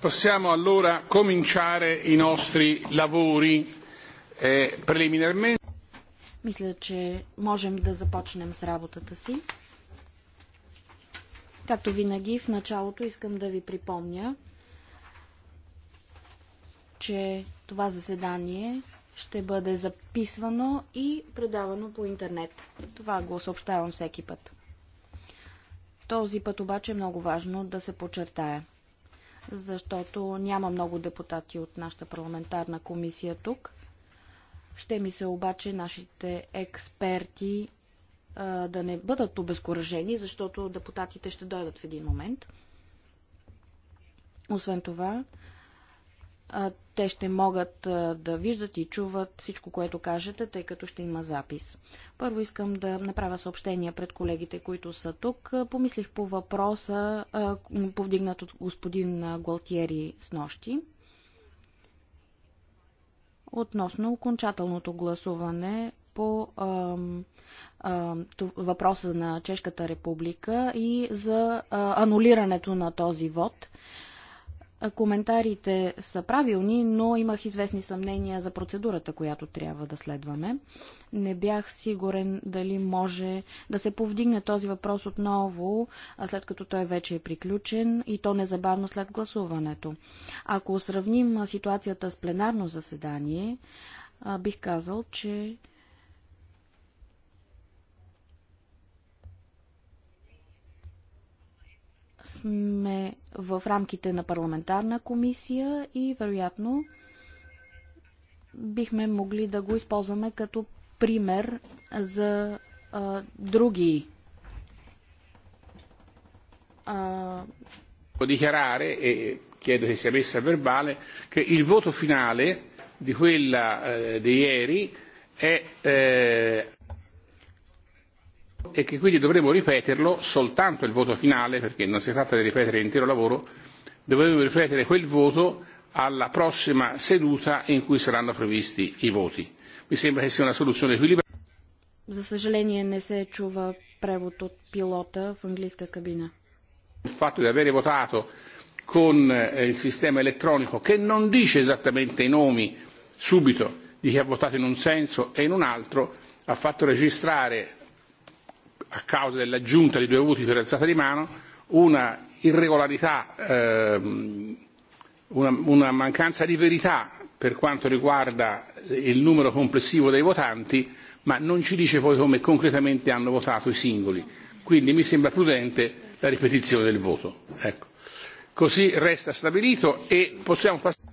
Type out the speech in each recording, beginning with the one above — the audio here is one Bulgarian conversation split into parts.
Possiamo allora cominciare i nostri lavori eh, preliminarmente. Мисля, че можем да започнем с работата си. Както винаги, в началото искам да ви припомня, че това заседание ще бъде записвано и предавано по интернет. Това го съобщавам всеки път. Този път обаче е много важно да се подчертая – защото няма много депутати от нашата парламентарна комисия тук. Ще ми се обаче нашите експерти а, да не бъдат обезкуражени, защото депутатите ще дойдат в един момент. Освен това, те ще могат да виждат и чуват всичко, което кажете, тъй като ще има запис. Първо искам да направя съобщения пред колегите, които са тук. Помислих по въпроса, повдигнат от господин Гуалтиери с нощи, относно окончателното гласуване по ам, ам, въпроса на Чешката република и за а, анулирането на този вод. Коментарите са правилни, но имах известни съмнения за процедурата, която трябва да следваме. Не бях сигурен дали може да се повдигне този въпрос отново, след като той вече е приключен и то незабавно след гласуването. Ако сравним ситуацията с пленарно заседание, бих казал, че сме в рамките на парламентарна комисия и вероятно бихме могли да го използваме като пример за а, други. А... Dichiarare, e chiedo che sia messa a verbale, che il voto finale di quella eh, di ieri è eh, e che quindi dovremo ripeterlo soltanto il voto finale, perché non si tratta di ripetere l'intero lavoro, dovremo ripetere quel voto alla prossima seduta in cui saranno previsti i voti. Mi sembra che sia una soluzione equilibrata. За съжаление не се чува превод от пилота в английска кабина. Il fatto di avere votato con il sistema elettronico che non dice esattamente i nomi subito di chi ha votato in un senso e in un altro ha fatto registrare a causa dell'aggiunta di due voti per alzata di mano, una irregolarità, ehm, una, una mancanza di verità per quanto riguarda il numero complessivo dei votanti, ma non ci dice poi come concretamente hanno votato i singoli. Quindi mi sembra prudente la ripetizione del voto. Ecco. Così resta stabilito e possiamo passare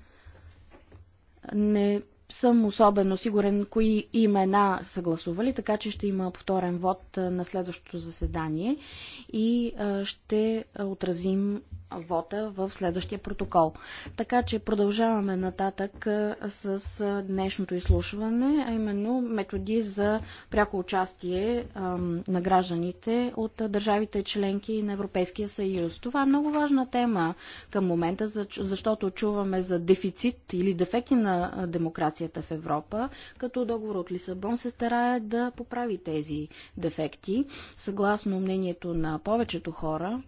съм особено сигурен кои имена са гласували, така че ще има повторен вод на следващото заседание и ще отразим вота в следващия протокол. Така че продължаваме нататък с днешното изслушване, а именно методи за пряко участие на гражданите от държавите членки на Европейския съюз. Това е много важна тема към момента, защото чуваме за дефицит или дефекти на демокрацията в Европа, като договор от Лисабон се старае да поправи тези дефекти. Съгласно мнението на повечето хора,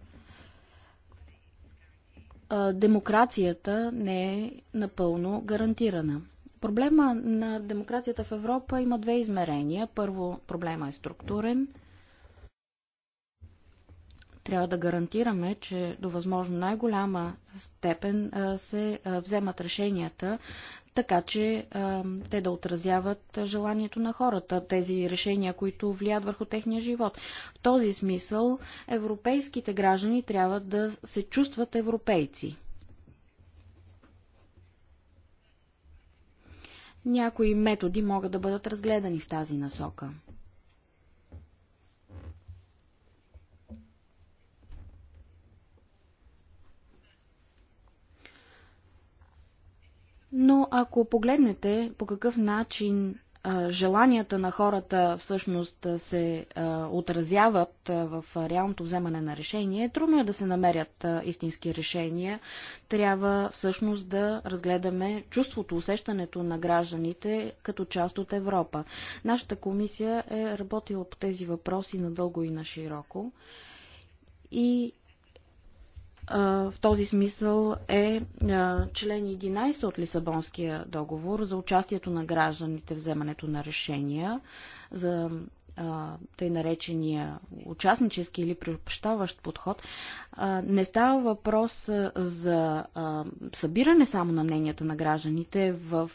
демокрацията не е напълно гарантирана. Проблема на демокрацията в Европа има две измерения. Първо, проблема е структурен. Трябва да гарантираме, че до възможно най-голяма степен се вземат решенията така че а, те да отразяват желанието на хората, тези решения, които влияят върху техния живот. В този смисъл европейските граждани трябва да се чувстват европейци. Някои методи могат да бъдат разгледани в тази насока. Но ако погледнете по какъв начин желанията на хората всъщност се отразяват в реалното вземане на решение, е трудно е да се намерят истински решения. Трябва всъщност да разгледаме чувството, усещането на гражданите като част от Европа. Нашата комисия е работила по тези въпроси надълго и на широко. И в този смисъл е член 11 от Лисабонския договор за участието на гражданите в вземането на решения за тъй наречения участнически или приобщаващ подход, не става въпрос за събиране само на мненията на гражданите в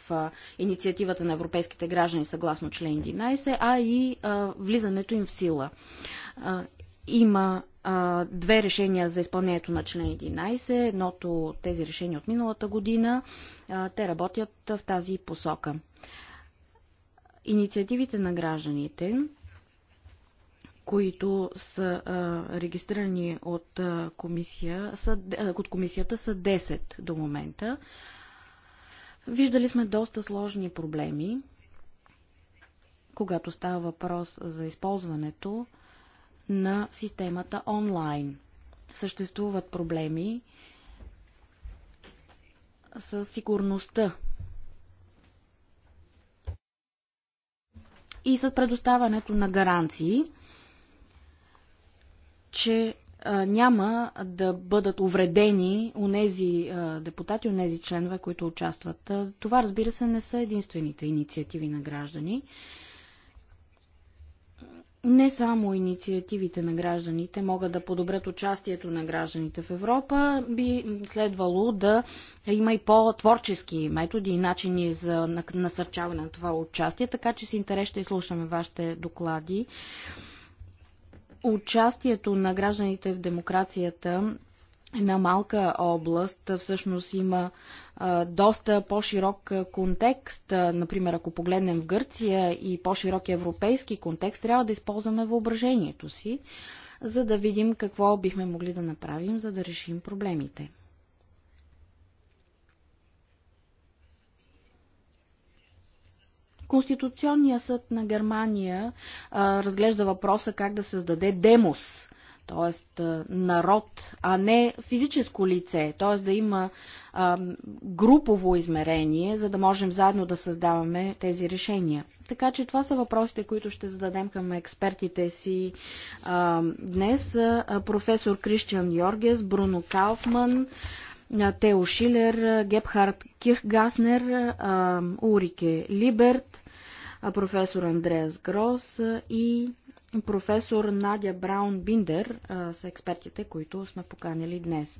инициативата на европейските граждани съгласно член 11, а и влизането им в сила. Има а, две решения за изпълнението на член 11. Едното тези решения от миналата година. А, те работят в тази посока. Инициативите на гражданите които са а, регистрирани от, а, комисия, са, а, от комисията са 10 до момента. Виждали сме доста сложни проблеми, когато става въпрос за използването на системата онлайн. Съществуват проблеми с сигурността и с предоставянето на гаранции, че няма да бъдат увредени онези депутати, онези членове, които участват. Това, разбира се, не са единствените инициативи на граждани не само инициативите на гражданите могат да подобрят участието на гражданите в Европа, би следвало да има и по-творчески методи и начини за насърчаване на това участие, така че с интерес ще изслушаме вашите доклади. Участието на гражданите в демокрацията една малка област всъщност има доста по-широк контекст. например, ако погледнем в Гърция и по-широк европейски контекст, трябва да използваме въображението си, за да видим какво бихме могли да направим, за да решим проблемите. Конституционният съд на Германия а, разглежда въпроса как да създаде демос – т.е. народ, а не физическо лице, т.е. да има а, групово измерение, за да можем заедно да създаваме тези решения. Така че това са въпросите, които ще зададем към експертите си а, днес. А, професор Кристиан Йоргес, Бруно Кауфман, Тео Шилер, Гепхард Кирхгаснер, Урике Либерт, професор Андреас Грос и професор Надя Браун Биндер с експертите, които сме поканили днес.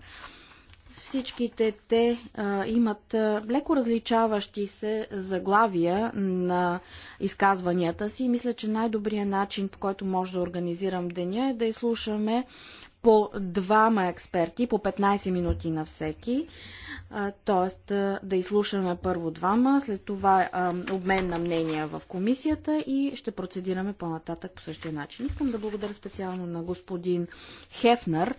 Всичките те а, имат а, леко различаващи се заглавия на изказванията си. Мисля, че най-добрият начин, по който може да организирам деня е да изслушаме по двама експерти, по 15 минути на всеки. Тоест да изслушаме първо двама, след това обмен на мнения в комисията и ще процедираме по-нататък по същия начин. Искам да благодаря специално на господин Хефнер.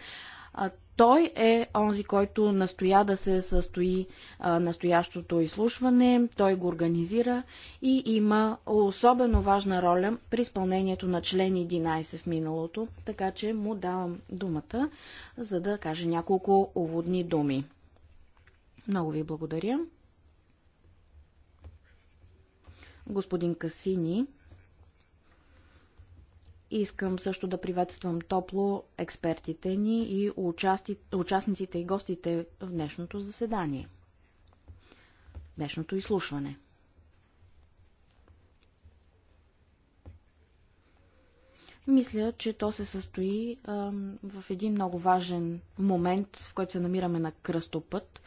Той е онзи, който настоя да се състои а, настоящото изслушване, той го организира и има особено важна роля при изпълнението на член 11 в миналото, така че му давам думата, за да каже няколко уводни думи. Много ви благодаря. Господин Касини, Искам също да приветствам топло експертите ни и участи... участниците и гостите в днешното заседание, днешното изслушване. Мисля, че то се състои а, в един много важен момент, в който се намираме на кръстопът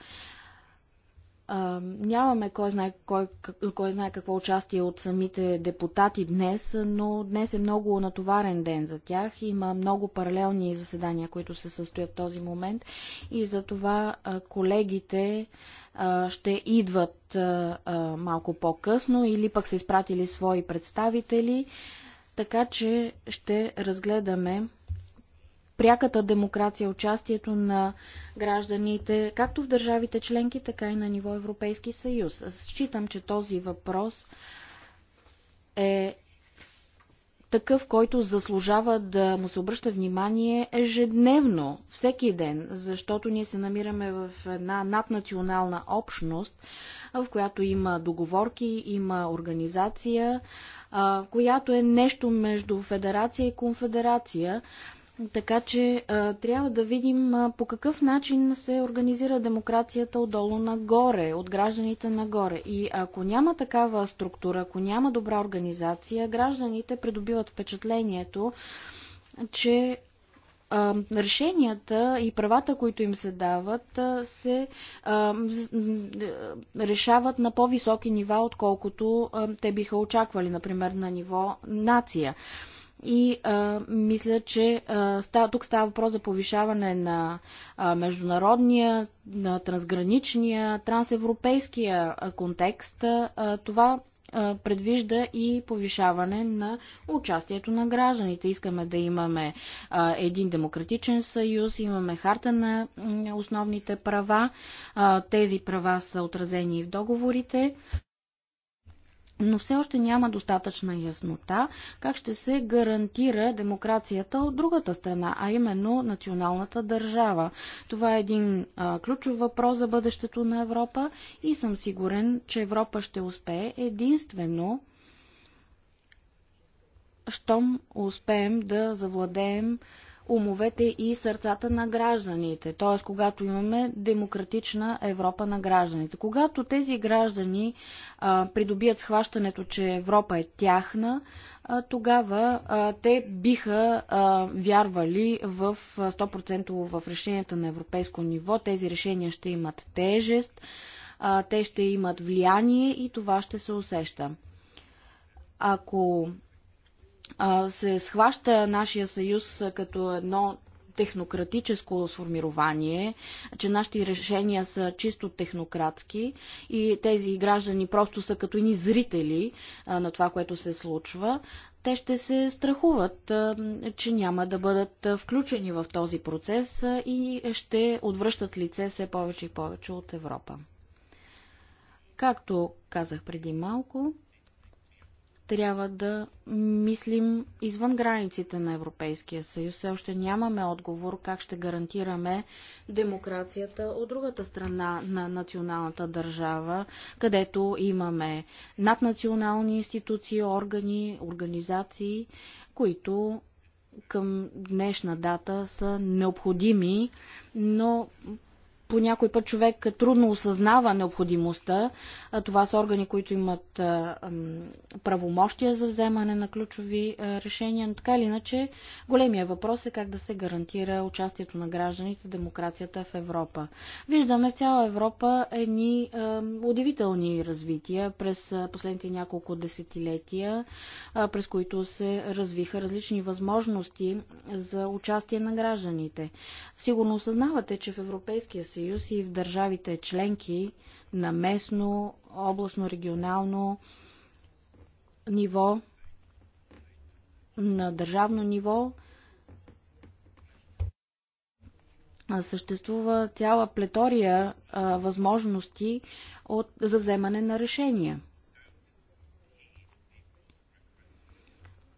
а, нямаме кой знае, кой, кой знае какво участие от самите депутати днес, но днес е много натоварен ден за тях. Има много паралелни заседания, които се състоят в този момент и за това а, колегите а, ще идват а, а, малко по-късно или пък са изпратили свои представители, така че ще разгледаме пряката демокрация, участието на гражданите, както в държавите членки, така и на ниво Европейски съюз. Считам, че този въпрос е такъв, който заслужава да му се обръща внимание ежедневно, всеки ден, защото ние се намираме в една наднационална общност, в която има договорки, има организация, която е нещо между федерация и конфедерация. Така че а, трябва да видим а, по какъв начин се организира демокрацията отдолу нагоре, от гражданите нагоре. И ако няма такава структура, ако няма добра организация, гражданите придобиват впечатлението, че а, решенията и правата, които им се дават, се а, решават на по-високи нива, отколкото а, те биха очаквали, например, на ниво нация и а, мисля, че а, става, тук става въпрос за повишаване на а, международния, на трансграничния, трансевропейския контекст. А, това предвижда и повишаване на участието на гражданите. Искаме да имаме един демократичен съюз, имаме харта на основните права. Тези права са отразени и в договорите но все още няма достатъчна яснота как ще се гарантира демокрацията от другата страна, а именно националната държава. Това е един а, ключов въпрос за бъдещето на Европа и съм сигурен, че Европа ще успее единствено щом успеем да завладеем умовете и сърцата на гражданите, т.е. когато имаме демократична Европа на гражданите. Когато тези граждани а, придобият схващането, че Европа е тяхна, а, тогава а, те биха а, вярвали в 100% в решенията на европейско ниво. Тези решения ще имат тежест, а, те ще имат влияние и това ще се усеща. Ако се схваща нашия съюз като едно технократическо сформирование, че нашите решения са чисто технократски и тези граждани просто са като ини зрители а, на това, което се случва, те ще се страхуват, а, че няма да бъдат включени в този процес а, и ще отвръщат лице все повече и повече от Европа. Както казах преди малко, трябва да мислим извън границите на Европейския съюз. Все още нямаме отговор как ще гарантираме демокрацията от другата страна на националната държава, където имаме наднационални институции, органи, организации, които към днешна дата са необходими, но по някой път човек трудно осъзнава необходимостта. Това са органи, които имат правомощия за вземане на ключови решения, но така или иначе големия въпрос е как да се гарантира участието на гражданите в демокрацията в Европа. Виждаме в цяла Европа едни удивителни развития през последните няколко десетилетия, през които се развиха различни възможности за участие на гражданите. Сигурно осъзнавате, че в Европейския съюз съюз и в държавите членки на местно, областно, регионално ниво, на държавно ниво съществува цяла плетория възможности от, за вземане на решения.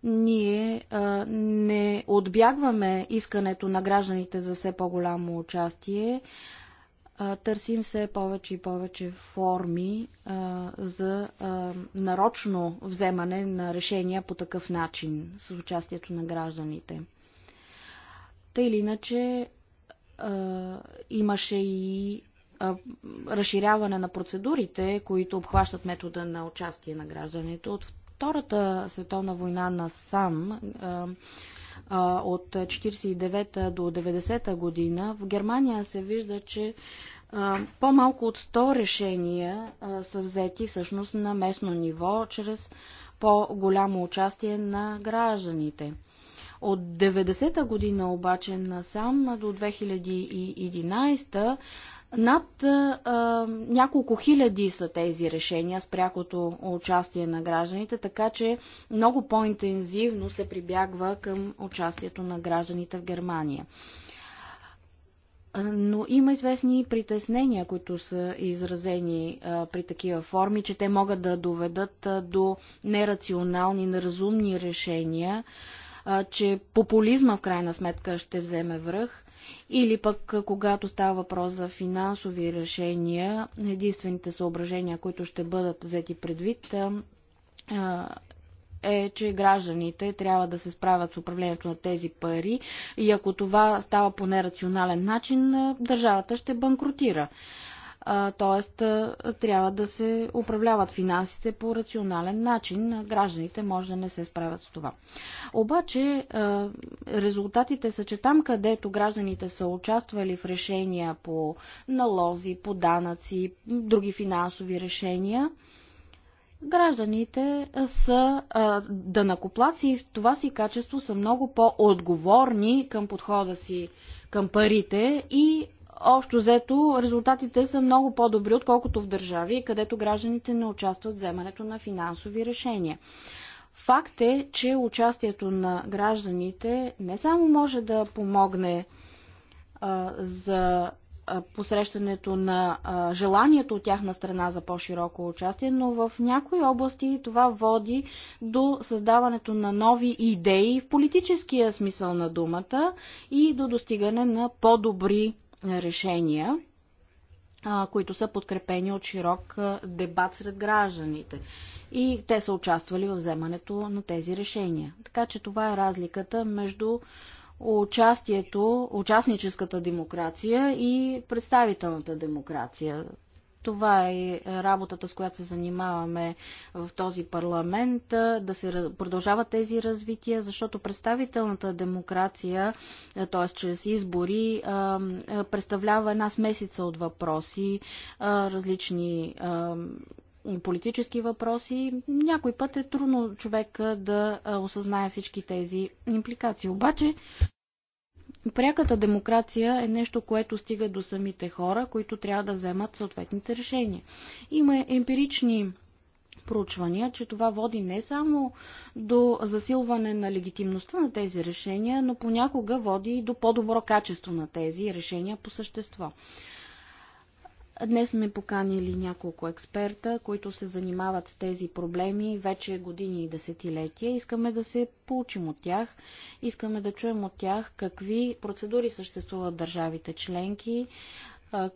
Ние а, не отбягваме искането на гражданите за все по-голямо участие търсим все повече и повече форми а, за а, нарочно вземане на решения по такъв начин с участието на гражданите. Та или иначе а, имаше и разширяване на процедурите, които обхващат метода на участие на гражданите. От Втората световна война на сам от 49 до 90 година, в Германия се вижда, че по-малко от 100 решения са взети всъщност на местно ниво, чрез по-голямо участие на гражданите. От 90-та година обаче насам до 2011 над а, а, няколко хиляди са тези решения с прякото участие на гражданите, така че много по-интензивно се прибягва към участието на гражданите в Германия. Но има известни притеснения, които са изразени а, при такива форми, че те могат да доведат а, до нерационални, неразумни решения, а, че популизма в крайна сметка ще вземе връх или пък когато става въпрос за финансови решения, единствените съображения, които ще бъдат взети предвид, е, че гражданите трябва да се справят с управлението на тези пари и ако това става по нерационален начин, държавата ще банкротира. Т.е. трябва да се управляват финансите по рационален начин. Гражданите може да не се справят с това. Обаче, резултатите са, че там, където гражданите са участвали в решения по налози, по данъци, други финансови решения, гражданите са дънакоплаци, и в това си качество са много по-отговорни към подхода си към парите и общо взето резултатите са много по-добри, отколкото в държави, където гражданите не участват в вземането на финансови решения. Факт е, че участието на гражданите не само може да помогне а, за посрещането на а, желанието от тяхна страна за по-широко участие, но в някои области това води до създаването на нови идеи в политическия смисъл на думата и до достигане на по-добри решения, които са подкрепени от широк дебат сред гражданите. И те са участвали в вземането на тези решения. Така че това е разликата между участието, участническата демокрация и представителната демокрация. Това е работата, с която се занимаваме в този парламент, да се продължават тези развития, защото представителната демокрация, т.е. чрез избори, представлява една смесица от въпроси, различни политически въпроси. Някой път е трудно човек да осъзнае всички тези импликации. Обаче, пряката демокрация е нещо, което стига до самите хора, които трябва да вземат съответните решения. Има емпирични проучвания, че това води не само до засилване на легитимността на тези решения, но понякога води и до по-добро качество на тези решения по същество. Днес сме поканили няколко експерта, които се занимават с тези проблеми вече години и десетилетия. Искаме да се получим от тях, искаме да чуем от тях какви процедури съществуват държавите членки,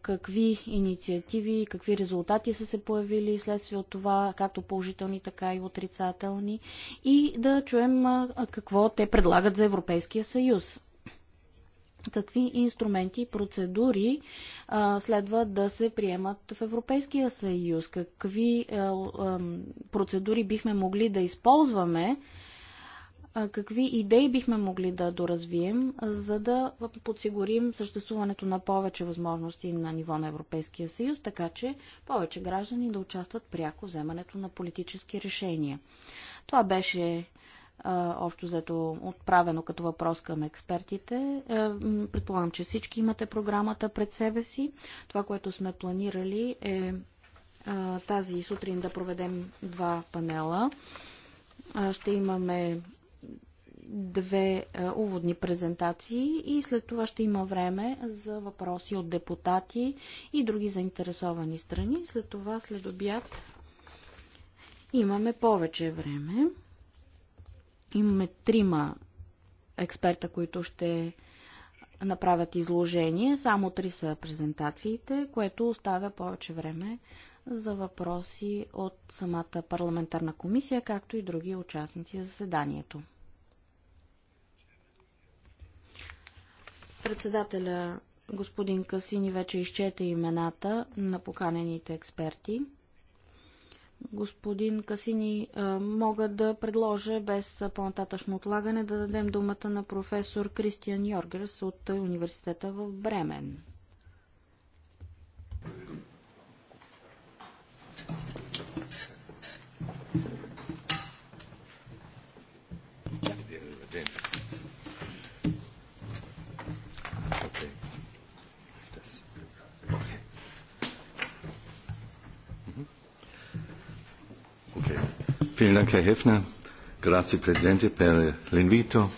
какви инициативи, какви резултати са се появили следствие от това, както положителни, така и отрицателни, и да чуем какво те предлагат за Европейския съюз какви инструменти и процедури а, следва да се приемат в Европейския съюз, какви а, а, процедури бихме могли да използваме, а, какви идеи бихме могли да доразвием, за да подсигурим съществуването на повече възможности на ниво на Европейския съюз, така че повече граждани да участват пряко в вземането на политически решения. Това беше общо взето отправено като въпрос към експертите. Е, предполагам, че всички имате програмата пред себе си. Това, което сме планирали е тази сутрин да проведем два панела. Ще имаме две уводни презентации и след това ще има време за въпроси от депутати и други заинтересовани страни. След това, след обяд, имаме повече време. Имаме трима експерта, които ще направят изложение. Само три са презентациите, което оставя повече време за въпроси от самата парламентарна комисия, както и други участници в заседанието. Председателя господин Касини вече изчете имената на поканените експерти – господин Касини, мога да предложа без по-нататъчно отлагане да дадем думата на професор Кристиан Йоргерс от университета в Бремен. Vielen Dank, Herr Hefner. Grazie, Presidente, per l'invito.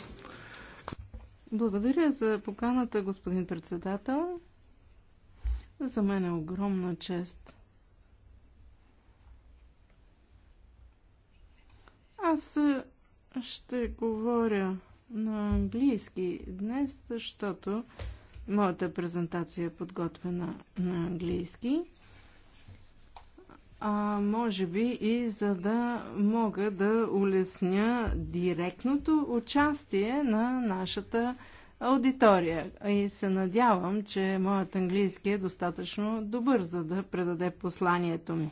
Благодаря за поканата, господин председател. За мен е огромна чест. Аз ще говоря на английски днес, защото моята презентация е подготвена на английски а може би и за да мога да улесня директното участие на нашата аудитория. И се надявам, че моят английски е достатъчно добър, за да предаде посланието ми.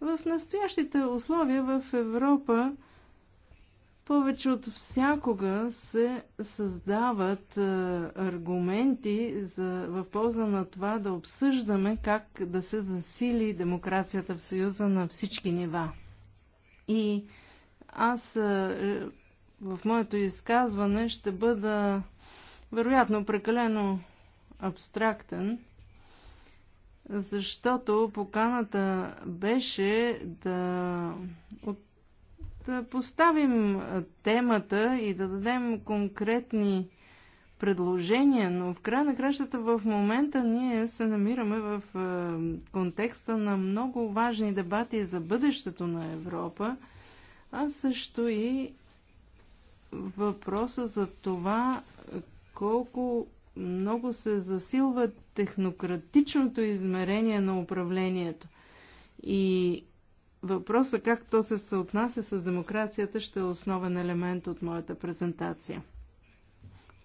В настоящите условия в Европа повече от всякога се създават е, аргументи за, в полза на това да обсъждаме как да се засили демокрацията в Съюза на всички нива. И аз е, в моето изказване ще бъда вероятно прекалено абстрактен, защото поканата беше да от да поставим темата и да дадем конкретни предложения, но в края на кращата в момента ние се намираме в контекста на много важни дебати за бъдещето на Европа, а също и въпроса за това колко много се засилва технократичното измерение на управлението. И Въпросът как то се съотнася с демокрацията ще е основен елемент от моята презентация.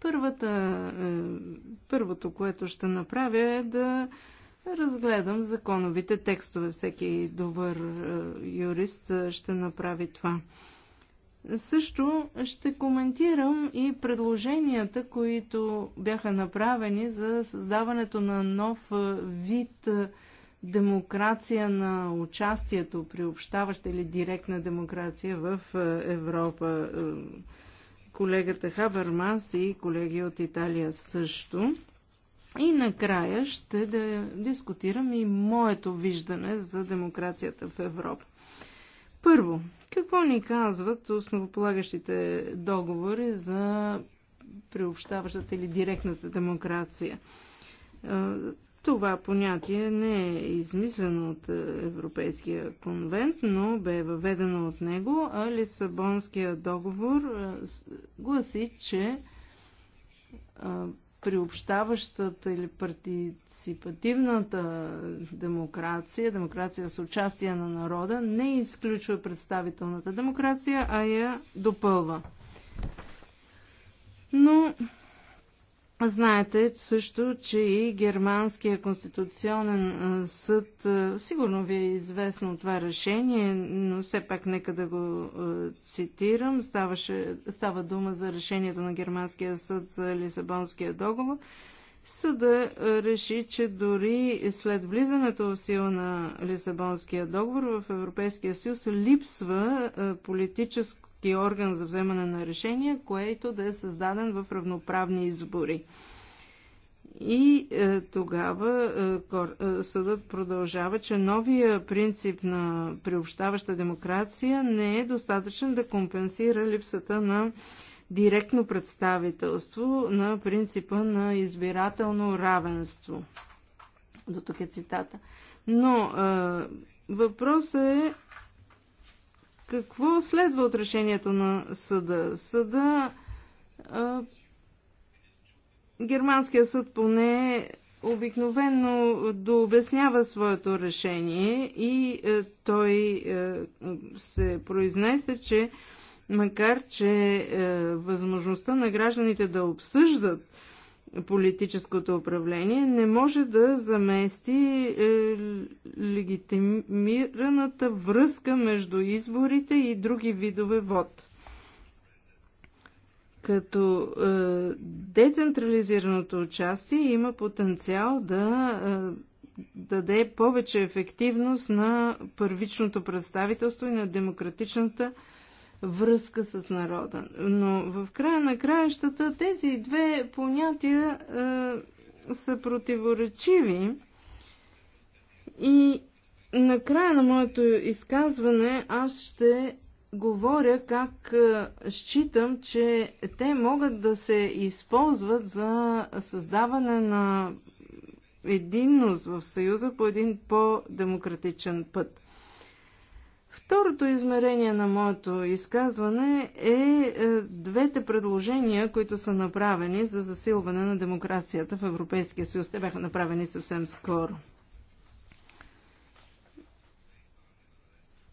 Първата, е, първото, което ще направя е да разгледам законовите текстове. Всеки добър е, юрист е, ще направи това. Също ще коментирам и предложенията, които бяха направени за създаването на нов вид демокрация на участието, приобщаваща или директна демокрация в е, Европа. Е, колегата Хабермас и колеги от Италия също. И накрая ще да дискутирам и моето виждане за демокрацията в Европа. Първо, какво ни казват основополагащите договори за приобщаващата или директната демокрация? Е, това понятие не е измислено от е, Европейския конвент, но бе въведено от него, а Лисабонския договор е, гласи, че е, приобщаващата или партиципативната демокрация, демокрация с участие на народа, не изключва представителната демокрация, а я допълва. Но Знаете също, че и Германския конституционен съд, сигурно ви е известно това решение, но все пак нека да го цитирам. Ставаше, става дума за решението на Германския съд за Лисабонския договор. Съда реши, че дори след влизането в сила на Лисабонския договор в Европейския съюз липсва политическо политически орган за вземане на решения, което да е създаден в равноправни избори. И е, тогава е, е, съдът продължава, че новия принцип на приобщаваща демокрация не е достатъчен да компенсира липсата на директно представителство на принципа на избирателно равенство. До тук е цитата. Но е, въпросът е какво следва от решението на съда? Съда. А, германския съд поне обикновенно дообяснява своето решение и а, той а, се произнесе, че макар че а, възможността на гражданите да обсъждат политическото управление не може да замести е, легитимираната връзка между изборите и други видове вод. Като е, децентрализираното участие има потенциал да е, даде повече ефективност на първичното представителство и на демократичната е, връзка с народа. Но в края на краищата тези две понятия е, са противоречиви и на края на моето изказване аз ще говоря как е, считам, че те могат да се използват за създаване на единност в Съюза по един по-демократичен път. Второто измерение на моето изказване е, е двете предложения, които са направени за засилване на демокрацията в Европейския съюз. Те бяха направени съвсем скоро.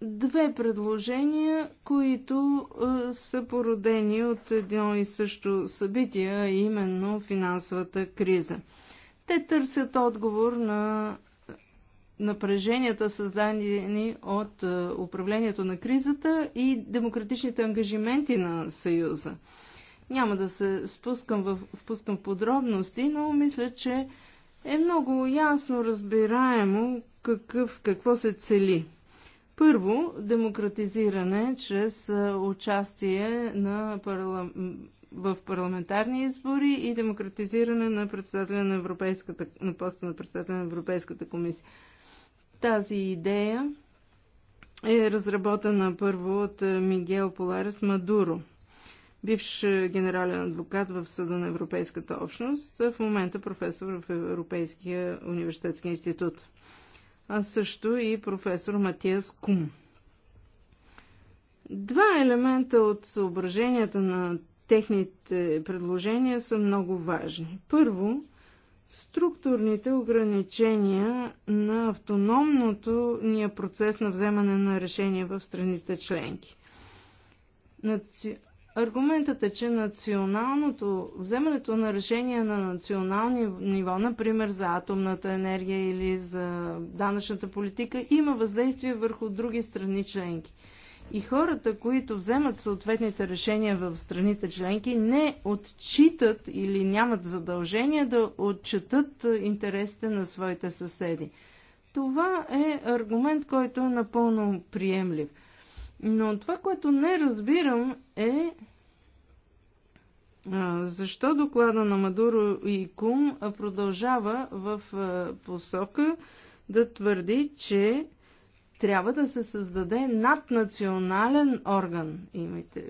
Две предложения, които е, са породени от едно и също събитие, именно финансовата криза. Те търсят отговор на напреженията, създадени от е, управлението на кризата и демократичните ангажименти на Съюза. Няма да се спускам в, впускам в подробности, но мисля, че е много ясно разбираемо какъв, какво се цели. Първо, демократизиране чрез е, участие на парла... в парламентарни избори и демократизиране на председателя на Европейската, на поста на председателя на Европейската комисия. Тази идея е разработена първо от е, Мигел Поларес Мадуро, бивш е, генерален адвокат в Съда на Европейската общност, в момента професор в Европейския университетски институт, а също и професор Матиас Кум. Два елемента от съображенията на техните предложения са много важни. Първо, структурните ограничения на автономното ния е процес на вземане на решения в страните членки. Наци... Аргументът е, че националното, вземането на решения на национални ниво, например за атомната енергия или за данъчната политика, има въздействие върху други страни членки. И хората, които вземат съответните решения в страните членки, не отчитат или нямат задължение да отчитат интересите на своите съседи. Това е аргумент, който е напълно приемлив. Но това, което не разбирам е защо доклада на Мадуро и Кум продължава в посока да твърди, че трябва да се създаде наднационален орган. Имайте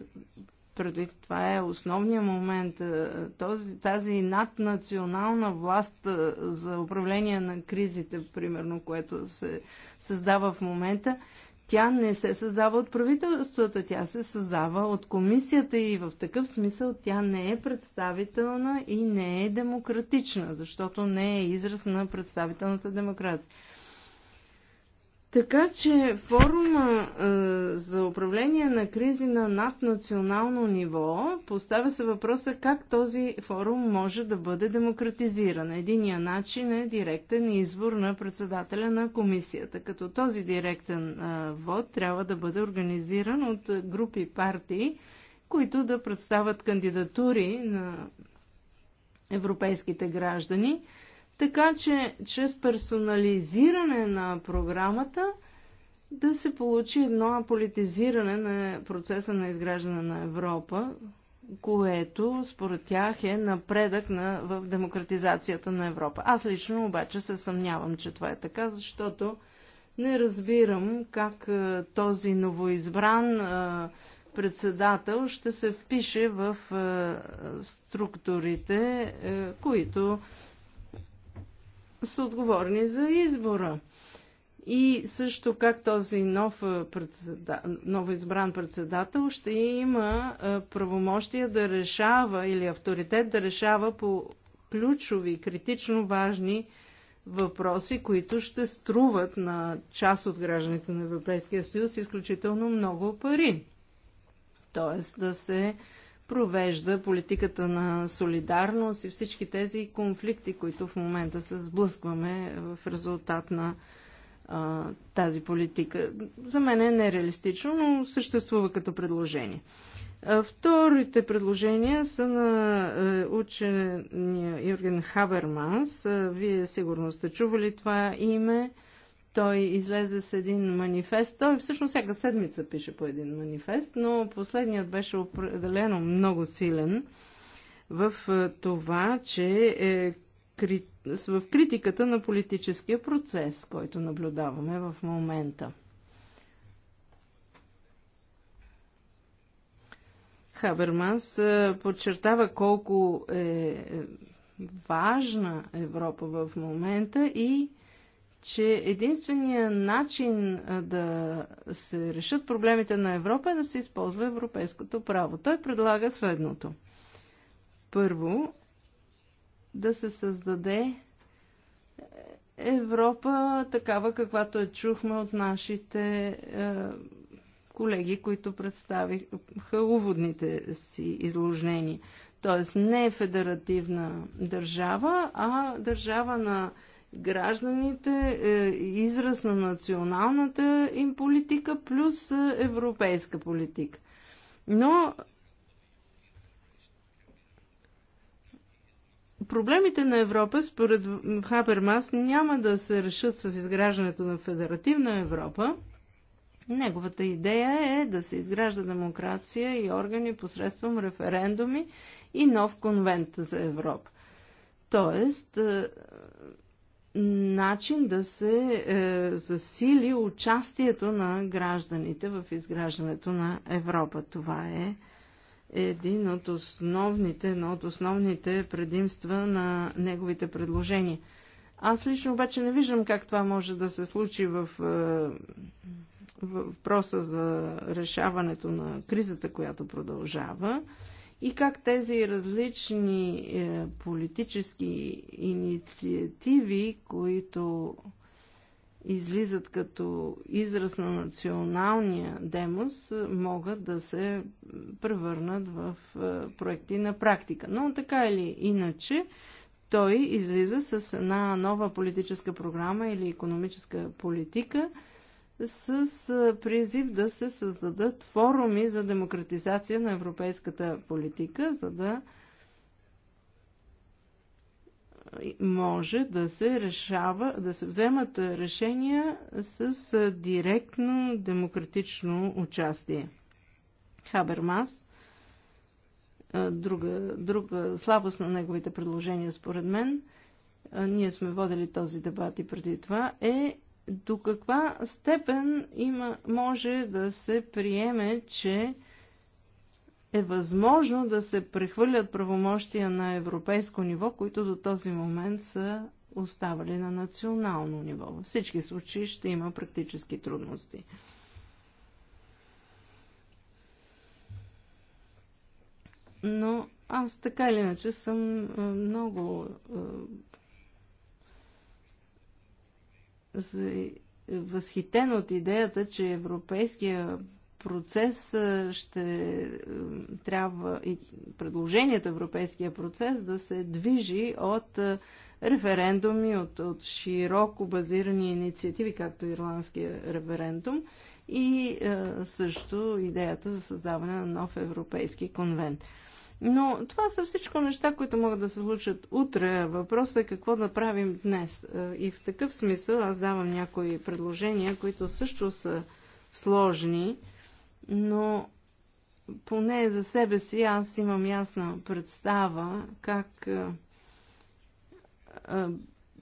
предвид, това е основния момент. Е, този, тази наднационална власт е, за управление на кризите, примерно, което се създава в момента, тя не се създава от правителствата, тя се създава от комисията и в такъв смисъл тя не е представителна и не е демократична, защото не е израз на представителната демокрация. Така че форума а, е, за управление на кризи на наднационално ниво поставя се въпроса как този форум може да бъде демократизиран. Единия начин е директен избор на председателя на комисията, като този директен а, е, вод трябва да бъде организиран от групи партии, които да представят кандидатури на европейските граждани – така че чрез персонализиране на програмата да се получи едно политизиране на процеса на изграждане на Европа, което според тях е напредък на, в демократизацията на Европа. Аз лично обаче се съмнявам, че това е така, защото не разбирам как този новоизбран председател ще се впише в структурите, които са отговорни за избора. И също как този нов, председател, нов избран председател ще има правомощия да решава или авторитет да решава по ключови, критично важни въпроси, които ще струват на част от гражданите на Европейския съюз изключително много пари. Тоест да се провежда политиката на солидарност и всички тези конфликти, които в момента се сблъскваме в резултат на а, тази политика. За мен е нереалистично, но съществува като предложение. Вторите предложения са на учения Юрген Хаберманс. Вие сигурно сте чували това име. Той излезе с един манифест. Той всъщност всяка седмица пише по един манифест, но последният беше определено много силен в е, това, че е в критиката на политическия процес, който наблюдаваме в момента. Хаберманс е, подчертава колко е, е важна Европа в момента и че единствения начин да се решат проблемите на Европа е да се използва европейското право. Той предлага следното. Първо, да се създаде Европа такава, каквато я чухме от нашите е, колеги, които представиха уводните си изложения. Тоест не е федеративна държава, а държава на гражданите, е, израз на националната им политика плюс е, европейска политика. Но проблемите на Европа, според Хабермас, няма да се решат с изграждането на федеративна Европа. Неговата идея е да се изгражда демокрация и органи посредством референдуми и нов конвент за Европа. Тоест, е, начин да се е, засили участието на гражданите в изграждането на Европа. Това е един от основните, но от основните предимства на неговите предложения. Аз лично обаче не виждам как това може да се случи в, е, въпроса за решаването на кризата, която продължава. Е, и как тези различни е, политически инициативи, които излизат като израз на националния демос, могат да се превърнат в е, проекти на практика. Но така или иначе, той излиза с една нова политическа програма или економическа политика – с призив да се създадат форуми за демократизация на европейската политика, за да може да се решава, да се вземат решения с директно демократично участие. Хабермас, друга, друга слабост на неговите предложения, според мен, ние сме водили този дебат и преди това, е до каква степен има, може да се приеме, че е възможно да се прехвърлят правомощия на европейско ниво, които до този момент са оставали на национално ниво. Във всички случаи ще има практически трудности. Но аз така или иначе съм много възхитен от идеята, че европейския процес ще трябва и предложението европейския процес да се движи от референдуми, от, от широко базирани инициативи, както ирландския референдум и също идеята за създаване на нов европейски конвент. Но това са всичко неща, които могат да се случат утре. Въпросът е какво да правим днес. Е, и в такъв смисъл аз давам някои предложения, които също са сложни, но поне за себе си аз имам ясна представа как е, е,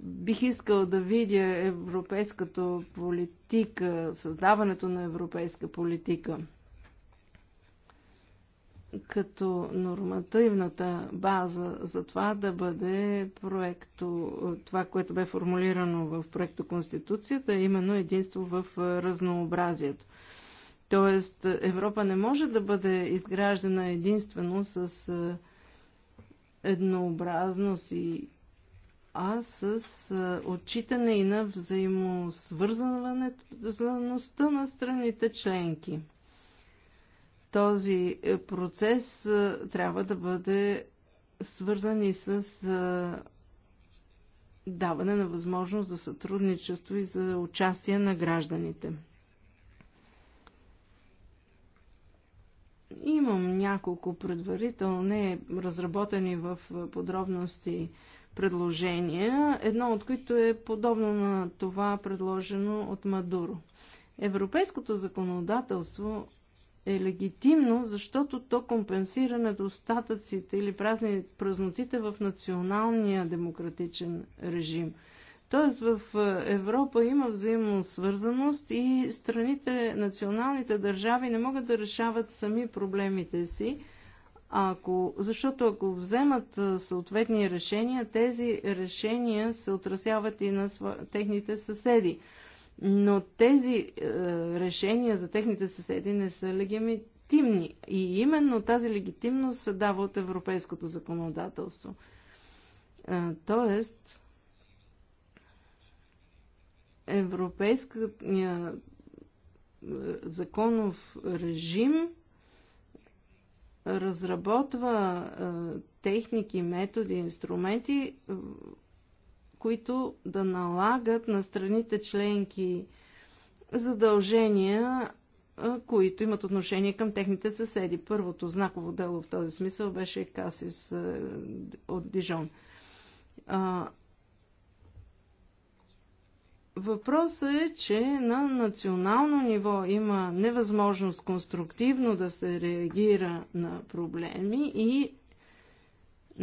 бих искал да видя европейската политика, създаването на европейска политика – като нормативната база за това да бъде проекто, това, което бе формулирано в проекто Конституцията, е именно единство в разнообразието. Тоест, Европа не може да бъде изграждана единствено с е, еднообразност и а с е, отчитане и на взаимосвързаността на страните членки. Този е, процес е, трябва да бъде свързан и с е, даване на възможност за сътрудничество и за участие на гражданите. Имам няколко предварително не разработени в подробности предложения, едно от които е подобно на това предложено от Мадуро. Европейското законодателство е легитимно, защото то компенсира недостатъците или празни празнотите в националния демократичен режим. Тоест в е, Европа има взаимосвързаност и страните, националните държави не могат да решават сами проблемите си, ако, защото ако вземат е, съответни решения, тези решения се отразяват и на техните съседи но тези е, решения за техните съседи не са легитимни. И именно тази легитимност се дава от европейското законодателство. Е, тоест, европейският е, законов режим разработва е, техники, методи, инструменти, които да налагат на страните членки задължения, които имат отношение към техните съседи. Първото знаково дело в този смисъл беше Касис от Дижон. Въпросът е, че на национално ниво има невъзможност конструктивно да се реагира на проблеми и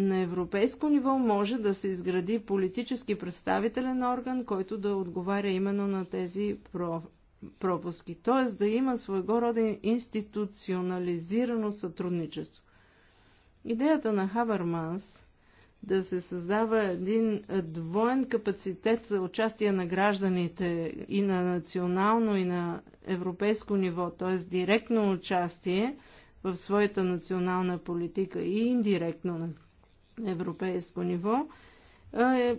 на европейско ниво може да се изгради политически представителен орган, който да отговаря именно на тези пропуски. Т.е. да има своего рода институционализирано сътрудничество. Идеята на Хабърманс да се създава един двоен капацитет за участие на гражданите и на национално, и на европейско ниво, т.е. директно участие в своята национална политика и индиректно европейско ниво, е,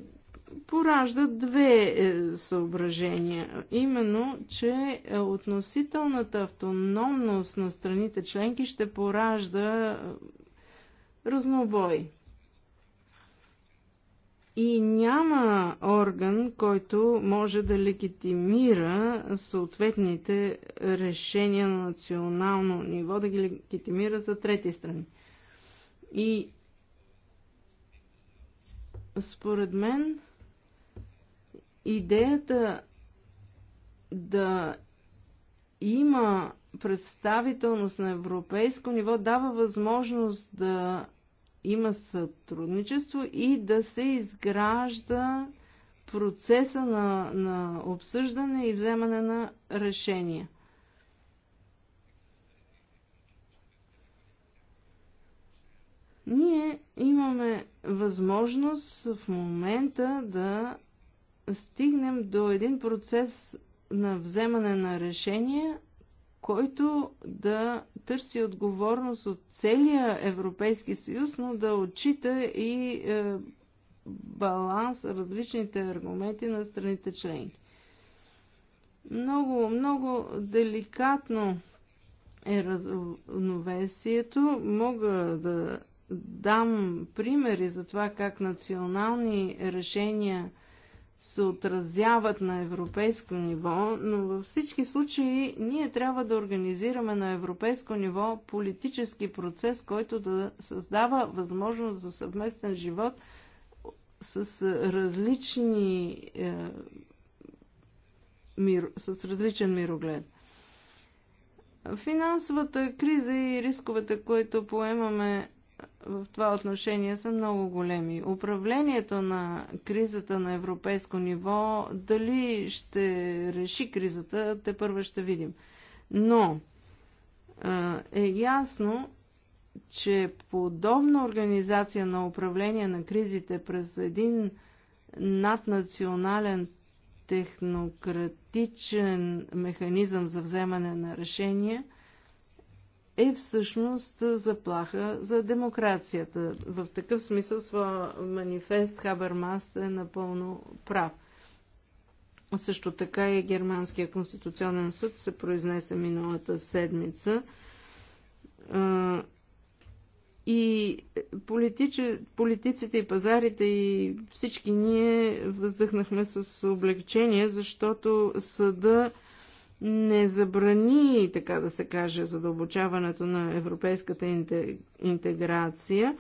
поражда две е, съображения. Именно, че е, относителната автономност на страните членки ще поражда разнобой. И няма орган, който може да легитимира съответните решения на национално ниво, да ги легитимира за трети страни. И според мен, идеята да има представителност на европейско ниво дава възможност да има сътрудничество и да се изгражда процеса на, на обсъждане и вземане на решения. Ние имаме възможност в момента да стигнем до един процес на вземане на решения, който да търси отговорност от целия Европейски съюз, но да отчита и е, баланс, различните аргументи на страните членки. Много, много деликатно е разновесието. Мога да дам примери за това как национални решения се отразяват на европейско ниво, но във всички случаи ние трябва да организираме на европейско ниво политически процес, който да създава възможност за съвместен живот с различни е, с различен мироглед. Финансовата криза и рисковете, които поемаме в това отношение са много големи. Управлението на кризата на европейско ниво, дали ще реши кризата, те първо ще видим. Но е ясно, че подобна организация на управление на кризите през един наднационален технократичен механизъм за вземане на решения – е всъщност заплаха за демокрацията. В такъв смисъл своя манифест Хабермаст е напълно прав. Също така и Германския конституционен съд се произнесе миналата седмица. И политици, политиците и пазарите и всички ние въздъхнахме с облегчение, защото съда не забрани, така да се каже, задълбочаването на европейската интеграция,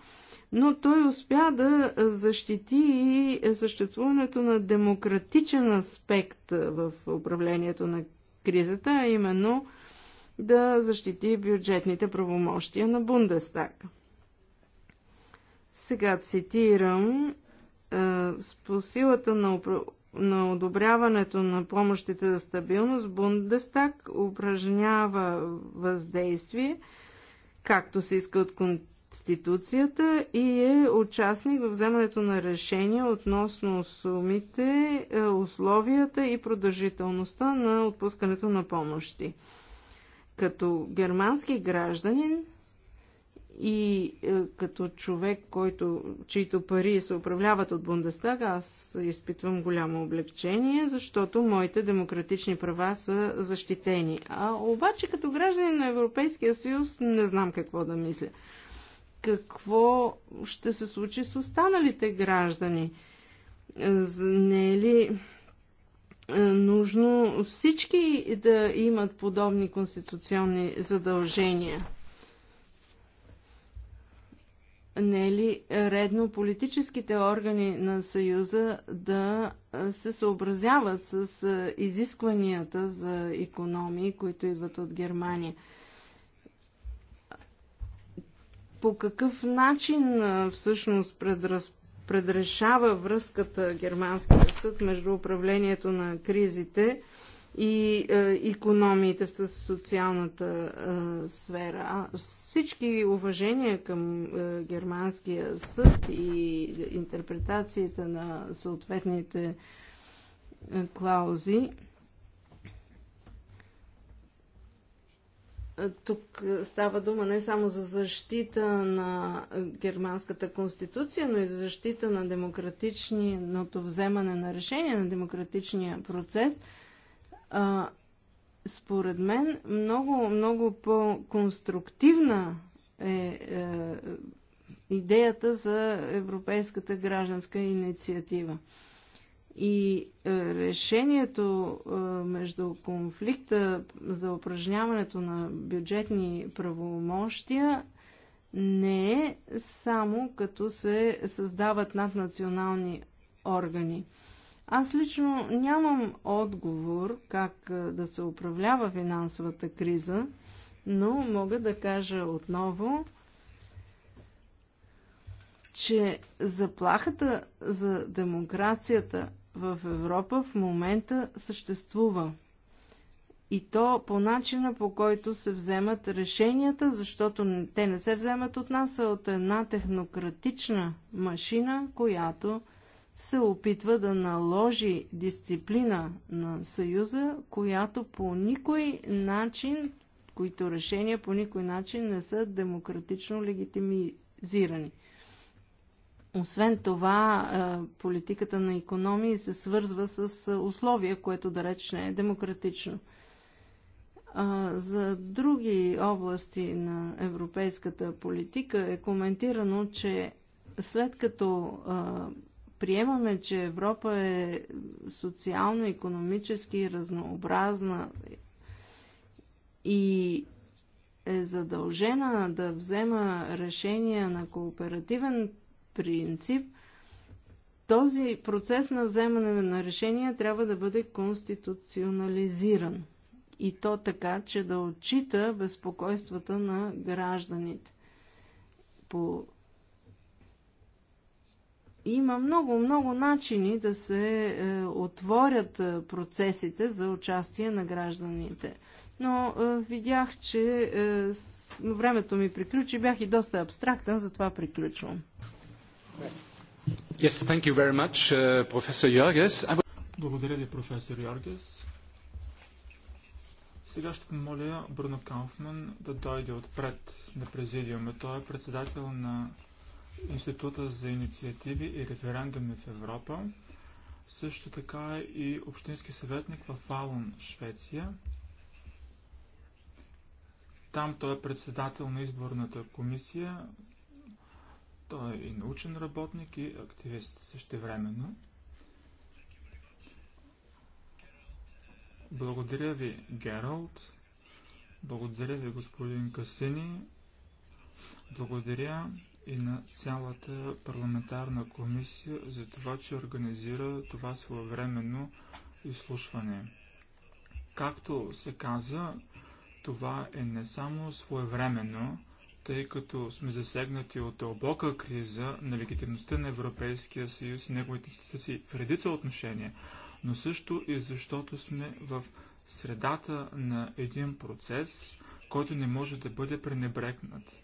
но той успя да защити и съществуването на демократичен аспект в управлението на кризата, а именно да защити бюджетните правомощия на Бундестаг. Сега цитирам е, по силата на на одобряването на помощите за стабилност, Бундестаг упражнява въздействие, както се иска от Конституцията и е участник в вземането на решения относно сумите, е, условията и продължителността на отпускането на помощи. Като германски гражданин, и е, като човек, който, чието пари се управляват от Бундестага, аз изпитвам голямо облегчение, защото моите демократични права са защитени. А обаче като гражданин на Европейския съюз не знам какво да мисля. Какво ще се случи с останалите граждани? Не е ли е, нужно всички да имат подобни конституционни задължения? не е ли редно политическите органи на Съюза да се съобразяват с изискванията за економии, които идват от Германия? По какъв начин всъщност предраз... предрешава връзката Германския съд между управлението на кризите и економиите с социалната е, сфера. А всички уважения към е, германския съд и интерпретацията на съответните е, клаузи. Тук става дума не само за защита на германската конституция, но и за защита на демократичното вземане на решение, на демократичния процес – а, според мен много, много по-конструктивна е, е идеята за Европейската гражданска инициатива. И е, решението е, между конфликта за упражняването на бюджетни правомощия не е само като се създават наднационални органи. Аз лично нямам отговор как да се управлява финансовата криза, но мога да кажа отново, че заплахата за демокрацията в Европа в момента съществува. И то по начина по който се вземат решенията, защото те не се вземат от нас, а от една технократична машина, която се опитва да наложи дисциплина на Съюза, която по никой начин, които решения по никой начин не са демократично легитимизирани. Освен това, е, политиката на економии се свързва с е, условия, което да реч не е демократично. За други области на европейската политика е коментирано, че след като е, приемаме, че Европа е социално-економически разнообразна и е задължена да взема решения на кооперативен принцип, този процес на вземане на решения трябва да бъде конституционализиран. И то така, че да отчита безпокойствата на гражданите. По има много, много начини да се е, отворят е, процесите за участие на гражданите. Но е, видях, че времето ми приключи, бях и доста абстрактен, затова приключвам. Yes, thank you very much, Professor Jorges. Благодаря ви, професор Йоргес. Сега ще помоля Бруно Кауфман да дойде отпред на президиума. Той е председател на Института за инициативи и референдуми в Европа, също така и общински съветник в Фалун, Швеция. Там той е председател на изборната комисия. Той е и научен работник и активист същевременно. Благодаря ви, Гералд. Благодаря ви, господин Касини. Благодаря и на цялата парламентарна комисия за това, че организира това своевременно изслушване. Както се каза, това е не само своевременно, тъй като сме засегнати от дълбока криза на легитимността на Европейския съюз и неговите институции в редица отношения, но също и защото сме в средата на един процес, който не може да бъде пренебрегнат.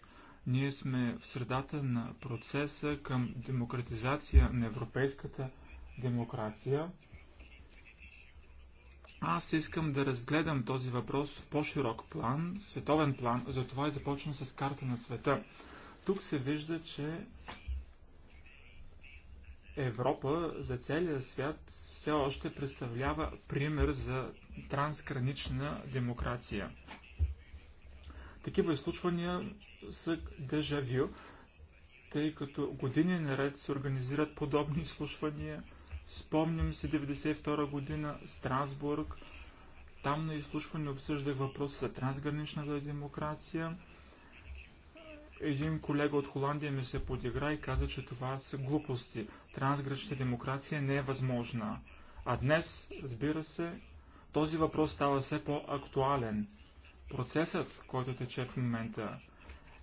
Ние сме в средата на процеса към демократизация на европейската демокрация. Аз искам да разгледам този въпрос в по-широк план, световен план, затова и започвам с карта на света. Тук се вижда, че Европа за целия свят все още представлява пример за трансгранична демокрация. Такива изслушвания са дежавю, тъй като години наред се организират подобни изслушвания. Спомням се 1992 година Страсбург. Там на изслушване обсъждах въпроса за трансграничната демокрация. Един колега от Холандия ми се подигра и каза, че това са глупости. Трансгранична демокрация не е възможна. А днес, разбира се, този въпрос става все по-актуален. Процесът, който тече в момента,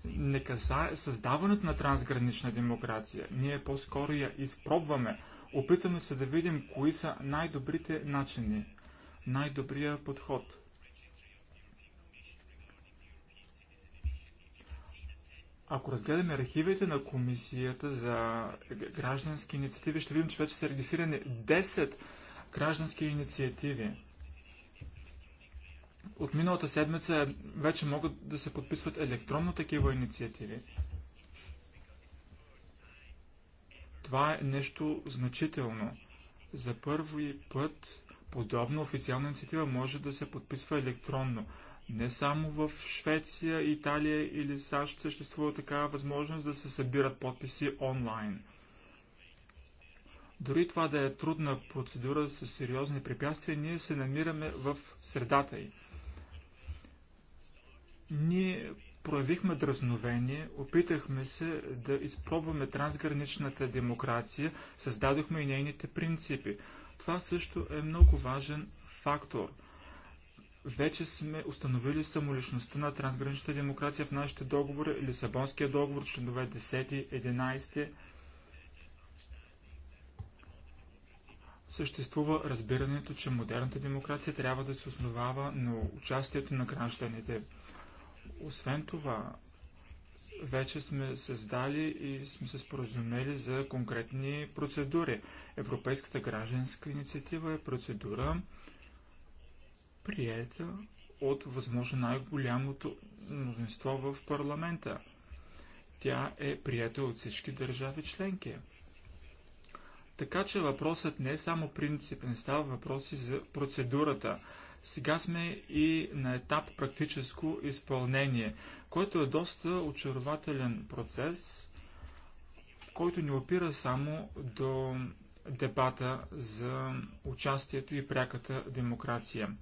не касае създаването на трансгранична демокрация. Ние по-скоро я изпробваме. Опитваме се да видим кои са най-добрите начини, най-добрия подход. Ако разгледаме архивите на комисията за граждански инициативи, ще видим, че вече са регистрирани 10 граждански инициативи. От миналата седмица вече могат да се подписват електронно такива инициативи. Това е нещо значително. За първи път подобна официална инициатива може да се подписва електронно. Не само в Швеция, Италия или САЩ съществува такава възможност да се събират подписи онлайн. Дори това да е трудна процедура с сериозни препятствия, ние се намираме в средата й. Ние проявихме дразновение, опитахме се да изпробваме трансграничната демокрация, създадохме и нейните принципи. Това също е много важен фактор. Вече сме установили самоличността на трансграничната демокрация в нашите договори, Лисабонския договор, членове 10, 11. Съществува разбирането, че модерната демокрация трябва да се основава на участието на гражданите. Освен това, вече сме създали и сме се споразумели за конкретни процедури. Европейската гражданска инициатива е процедура, приета от възможно най-голямото мнозинство в парламента. Тя е приета от всички държави членки. Така че въпросът не е само принципен, става въпроси за процедурата. Сега сме и на етап практическо изпълнение, което е доста очарователен процес, който ни опира само до дебата за участието и пряката демокрация.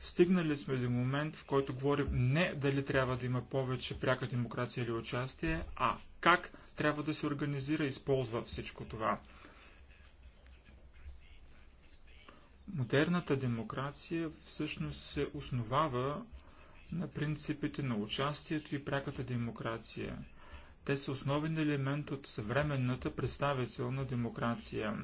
Стигнали сме до момент, в който говорим не дали трябва да има повече пряка демокрация или участие, а как трябва да се организира и използва всичко това. Модерната демокрация всъщност се основава на принципите на участието и пряката демокрация. Те са основен елемент от съвременната представителна демокрация,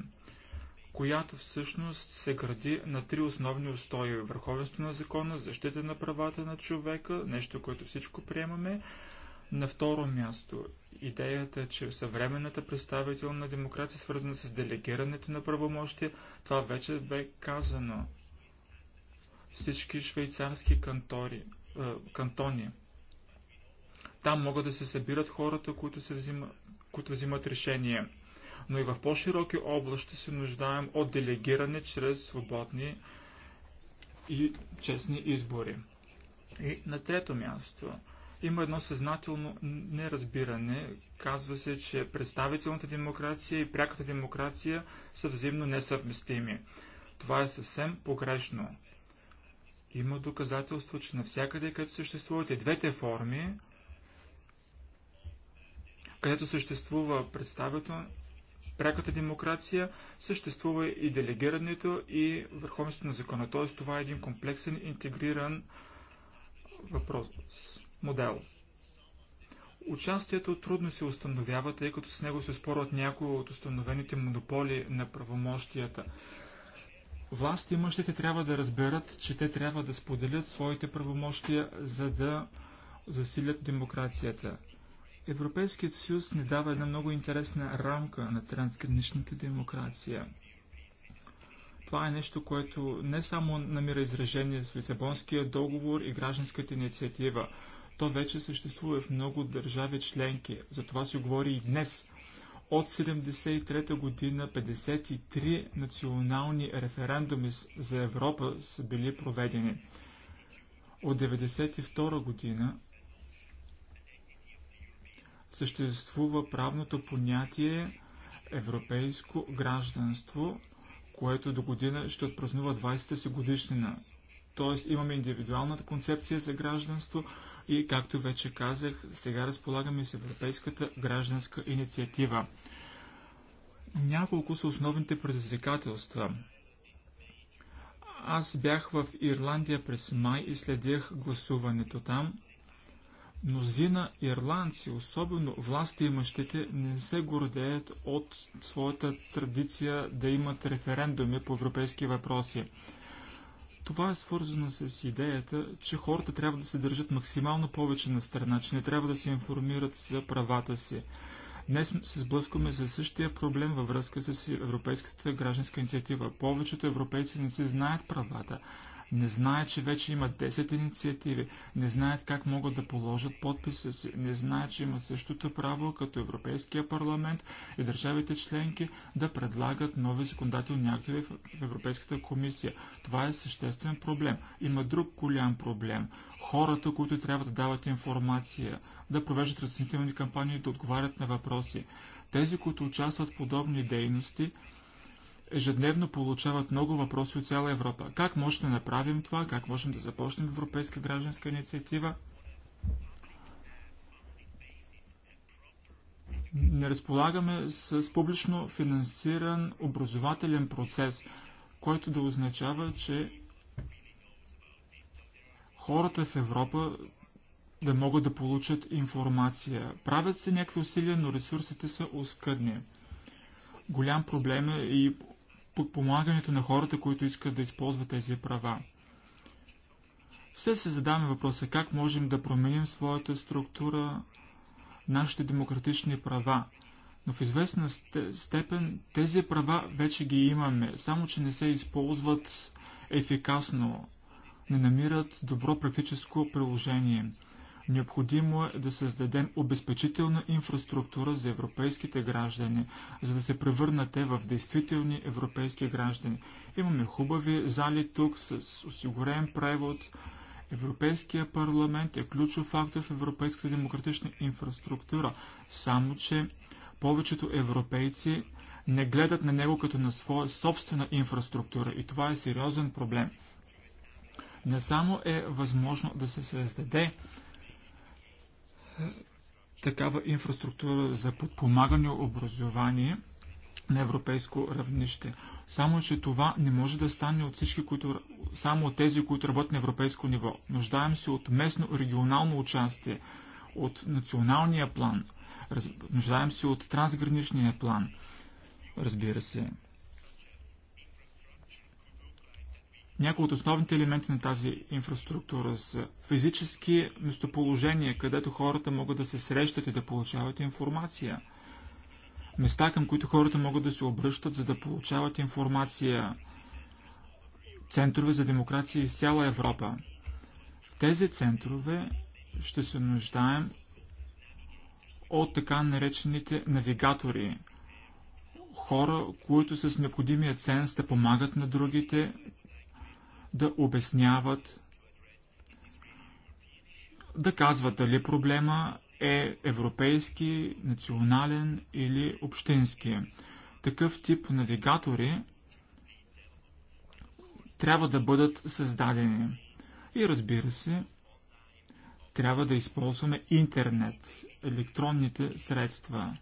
която всъщност се гради на три основни устои – върховенство на закона, защита на правата на човека, нещо, което всичко приемаме, на второ място, идеята, че съвременната представителна демокрация, свързана с делегирането на правомощия, това вече бе казано. Всички швейцарски кантори, э, кантони. Там могат да се събират хората, които, се взима, които взимат решение. Но и в по-широки области се нуждаем от делегиране чрез свободни и честни избори. И на трето място, има едно съзнателно неразбиране. Казва се, че представителната демокрация и пряката демокрация са взаимно несъвместими. Това е съвсем погрешно. Има доказателство, че навсякъде, където съществуват и двете форми, където съществува представител, пряката демокрация, съществува и делегирането и върховенството на закона. Т.е. това е един комплексен, интегриран въпрос модел. Участието трудно се установява, тъй като с него се спорват някои от установените монополи на правомощията. Власт имащите трябва да разберат, че те трябва да споделят своите правомощия, за да засилят демокрацията. Европейският съюз ни дава една много интересна рамка на трансграничната демокрация. Това е нещо, което не само намира изражение с Лисабонския договор и гражданската инициатива – то вече съществува в много държави членки. За това се говори и днес. От 1973 година 53 национални референдуми за Европа са били проведени. От 1992 година съществува правното понятие европейско гражданство, което до година ще отпразнува 20-та си годишнина. Тоест имаме индивидуалната концепция за гражданство, и както вече казах, сега разполагаме с Европейската гражданска инициатива. Няколко са основните предизвикателства. Аз бях в Ирландия през май и следях гласуването там. Мнозина ирландци, особено власти имащите, не се гордеят от своята традиция да имат референдуми по европейски въпроси. Това е свързано с идеята, че хората трябва да се държат максимално повече на страна, че не трябва да се информират за правата си. Днес се сблъскваме за същия проблем във връзка с Европейската гражданска инициатива. Повечето европейци не се знаят правата, не знаят, че вече имат 10 инициативи, не знаят как могат да положат подписа си, не знаят, че имат същото право като Европейския парламент и държавите членки да предлагат нови законодателни актове в Европейската комисия. Това е съществен проблем. Има друг голям проблем. Хората, които трябва да дават информация, да провеждат разъснителни кампании, да отговарят на въпроси. Тези, които участват в подобни дейности, ежедневно получават много въпроси от цяла Европа. Как можем да направим това? Как можем да започнем Европейска гражданска инициатива? Не разполагаме с публично финансиран образователен процес, който да означава, че хората в Европа да могат да получат информация. Правят се някакви усилия, но ресурсите са оскъдни. Голям проблем е и подпомагането на хората, които искат да използват тези права. Все се задаваме въпроса как можем да променим своята структура, нашите демократични права. Но в известна степен тези права вече ги имаме, само че не се използват ефикасно, не намират добро практическо приложение. Необходимо е да създадем обезпечителна инфраструктура за европейските граждани, за да се превърнат те в действителни европейски граждани. Имаме хубави зали тук с осигурен превод. Европейския парламент е ключов фактор в европейската демократична инфраструктура, само че повечето европейци не гледат на него като на своя собствена инфраструктура и това е сериозен проблем. Не само е възможно да се създаде такава инфраструктура за подпомагане образование на европейско равнище. Само, че това не може да стане от всички, които, само от тези, които работят на европейско ниво. Нуждаем се от местно регионално участие, от националния план, нуждаем се от трансграничния план. Разбира се, Някои от основните елементи на тази инфраструктура са физически местоположения, където хората могат да се срещат и да получават информация. Места, към които хората могат да се обръщат, за да получават информация. Центрове за демокрация из цяла Европа. В тези центрове ще се нуждаем от така наречените навигатори, хора, които с необходимия ценз да помагат на другите, да обясняват, да казват дали проблема е европейски, национален или общински. Такъв тип навигатори трябва да бъдат създадени. И разбира се, трябва да използваме интернет, електронните средства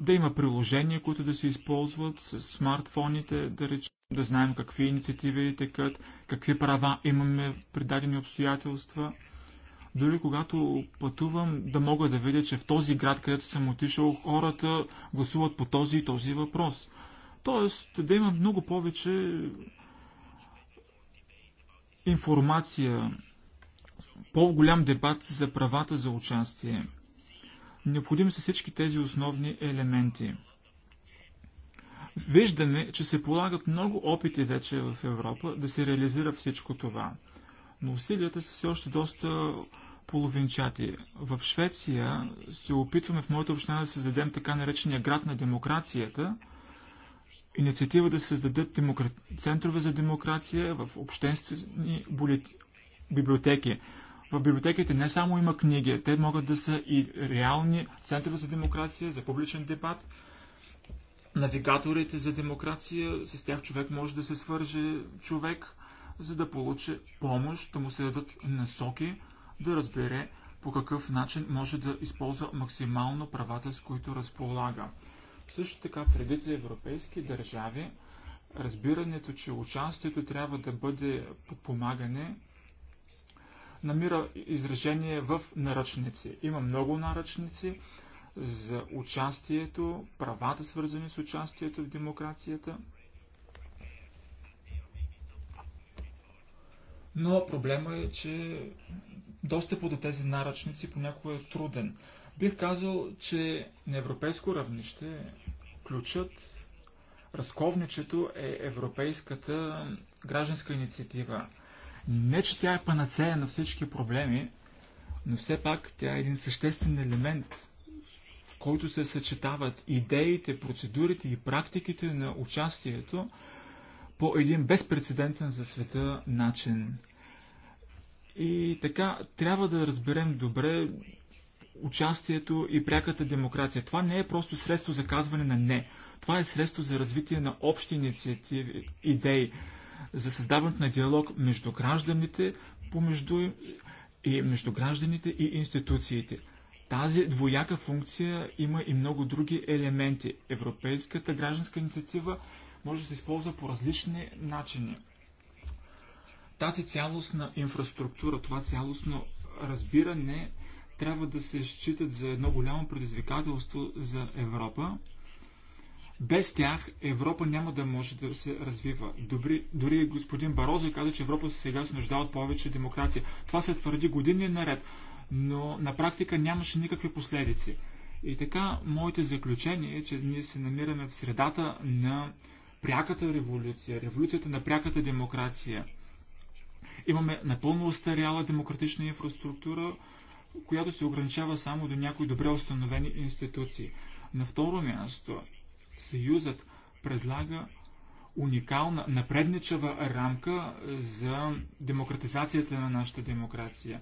да има приложения, които да се използват с смартфоните, да, реч... да знаем какви инициативи текат, какви права имаме при дадени обстоятелства. Дори когато пътувам, да мога да видя, че в този град, където съм отишъл, хората гласуват по този и този въпрос. Тоест, да има много повече информация, по-голям дебат за правата за участие. Необходими са всички тези основни елементи. Виждаме, че се полагат много опити вече в Европа да се реализира всичко това. Но усилията са все още доста половинчати. В Швеция се опитваме в моята община да създадем така наречения град на демокрацията, инициатива да се създадат демокра... центрове за демокрация в обществени болит... библиотеки. В библиотеките не само има книги, те могат да са и реални центрове за демокрация, за публичен дебат, навигаторите за демокрация, с тях човек може да се свърже човек, за да получи помощ, да му се дадат насоки, да разбере по какъв начин може да използва максимално правата, с които разполага. Също така в редица европейски държави разбирането, че участието трябва да бъде подпомагане, намира изражение в наръчници. Има много наръчници за участието, правата свързани с участието в демокрацията. Но проблема е, че достъпът до тези наръчници понякога е труден. Бих казал, че на европейско равнище ключът, разковничето е Европейската гражданска инициатива – не, че тя е панацея на всички проблеми, но все пак тя е един съществен елемент, в който се съчетават идеите, процедурите и практиките на участието по един безпредседентен за света начин. И така, трябва да разберем добре участието и пряката демокрация. Това не е просто средство за казване на не. Това е средство за развитие на общи инициативи, идеи, за създаването на диалог между гражданите, помежду и между гражданите и институциите. Тази двояка функция има и много други елементи. Европейската гражданска инициатива може да се използва по различни начини. Тази цялостна инфраструктура, това цялостно разбиране трябва да се считат за едно голямо предизвикателство за Европа. Без тях Европа няма да може да се развива. Добри, дори господин Барозо каза, че Европа сега се нуждае от повече демокрация. Това се твърди години наред, но на практика нямаше никакви последици. И така, моите заключения е, че ние се намираме в средата на пряката революция, революцията на пряката демокрация. Имаме напълно устаряла демократична инфраструктура, която се ограничава само до някои добре установени институции. На второ място, Съюзът предлага уникална, напредничава рамка за демократизацията на нашата демокрация.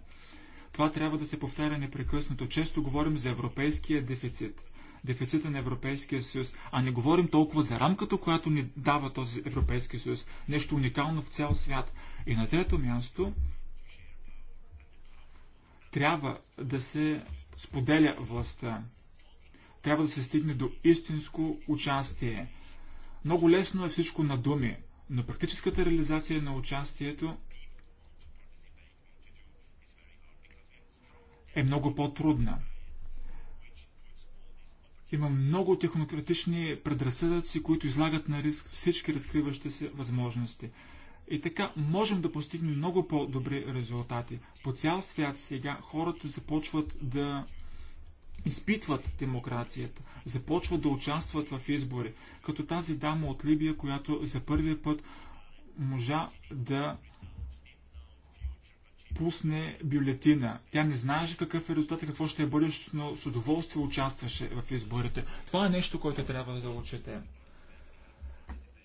Това трябва да се повтаря непрекъснато. Често говорим за европейския дефицит. Дефицита на Европейския съюз. А не говорим толкова за рамката, която ни дава този Европейски съюз. Нещо уникално в цял свят. И на трето място трябва да се споделя властта. Трябва да се стигне до истинско участие. Много лесно е всичко на думи, но практическата реализация на участието е много по-трудна. Има много технократични предразсъдъци, които излагат на риск всички разкриващи се възможности. И така можем да постигнем много по-добри резултати. По цял свят сега хората започват да изпитват демокрацията, започват да участват в избори, като тази дама от Либия, която за първи път можа да пусне бюлетина. Тя не знаеше какъв е резултат и какво ще е бъдещето, но с удоволствие участваше в изборите. Това е нещо, което трябва да учете.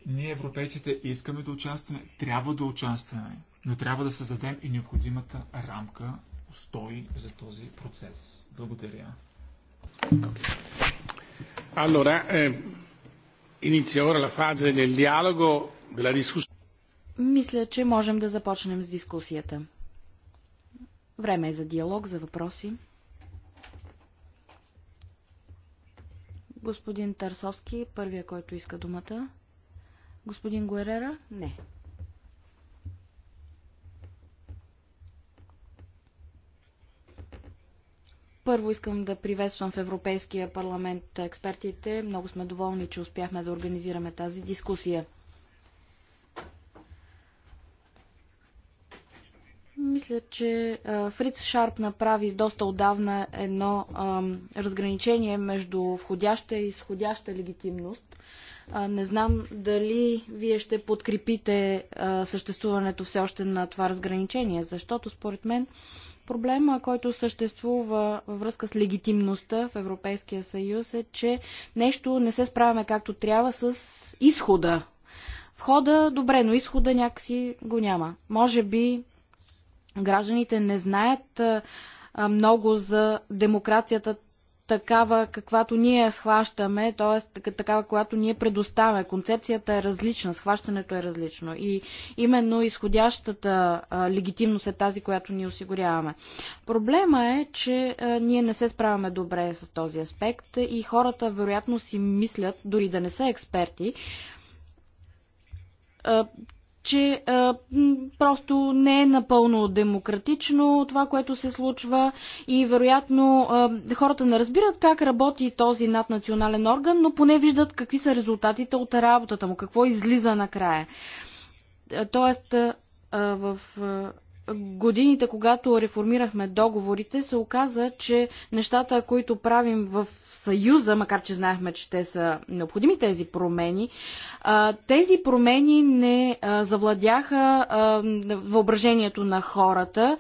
Ние, европейците, искаме да участваме, трябва да участваме, но трябва да създадем и необходимата рамка, устои за този процес. Благодаря. Allora, eh, inizia ora la fase del dialogo, della discussione. Мисля, че можем да започнем с дискусията. Време е за диалог, за въпроси. Господин Тарсовски, първия, който иска думата. Господин Гуерера? Не. Първо искам да приветствам в Европейския парламент експертите. Много сме доволни, че успяхме да организираме тази дискусия. Мисля, че Фриц Шарп направи доста отдавна едно разграничение между входяща и сходяща легитимност. А, не знам дали вие ще подкрепите а, съществуването все още на това разграничение, защото според мен Проблема, който съществува във връзка с легитимността в Европейския съюз е, че нещо не се справяме както трябва с изхода. Входа добре, но изхода някакси го няма. Може би гражданите не знаят много за демокрацията такава, каквато ние схващаме, т.е. такава, която ние предоставяме. Концепцията е различна, схващането е различно. И именно изходящата а, легитимност е тази, която ни осигуряваме. Проблема е, че а, ние не се справяме добре с този аспект и хората вероятно си мислят, дори да не са експерти, че а, просто не е напълно демократично това, което се случва и вероятно а, хората не разбират как работи този наднационален орган, но поне виждат какви са резултатите от работата му, какво излиза накрая. Тоест, а, в. А, годините, когато реформирахме договорите, се оказа, че нещата, които правим в Съюза, макар че знаехме, че те са необходими тези промени, тези промени не завладяха въображението на хората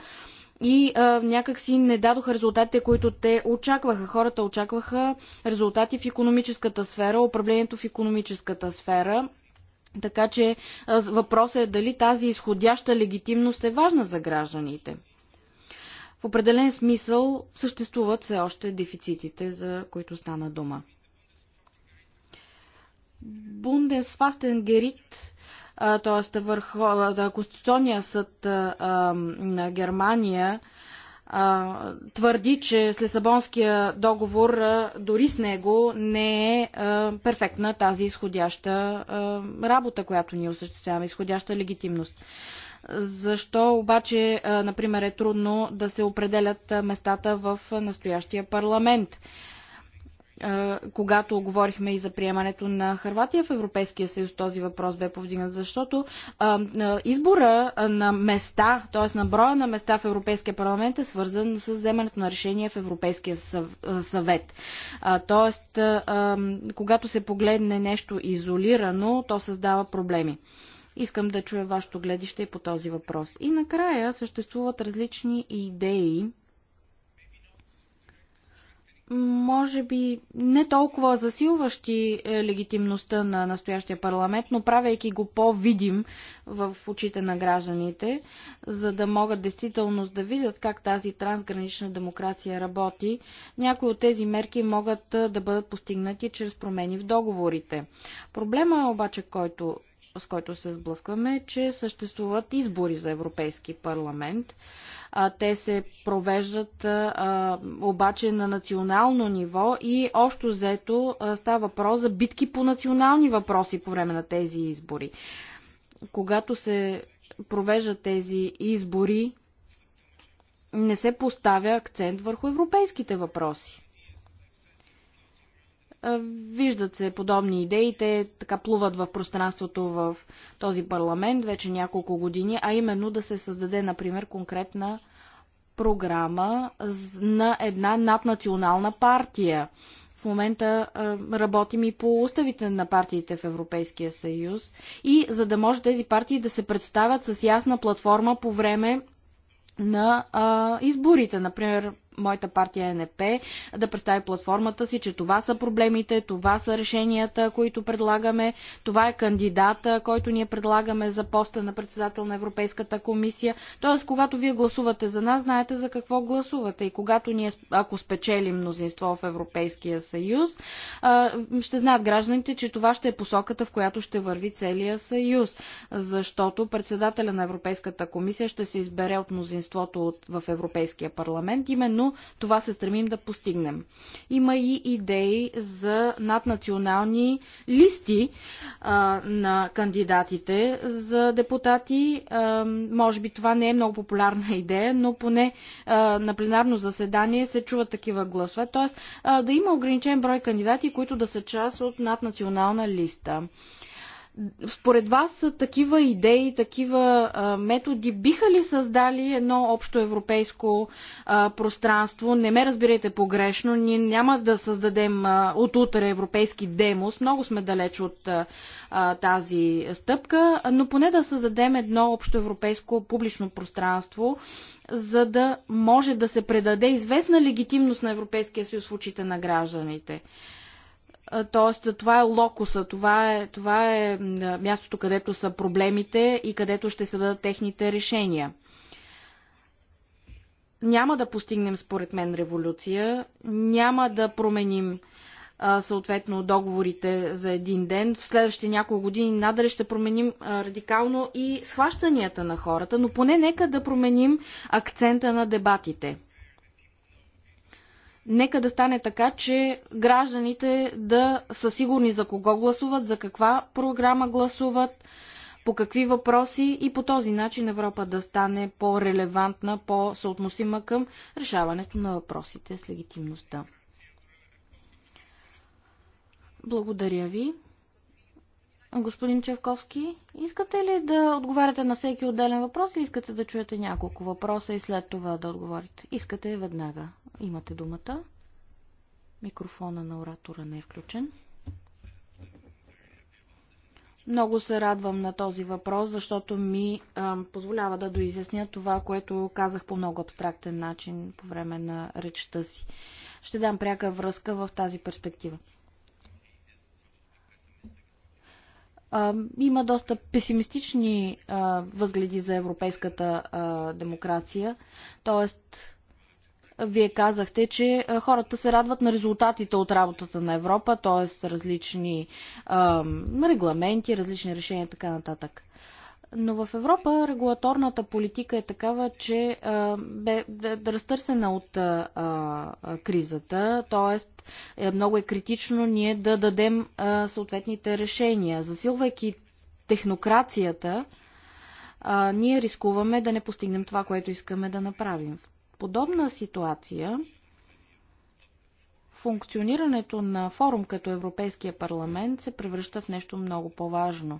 и а, някакси не дадоха резултатите, които те очакваха. Хората очакваха резултати в економическата сфера, управлението в економическата сфера така че въпросът е дали тази изходяща легитимност е важна за гражданите. В определен смисъл съществуват все още дефицитите, за които стана дума. Герит, т.е. Конституционния съд на Германия, а, твърди, че с Лисабонския договор а, дори с него не е а, перфектна тази изходяща работа, която ние осъществяваме, изходяща легитимност. Защо обаче, например, е трудно да се определят местата в настоящия парламент? когато говорихме и за приемането на Харватия в Европейския съюз, този въпрос бе повдигнат, защото избора на места, т.е. на броя на места в Европейския парламент е свързан с вземането на решение в Европейския съвет. Т.е. когато се погледне нещо изолирано, то създава проблеми. Искам да чуя вашето гледище и по този въпрос. И накрая съществуват различни идеи може би не толкова засилващи е, легитимността на настоящия парламент, но правейки го по-видим в очите на гражданите, за да могат действително да видят как тази трансгранична демокрация работи. Някои от тези мерки могат е, да бъдат постигнати чрез промени в договорите. Проблема е обаче, който с който се сблъскваме, че съществуват избори за Европейски парламент. Те се провеждат обаче на национално ниво и общо взето става въпрос за битки по национални въпроси по време на тези избори. Когато се провеждат тези избори, не се поставя акцент върху европейските въпроси. Виждат се подобни идеи, те така плуват в пространството в този парламент вече няколко години, а именно да се създаде, например, конкретна програма на една наднационална партия. В момента работим и по уставите на партиите в Европейския съюз и за да може тези партии да се представят с ясна платформа по време на а, изборите. Например, моята партия е НП да представи платформата си, че това са проблемите, това са решенията, които предлагаме, това е кандидата, който ние предлагаме за поста на председател на Европейската комисия. Тоест, когато вие гласувате за нас, знаете за какво гласувате и когато ние, ако спечелим мнозинство в Европейския съюз, ще знаят гражданите, че това ще е посоката, в която ще върви целия съюз, защото председателя на Европейската комисия ще се избере от мнозинството в Европейския парламент, именно това се стремим да постигнем. Има и идеи за наднационални листи а, на кандидатите за депутати. А, може би това не е много популярна идея, но поне а, на пленарно заседание се чуват такива гласове. Тоест а, да има ограничен брой кандидати, които да са част от наднационална листа. Според вас такива идеи, такива методи биха ли създали едно общо европейско пространство? Не ме разбирайте погрешно, ние няма да създадем от утре европейски демос, много сме далеч от тази стъпка, но поне да създадем едно общо европейско публично пространство, за да може да се предаде известна легитимност на Европейския съюз в очите на гражданите. Тоест, това е локуса, това е, това е мястото, където са проблемите и където ще се дадат техните решения. Няма да постигнем, според мен, революция, няма да променим съответно договорите за един ден. В следващите няколко години надали ще променим радикално и схващанията на хората, но поне нека да променим акцента на дебатите – нека да стане така, че гражданите да са сигурни за кого гласуват, за каква програма гласуват, по какви въпроси и по този начин Европа да стане по-релевантна, по-съотносима към решаването на въпросите с легитимността. Благодаря ви. Господин Чевковски, искате ли да отговаряте на всеки отделен въпрос или искате да чуете няколко въпроса и след това да отговорите? Искате веднага. Имате думата. Микрофона на оратора не е включен. Много се радвам на този въпрос, защото ми а, позволява да доизясня това, което казах по много абстрактен начин по време на речта си. Ще дам пряка връзка в тази перспектива. А, има доста песимистични а, възгледи за европейската а, демокрация, т.е. Вие казахте, че хората се радват на резултатите от работата на Европа, т.е. различни регламенти, различни решения и така нататък. Но в Европа регулаторната политика е такава, че а, бе да, да разтърсена от а, а, кризата, т.е. Е, много е критично ние да дадем а, съответните решения. Засилвайки технокрацията, а, ние рискуваме да не постигнем това, което искаме да направим подобна ситуация функционирането на форум като Европейския парламент се превръща в нещо много по-важно.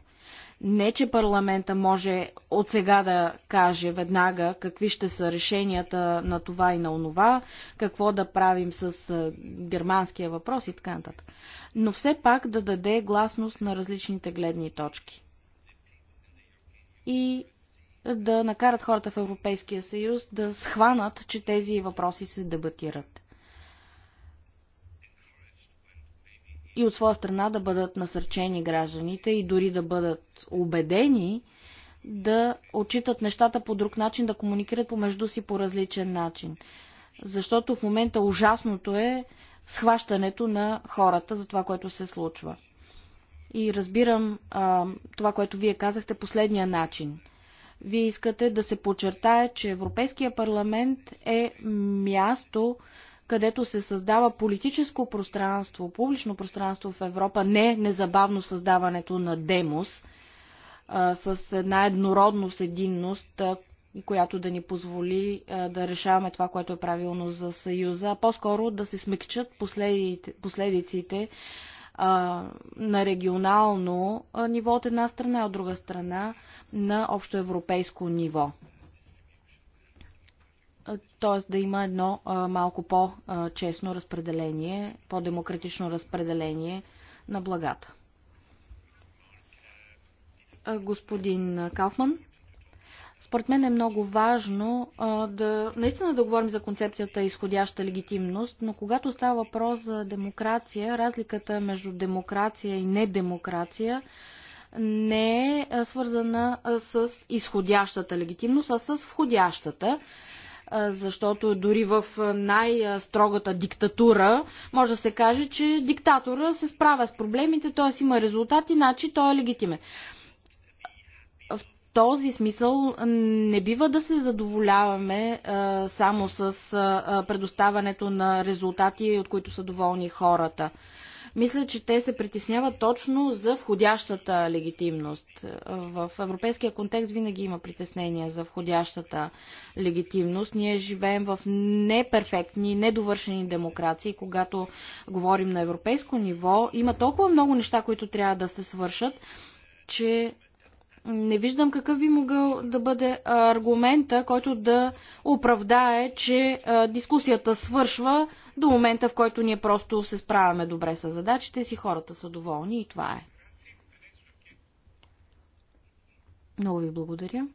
Не, че парламента може от сега да каже веднага какви ще са решенията на това и на онова, какво да правим с германския въпрос и така нататък. Но все пак да даде гласност на различните гледни точки. И да накарат хората в Европейския съюз да схванат, че тези въпроси се дебатират. И от своя страна да бъдат насърчени гражданите и дори да бъдат убедени да отчитат нещата по друг начин, да комуникират помежду си по различен начин. Защото в момента ужасното е схващането на хората за това, което се случва. И разбирам а, това, което вие казахте, последния начин – вие искате да се подчертае, че Европейския парламент е място, където се създава политическо пространство, публично пространство в Европа, не незабавно създаването на демос, а, с една еднородност, единност, а, която да ни позволи а, да решаваме това, което е правилно за Съюза, а по-скоро да се смекчат последиците, последиците а, на регионално а, ниво от една страна, а от друга страна на общоевропейско ниво. Т.е. да има едно а, малко по-честно разпределение, по-демократично разпределение на благата. господин Кафман. Според мен е много важно а, да наистина да говорим за концепцията изходяща легитимност, но когато става въпрос за демокрация, разликата между демокрация и недемокрация не е свързана с изходящата легитимност, а с входящата защото дори в най-строгата диктатура може да се каже, че диктатора се справя с проблемите, т.е. има резултати, значи той е легитимен този смисъл не бива да се задоволяваме а, е, само с а, е, е, предоставането на резултати, от които са доволни хората. Мисля, че те се притесняват точно за входящата легитимност. В европейския контекст винаги има притеснения за входящата легитимност. Ние живеем в неперфектни, недовършени демокрации. Когато говорим на европейско ниво, има толкова много неща, които трябва да се свършат, че не виждам какъв би могъл да бъде аргумента, който да оправдае, че дискусията свършва до момента, в който ние просто се справяме добре с задачите си, хората са доволни и това е. Много ви благодаря.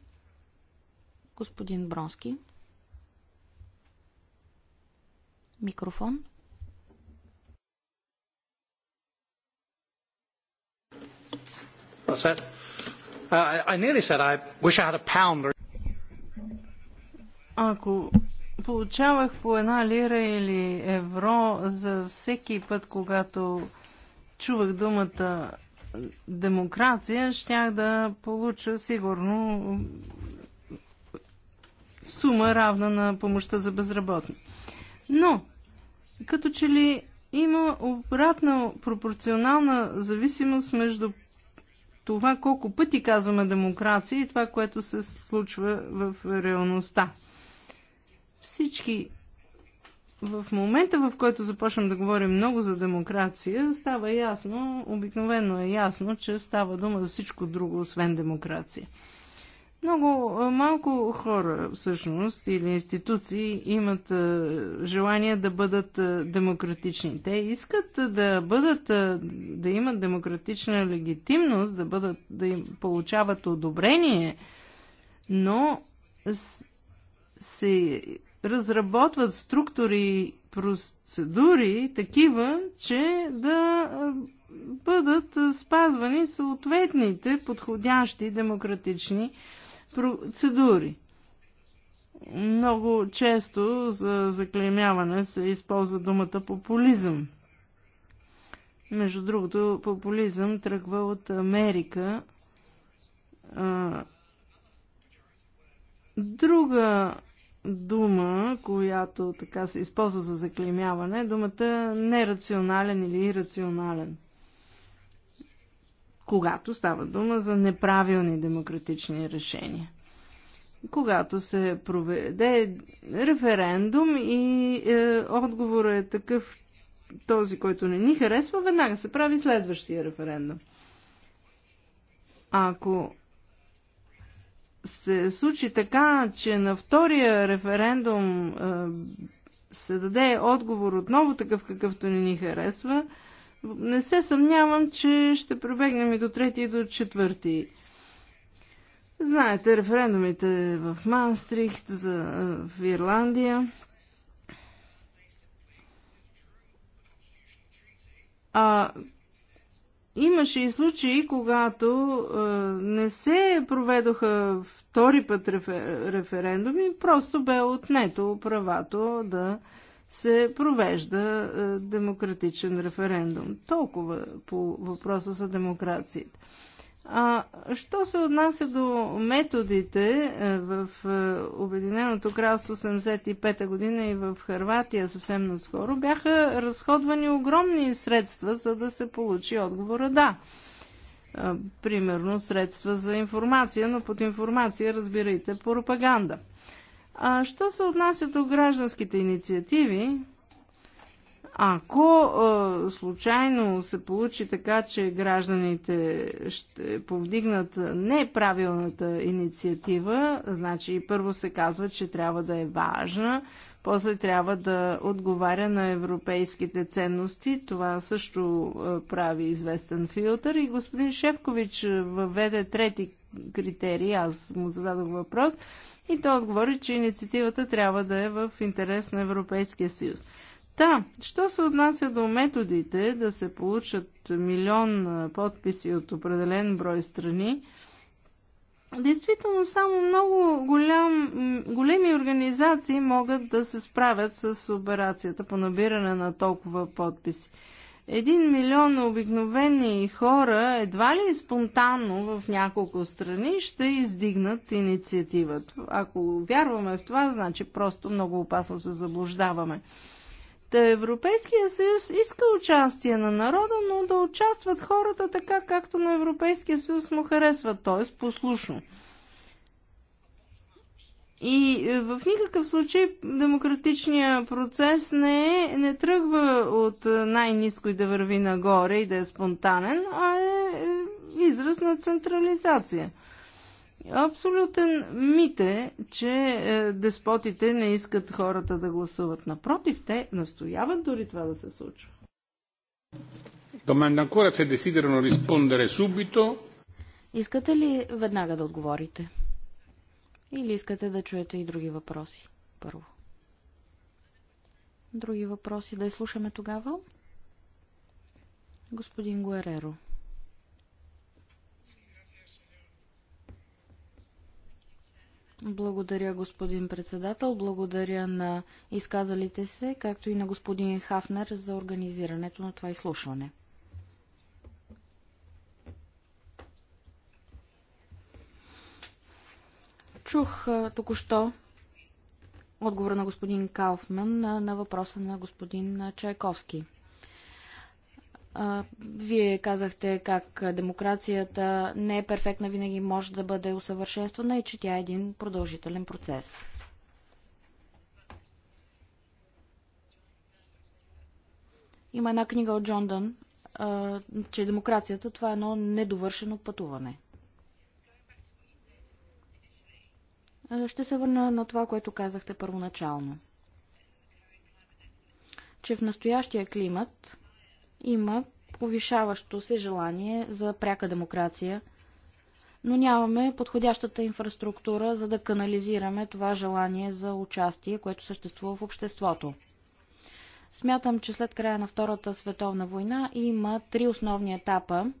Господин Бронски. Микрофон. What's that? Uh, I nearly said I wish I had a pound. Ако получавах по една лира или евро за всеки път, когато чувах думата демокрация, щях да получа сигурно сума равна на помощта за безработни. Но, като че ли има обратна пропорционална зависимост между това колко пъти казваме демокрация и това, което се случва в реалността. Всички в момента, в който започнем да говорим много за демокрация, става ясно, обикновено е ясно, че става дума за всичко друго, освен демокрация. Много малко хора всъщност или институции имат желание да бъдат демократични. Те искат да бъдат, да имат демократична легитимност, да, бъдат, да им получават одобрение, но се разработват структури, процедури такива, че да бъдат спазвани съответните подходящи демократични процедури. Много често за заклеймяване се използва думата популизъм. Между другото, популизъм тръгва от Америка. Друга дума, която така се използва за заклеймяване, е думата нерационален или ирационален когато става дума за неправилни демократични решения. Когато се проведе референдум и е, отговорът е такъв, този, който не ни харесва, веднага се прави следващия референдум. Ако се случи така, че на втория референдум е, се даде отговор отново такъв, какъвто не ни харесва, е, не се съмнявам, че ще пробегнем и до трети и до четвърти. Знаете, референдумите в Манстрихт, за, в Ирландия. А, имаше и случаи, когато а, не се проведоха втори път рефер, референдуми, просто бе отнето правато да а, се провежда е, демократичен референдум. Толкова по въпроса за демокрацията. А, що се отнася до методите е, в е, Обединеното кралство 75-та година и в Харватия съвсем наскоро, бяха разходвани огромни средства, за да се получи отговора да. примерно средства за информация, но под информация разбирайте пропаганда. А що се отнася до гражданските инициативи, ако а, случайно се получи така, че гражданите ще повдигнат неправилната инициатива, значи първо се казва, че трябва да е важна, после трябва да отговаря на европейските ценности. Това също а, прави известен филтър. И господин Шевкович въведе трети критерий, аз му зададох въпрос, и той отговори, че инициативата трябва да е в интерес на Европейския съюз. Та, що се отнася до методите да се получат милион подписи от определен брой страни, действително само много голям, големи организации могат да се справят с операцията по набиране на толкова подписи. Един милион обикновени хора едва ли спонтанно в няколко страни ще издигнат инициативата. Ако вярваме в това, значи просто много опасно се заблуждаваме. Та Европейския съюз иска участие на народа, но да участват хората така, както на Европейския съюз му харесва, т.е. послушно. И е, в никакъв случай демократичният процес не, е, не тръгва от е, най-низко и да върви нагоре и да е спонтанен, а е, е израз на централизация. Абсолютен мит е, че деспотите не искат хората да гласуват. Напротив, те настояват дори това да се случва. Domanda ancora se desiderano rispondere subito. Искате ли веднага да отговорите? Или искате да чуете и други въпроси първо? Други въпроси да изслушаме тогава? Господин Гуереро. Благодаря, господин председател. Благодаря на изказалите се, както и на господин Хафнер за организирането на това изслушване. Чух току-що отговора на господин Кауфман на, на въпроса на господин Чайковски. Вие казахте как демокрацията не е перфектна, винаги може да бъде усъвършенствана и че тя е един продължителен процес. Има една книга от Джондън, че демокрацията това е едно недовършено пътуване. Е, ще се върна на това, което казахте първоначално. Че в настоящия климат има повишаващо се желание за пряка демокрация, но нямаме подходящата инфраструктура, за да канализираме това желание за участие, което съществува в обществото. Смятам, че след края на Втората световна война има три основни етапа,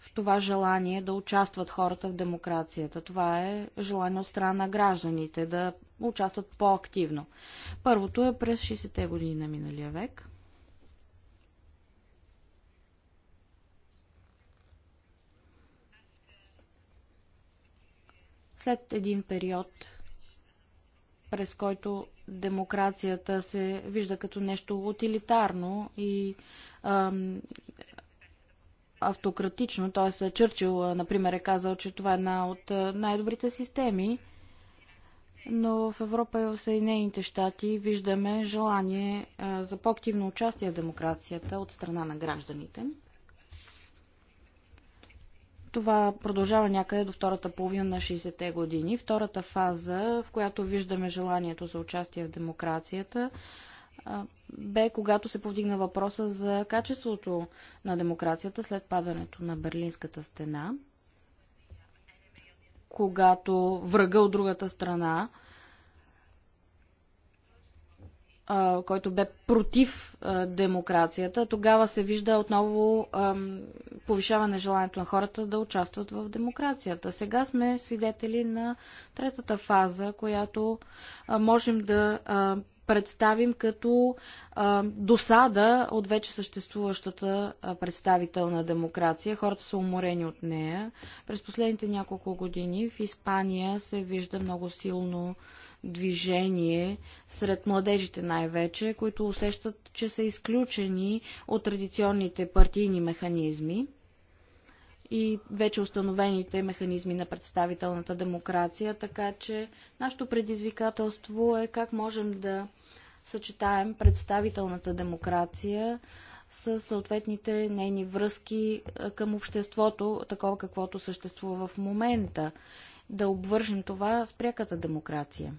в това желание да участват хората в демокрацията. Това е желание от страна на гражданите да участват по-активно. Първото е през 60-те години на миналия век. След един период, през който демокрацията се вижда като нещо утилитарно и ам, автократично, т.е. Чърчил, например, е казал, че това е една от най-добрите системи, но в Европа и в Съединените щати виждаме желание за по-активно участие в демокрацията от страна на гражданите. Това продължава някъде до втората половина на 60-те години. Втората фаза, в която виждаме желанието за участие в демокрацията, бе когато се повдигна въпроса за качеството на демокрацията след падането на Берлинската стена, когато врага от другата страна, който бе против демокрацията, тогава се вижда отново повишаване желанието на хората да участват в демокрацията. Сега сме свидетели на третата фаза, която можем да представим като а, досада от вече съществуващата представителна демокрация. Хората са уморени от нея. През последните няколко години в Испания се вижда много силно движение сред младежите най-вече, които усещат, че са изключени от традиционните партийни механизми и вече установените механизми на представителната демокрация, така че нашето предизвикателство е как можем да съчетаем представителната демокрация с съответните нейни връзки към обществото, такова каквото съществува в момента. Да обвържем това с пряката демокрация.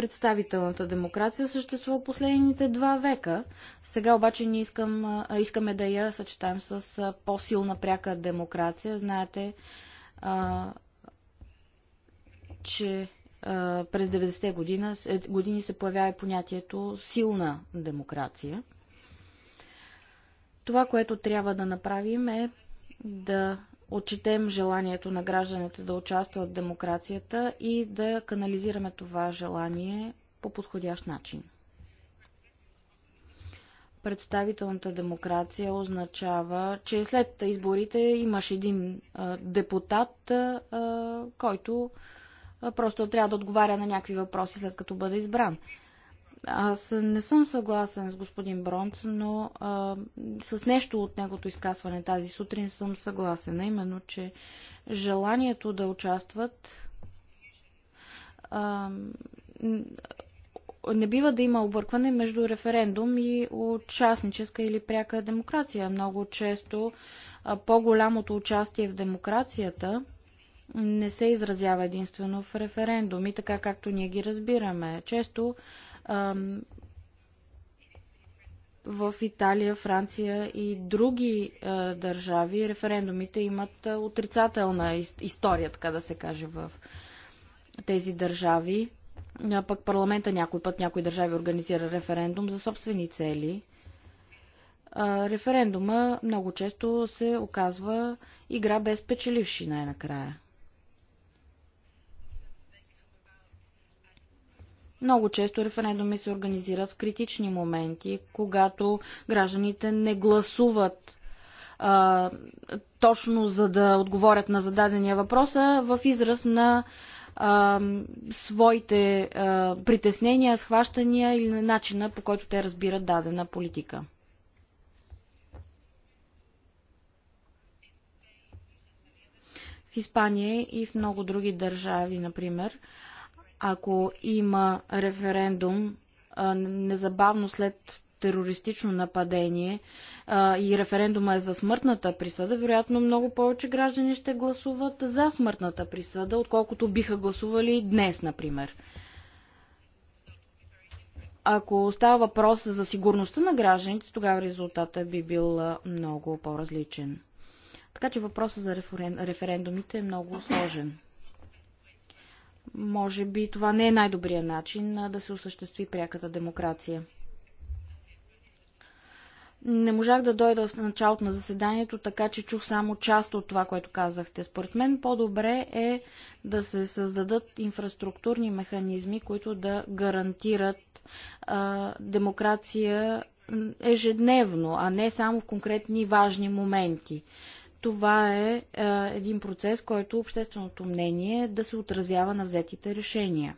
Представителната демокрация съществува последните два века. Сега обаче ние искам, искаме да я съчетаем с по-силна пряка демокрация. Знаете, а, че а, през 90-те година, е, години се появява и понятието силна демокрация. Това, което трябва да направим е да отчетем желанието на гражданите да участват в демокрацията и да канализираме това желание по подходящ начин. Представителната демокрация означава, че след изборите имаш един а, депутат, а, който а, просто трябва да отговаря на някакви въпроси след като бъде избран. Аз не съм съгласен с господин Бронц, но а, с нещо от негото изказване тази сутрин съм съгласен, именно, че желанието да участват а, не бива да има объркване между референдум и участническа или пряка демокрация. Много често по-голямото участие в демокрацията не се изразява единствено в референдуми, така както ние ги разбираме. Често в Италия, Франция и други държави референдумите имат отрицателна история, така да се каже, в тези държави. пък парламента някой път, някои държави организира референдум за собствени цели. референдума много често се оказва игра без печеливши най-накрая. Много често референдуми се организират в критични моменти, когато гражданите не гласуват а, точно за да отговорят на зададения въпрос, а в израз на а, своите а, притеснения, схващания или на начина по който те разбират дадена политика. В Испания и в много други държави, например, ако има референдум незабавно след терористично нападение а, и референдума е за смъртната присъда, вероятно много повече граждани ще гласуват за смъртната присъда, отколкото биха гласували днес, например. Ако става въпрос за сигурността на гражданите, тогава резултата би бил много по-различен. Така че въпросът за референдумите е много сложен. Може би това не е най-добрият начин да се осъществи пряката демокрация. Не можах да дойда в началото на заседанието, така че чух само част от това, което казахте. Според мен по-добре е да се създадат инфраструктурни механизми, които да гарантират а, демокрация ежедневно, а не само в конкретни важни моменти това е, е един процес, който общественото мнение е да се отразява на взетите решения.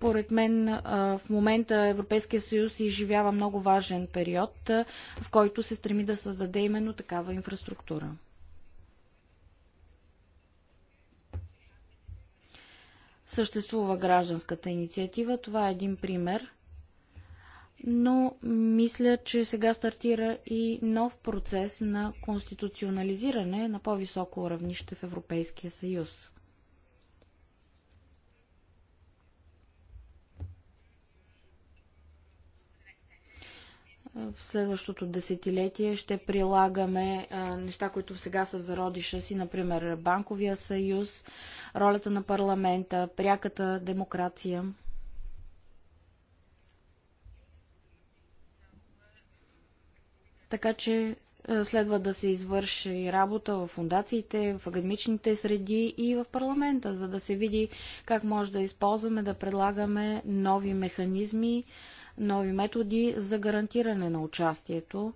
Според мен е, в момента Европейския съюз изживява много важен период, в който се стреми да създаде именно такава инфраструктура. Съществува гражданската инициатива. Това е един пример – но мисля, че сега стартира и нов процес на конституционализиране на по-високо равнище в Европейския съюз. в следващото десетилетие ще прилагаме а, неща, които сега са зародиша си, например Банковия съюз, ролята на парламента, пряката демокрация. Така че е, следва да се извърши работа в фундациите, в академичните среди и в парламента, за да се види как може да използваме, да предлагаме нови механизми, нови методи за гарантиране на участието,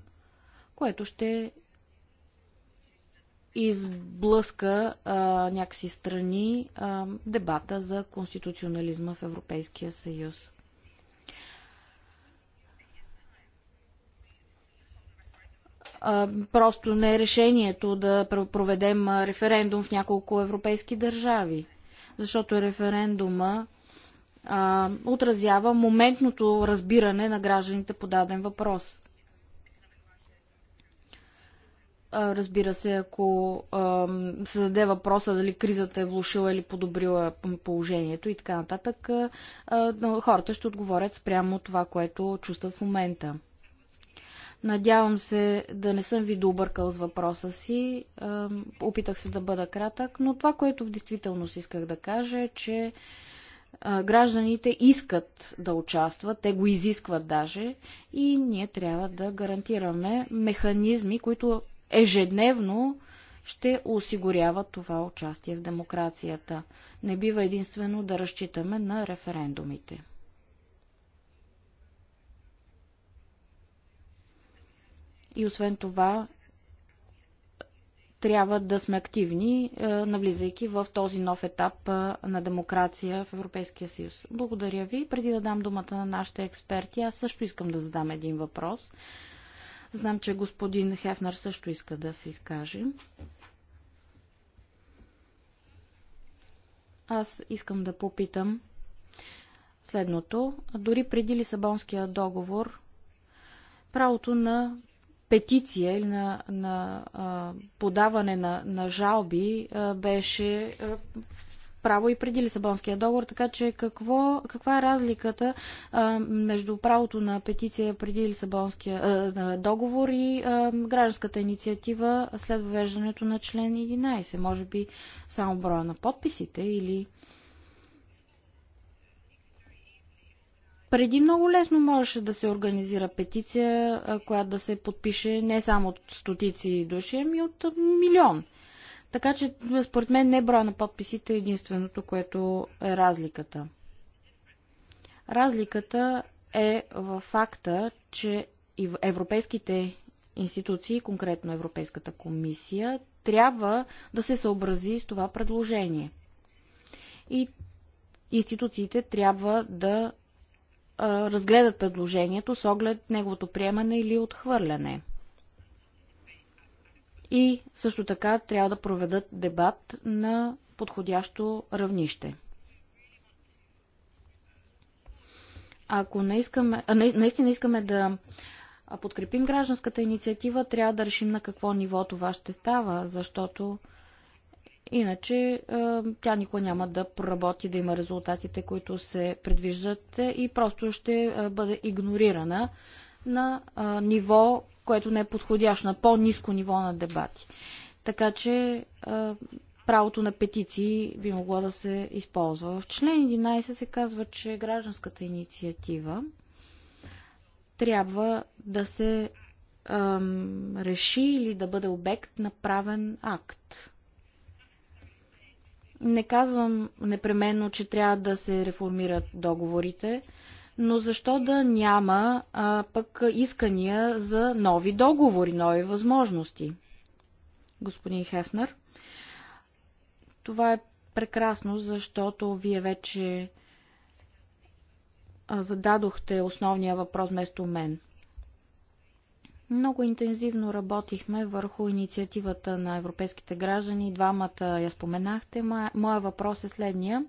което ще изблъска а, някакси страни а, дебата за конституционализма в Европейския съюз. просто не е решението да проведем референдум в няколко европейски държави. Защото референдума а, отразява моментното разбиране на гражданите по даден въпрос. А, разбира се, ако се зададе въпроса дали кризата е влушила или подобрила положението и така нататък, а, хората ще отговорят спрямо това, което чувстват в момента. Надявам се да не съм ви добъркал с въпроса си. Опитах се да бъда кратък, но това, което в действителност исках да кажа е, че гражданите искат да участват, те го изискват даже и ние трябва да гарантираме механизми, които ежедневно ще осигуряват това участие в демокрацията. Не бива единствено да разчитаме на референдумите. И освен това, трябва да сме активни, е, навлизайки в този нов етап е, на демокрация в Европейския съюз. Благодаря ви. Преди да дам думата на нашите експерти, аз също искам да задам един въпрос. Знам, че господин Хефнер също иска да се изкаже. Аз искам да попитам следното. Дори преди Лисабонския договор, правото на петиция или на, на а, подаване на, на жалби а, беше а, право и преди Лисабонския договор, така че какво, каква е разликата а, между правото на петиция преди Лисабонския а, договор и а, гражданската инициатива след въвеждането на член 11? Може би само броя на подписите или Преди много лесно можеше да се организира петиция, която да се подпише не само от стотици души, ами от милион. Така че, според мен, не броя на подписите е единственото, което е разликата. Разликата е в факта, че европейските институции, конкретно Европейската комисия, трябва да се съобрази с това предложение. И институциите трябва да разгледат предложението с оглед неговото приемане или отхвърляне. И също така трябва да проведат дебат на подходящо равнище. Ако не искаме, а, наистина искаме да подкрепим гражданската инициатива, трябва да решим на какво ниво това ще става, защото Иначе тя никога няма да проработи, да има резултатите, които се предвиждат е, и просто ще бъде игнорирана на ниво, което не е подходящо, на по-низко ниво на дебати. Така че правото на петиции би могло да се използва. В член 11 се казва, че гражданската инициатива трябва да се реши или да бъде обект на правен акт. Не казвам непременно, че трябва да се реформират договорите, но защо да няма а, пък искания за нови договори, нови възможности? Господин Хефнер, това е прекрасно, защото вие вече зададохте основния въпрос вместо мен – много интензивно работихме върху инициативата на европейските граждани. Двамата я споменахте. Моя въпрос е следния.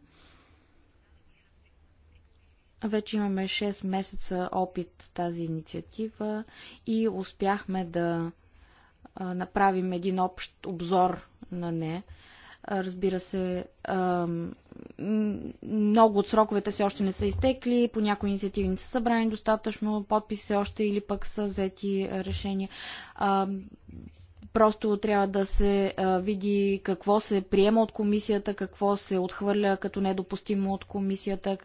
Вече имаме 6 месеца опит с тази инициатива и успяхме да направим един общ обзор на нея. Разбира се, много от сроковете все още не са изтекли, по някои инициативи не са събрани достатъчно подписи още или пък са взети решения. Просто трябва да се а, види какво се приема от комисията, какво се отхвърля като недопустимо от комисията.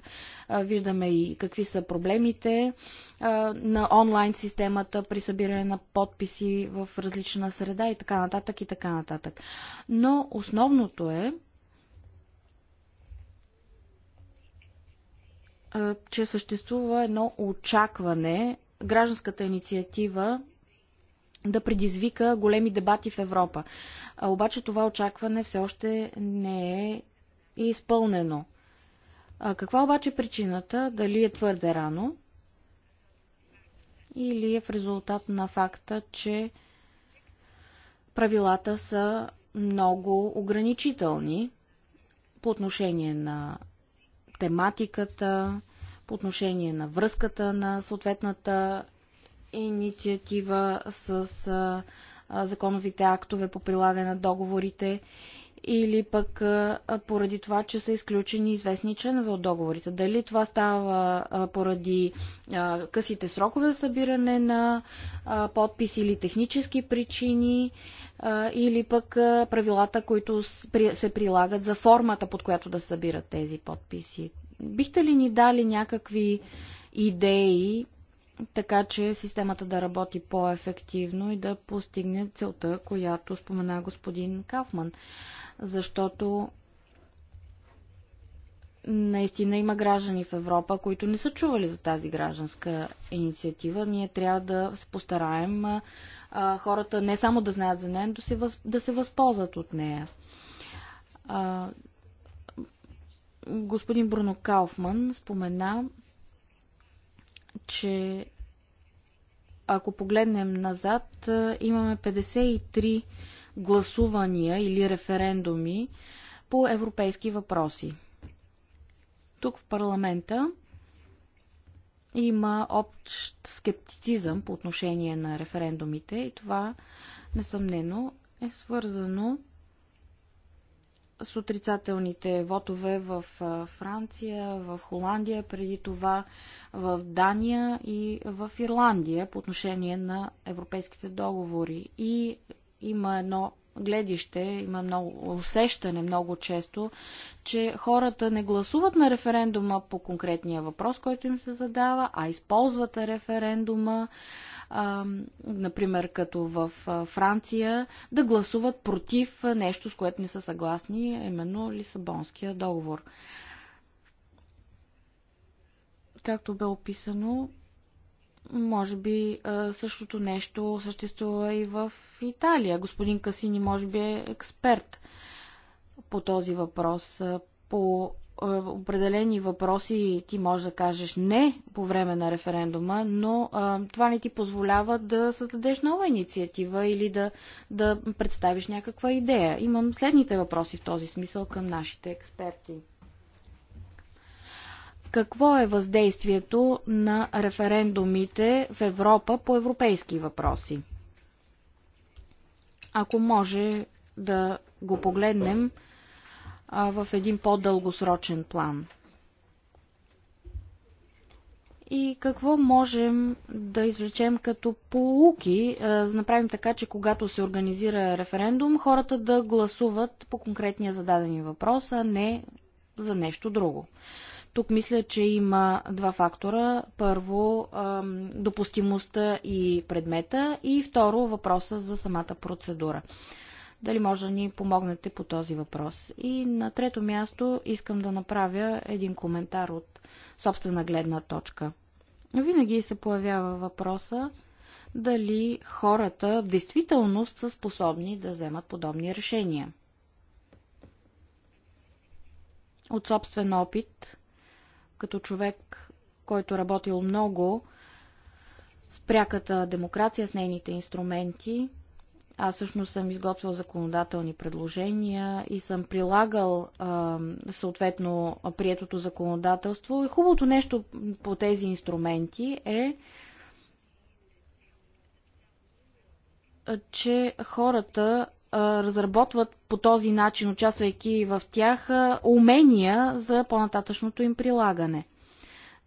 А, виждаме и какви са проблемите а, на онлайн системата при събиране на подписи в различна среда и така нататък и така нататък. Но основното е, че съществува едно очакване гражданската инициатива да предизвика големи дебати в Европа. А, обаче това очакване все още не е изпълнено. А, каква обаче е причината? Дали е твърде рано? Или е в резултат на факта, че правилата са много ограничителни по отношение на тематиката, по отношение на връзката на съответната инициатива с а, а, законовите актове по прилагане на договорите или пък а, поради това, че са изключени известни членове от договорите. Дали това става а, поради а, късите срокове за събиране на а, подписи или технически причини, а, или пък а, правилата, които се прилагат за формата, под която да събират тези подписи. Бихте ли ни дали някакви идеи така че системата да работи по-ефективно и да постигне целта, която спомена господин Кафман. Защото наистина има граждани в Европа, които не са чували за тази гражданска инициатива. Ние трябва да се постараем а, хората не само да знаят за нея, но да се, възползват от нея. А, господин Бруно Кауфман спомена че ако погледнем назад, имаме 53 гласувания или референдуми по европейски въпроси. Тук в парламента има общ скептицизъм по отношение на референдумите и това несъмнено е свързано с отрицателните вотове в Франция, в Холандия, преди това в Дания и в Ирландия по отношение на европейските договори. И има едно гледище, има много усещане много често, че хората не гласуват на референдума по конкретния въпрос, който им се задава, а използват референдума например като в Франция, да гласуват против нещо, с което не са съгласни, именно Лисабонския договор. Както бе описано, може би същото нещо съществува и в Италия. Господин Касини може би е експерт по този въпрос. По е, определени въпроси ти можеш да кажеш не по време на референдума, но а, това не ти позволява да създадеш нова инициатива или да, да представиш някаква идея. Имам следните въпроси в този смисъл към нашите експерти. Какво е въздействието на референдумите в Европа по европейски въпроси? Ако може да го погледнем а, в един по-дългосрочен план. И какво можем да извлечем като полуки, да направим така, че когато се организира референдум, хората да гласуват по конкретния зададени въпрос, а не за нещо друго. Тук мисля, че има два фактора. Първо, допустимостта и предмета и второ, въпроса за самата процедура. Дали може да ни помогнете по този въпрос? И на трето място искам да направя един коментар от собствена гледна точка. Винаги се появява въпроса дали хората в действителност са способни да вземат подобни решения. От собствен опит, като човек, който работил много с пряката демокрация, с нейните инструменти, аз всъщност съм изготвил законодателни предложения и съм прилагал съответно приетото законодателство. И хубавото нещо по тези инструменти е, че хората разработват по този начин, участвайки в тях, умения за по-нататъчното им прилагане.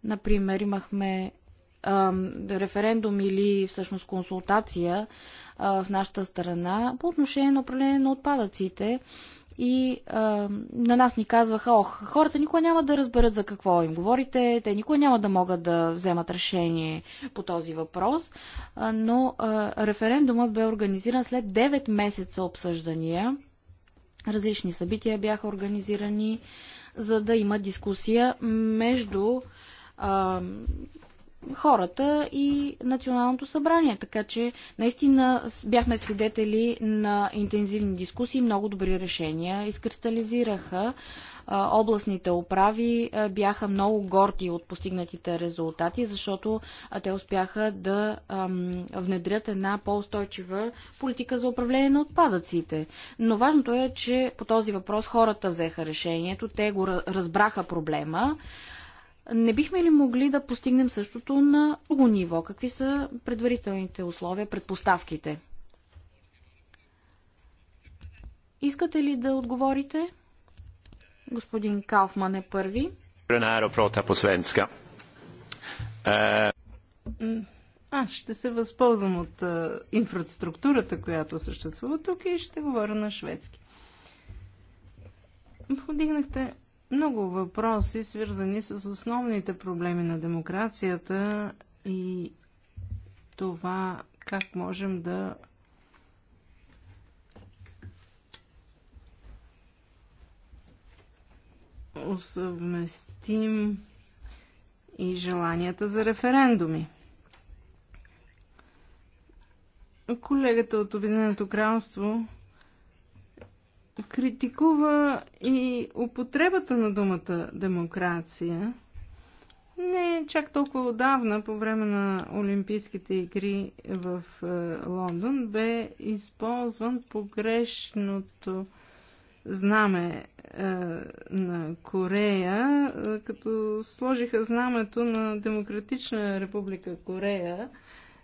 Например, имахме референдум или всъщност консултация в нашата страна по отношение на управление на отпадъците. И а, на нас ни казваха, ох, хората никога няма да разберат за какво им говорите, те никога няма да могат да вземат решение по този въпрос, а, но а, референдумът бе организиран след 9 месеца обсъждания. Различни събития бяха организирани, за да има дискусия между а, хората и Националното събрание. Така че наистина бяхме свидетели на интензивни дискусии, много добри решения изкристализираха. Областните управи бяха много горди от постигнатите резултати, защото те успяха да внедрят една по-устойчива политика за управление на отпадъците. Но важното е, че по този въпрос хората взеха решението, те го разбраха проблема не бихме ли могли да постигнем същото на друго ниво? Какви са предварителните условия, предпоставките? Искате ли да отговорите? Господин Кауфман е първи. Е, Аз ще се възползвам от а, е, инфраструктурата, която съществува тук и ще говоря на шведски. Подигнахте много въпроси, свързани с основните проблеми на демокрацията и това как можем да усъвместим и желанията за референдуми. Колегата от Обединеното кралство критикува и употребата на думата демокрация. Не е чак толкова отдавна, по време на Олимпийските игри в е, Лондон, бе използван погрешното знаме е, на Корея, е, като сложиха знамето на Демократична република Корея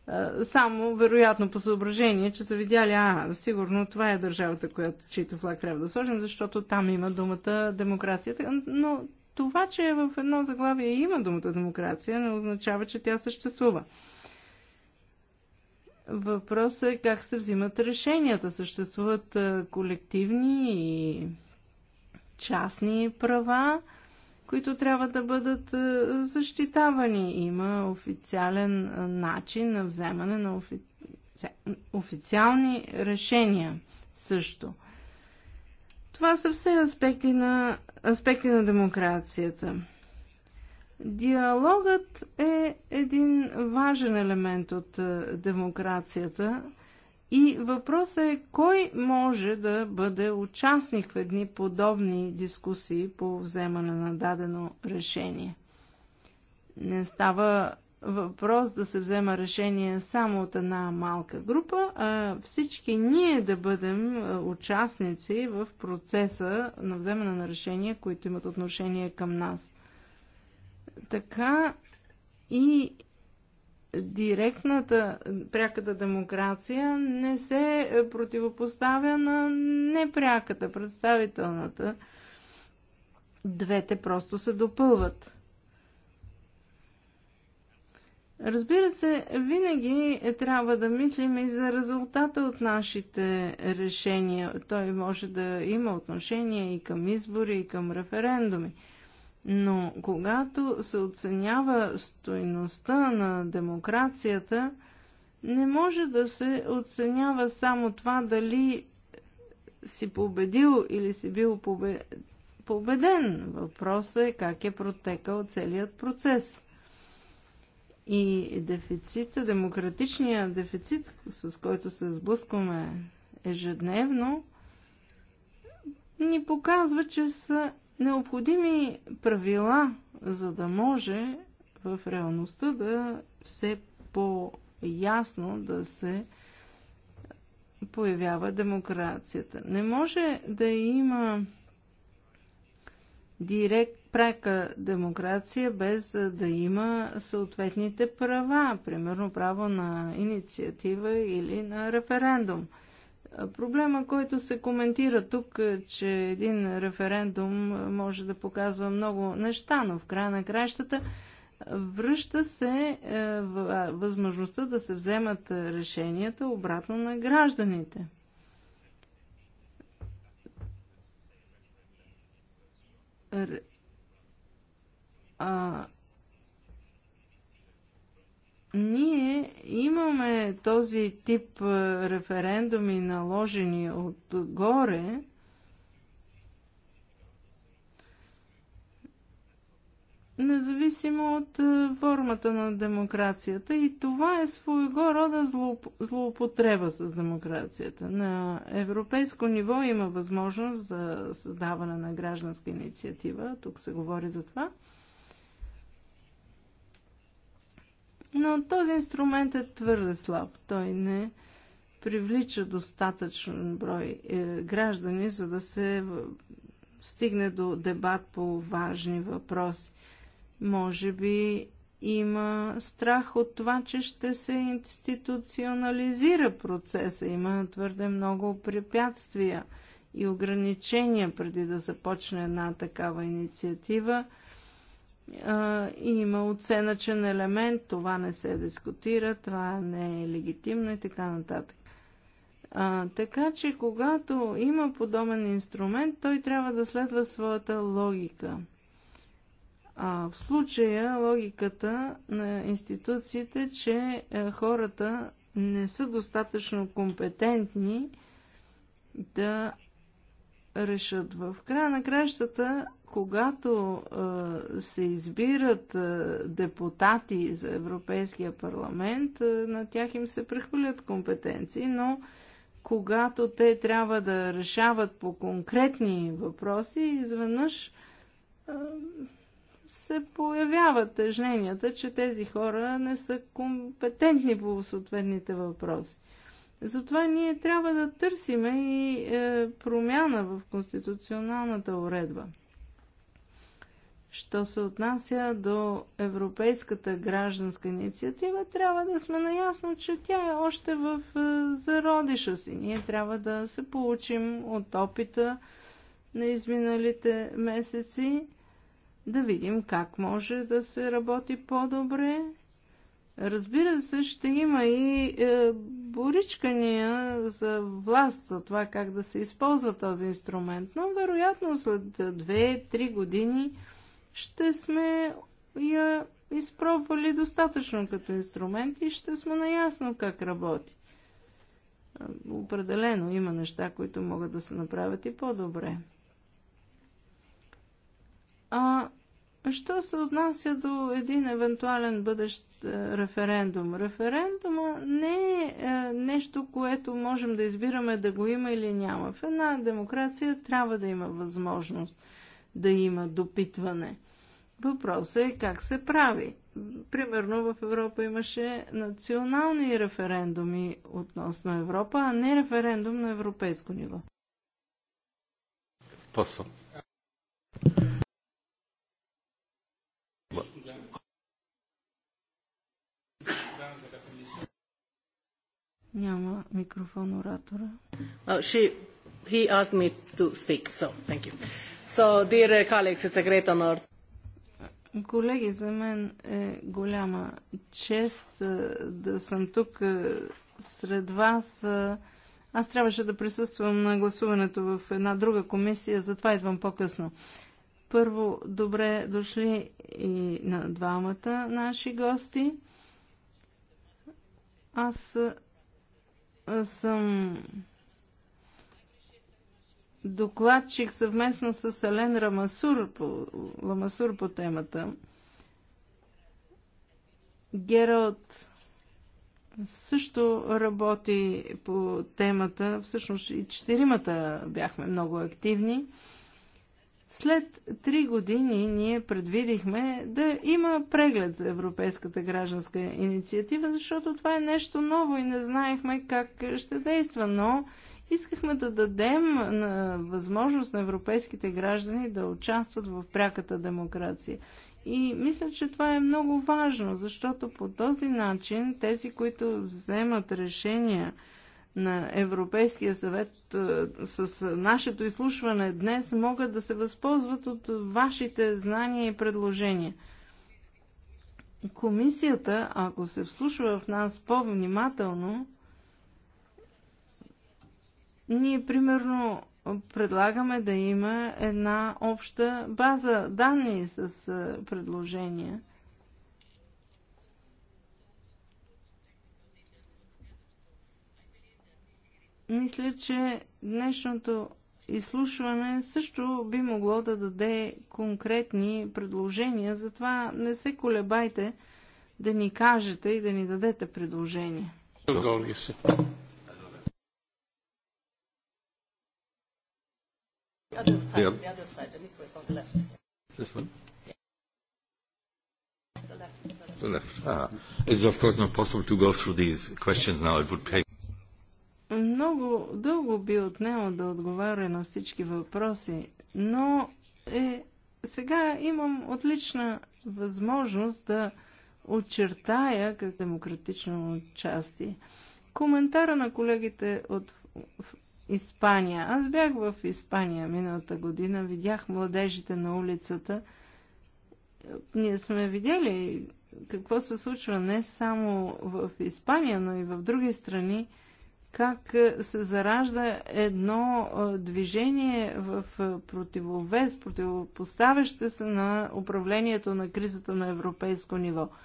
е, само вероятно по съображение, че са видяли, а, сигурно това е държавата, която, чието флаг трябва да сложим, защото там има думата демокрацията. Но това, че е в едно заглавие има думата демокрация, не означава, че тя съществува. Въпросът е как се взимат решенията. Съществуват е, колективни и частни права които трябва да бъдат е, защитавани. Има официален е, начин на вземане на офици... официални решения също. Това са все аспекти на, аспекти на демокрацията. Диалогът е един важен елемент от е, демокрацията, и въпросът е кой може да бъде участник в едни подобни дискусии по вземане на дадено решение. Не става въпрос да се взема решение само от една малка група, а всички ние да бъдем е, участници в процеса на вземане на решения, които имат отношение към нас. Така и директната пряката демокрация не се е, противопоставя на непряката, представителната. Двете просто се допълват. Разбира се, винаги е, трябва да мислим и за резултата от нашите решения. Той може да има отношение и към избори, и към референдуми. Но когато се оценява стойността на демокрацията, не може да се оценява само това дали си победил или си бил победен. Въпросът е как е протекал целият процес. И дефицита, демократичният дефицит, с който се сблъскваме ежедневно, ни показва, че са необходими правила, за да може в реалността да все по-ясно да се появява демокрацията. Не може да има директ прека демокрация без да има съответните права, примерно право на инициатива или на референдум – Проблема, който се коментира тук, е, че един референдум може да показва много неща, но в края на кращата връща се е, възможността да се вземат решенията обратно на гражданите. А, ние имаме този тип е, референдуми наложени отгоре, независимо от е, формата на демокрацията. И това е своего рода злоупотреба с демокрацията. На европейско ниво има възможност за създаване на гражданска инициатива. Тук се говори за това. Но този инструмент е твърде слаб. Той не привлича достатъчен брой е, граждани, за да се е, стигне до дебат по важни въпроси. Може би има страх от това, че ще се институционализира процеса. Има твърде много препятствия и ограничения преди да започне една такава инициатива и има оценъчен елемент, това не се дискутира, това не е легитимно и така нататък. А, така че, когато има подобен инструмент, той трябва да следва своята логика. А, в случая логиката на институциите, че е, хората не са достатъчно компетентни да решат. В края на кращата когато се избират депутати за Европейския парламент, на тях им се прехвърлят компетенции, но когато те трябва да решават по конкретни въпроси, изведнъж се появяват тежненията, че тези хора не са компетентни по съответните въпроси. Затова ние трябва да търсиме и е, промяна в конституционалната уредба. Що се отнася до Европейската гражданска инициатива, трябва да сме наясно, че тя е още в е, зародиша си. Ние трябва да се получим от опита на изминалите месеци, да видим как може да се работи по-добре. Разбира се, ще има и е, боричкания за власт, за това как да се използва този инструмент, но вероятно след 2-3 години ще сме я изпробвали достатъчно като инструмент и ще сме наясно как работи. Определено има неща, които могат да се направят и по-добре. А що се отнася до един евентуален бъдещ е, референдум? Референдума не е, е нещо, което можем да избираме да го има или няма. В една демокрация трябва да има възможност да има допитване. Въпросът е как се прави. Примерно в Европа имаше национални референдуми относно Европа, а не референдум на европейско ниво. Посо. Няма микрофон оратора. Uh, she, he asked me to speak, so thank you. So, dear colleagues, it's a great honor Колеги, за мен е голяма чест е, да съм тук е, сред вас. Е, аз трябваше да присъствам на гласуването в една друга комисия, затова идвам по-късно. Първо, добре дошли и на двамата наши гости. Аз съм докладчик съвместно с Ален Рамасур по, Ламасур по темата. Гералд също работи по темата. Всъщност и четиримата бяхме много активни. След три години ние предвидихме да има преглед за Европейската гражданска инициатива, защото това е нещо ново и не знаехме как ще действа, но Искахме да дадем на възможност на европейските граждани да участват в пряката демокрация. И мисля, че това е много важно, защото по този начин тези, които вземат решения на Европейския съвет е, с нашето изслушване днес, могат да се възползват от вашите знания и предложения. Комисията, ако се вслушва в нас по-внимателно, ние, примерно, предлагаме да има една обща база данни с е, предложения. Мисля, че днешното изслушване също би могло да даде конкретни предложения, затова не се колебайте да ни кажете и да ни дадете предложения. The other side, yeah. the other side, the Nicholas on the left. This one? The left. The left. Ah. It's of course not possible to go through these questions now. It would pay. Много дълго би отнело да отговаря на всички въпроси, но е, сега имам отлична възможност да очертая как демократично участие. Коментара на колегите от Испания. Аз бях в Испания миналата година, видях младежите на улицата. Ние сме видели какво се случва не само в Испания, но и в други страни, как се заражда едно движение в противовес, противопоставяще се на управлението на кризата на европейско ниво –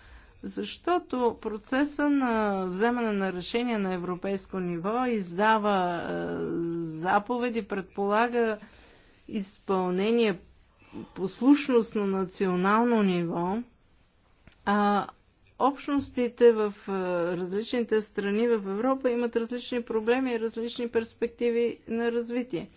защото процеса на вземане на решения на европейско ниво издава е, заповеди, предполага изпълнение, послушност на национално ниво, а общностите в е, различните страни в Европа имат различни проблеми и различни перспективи на развитие.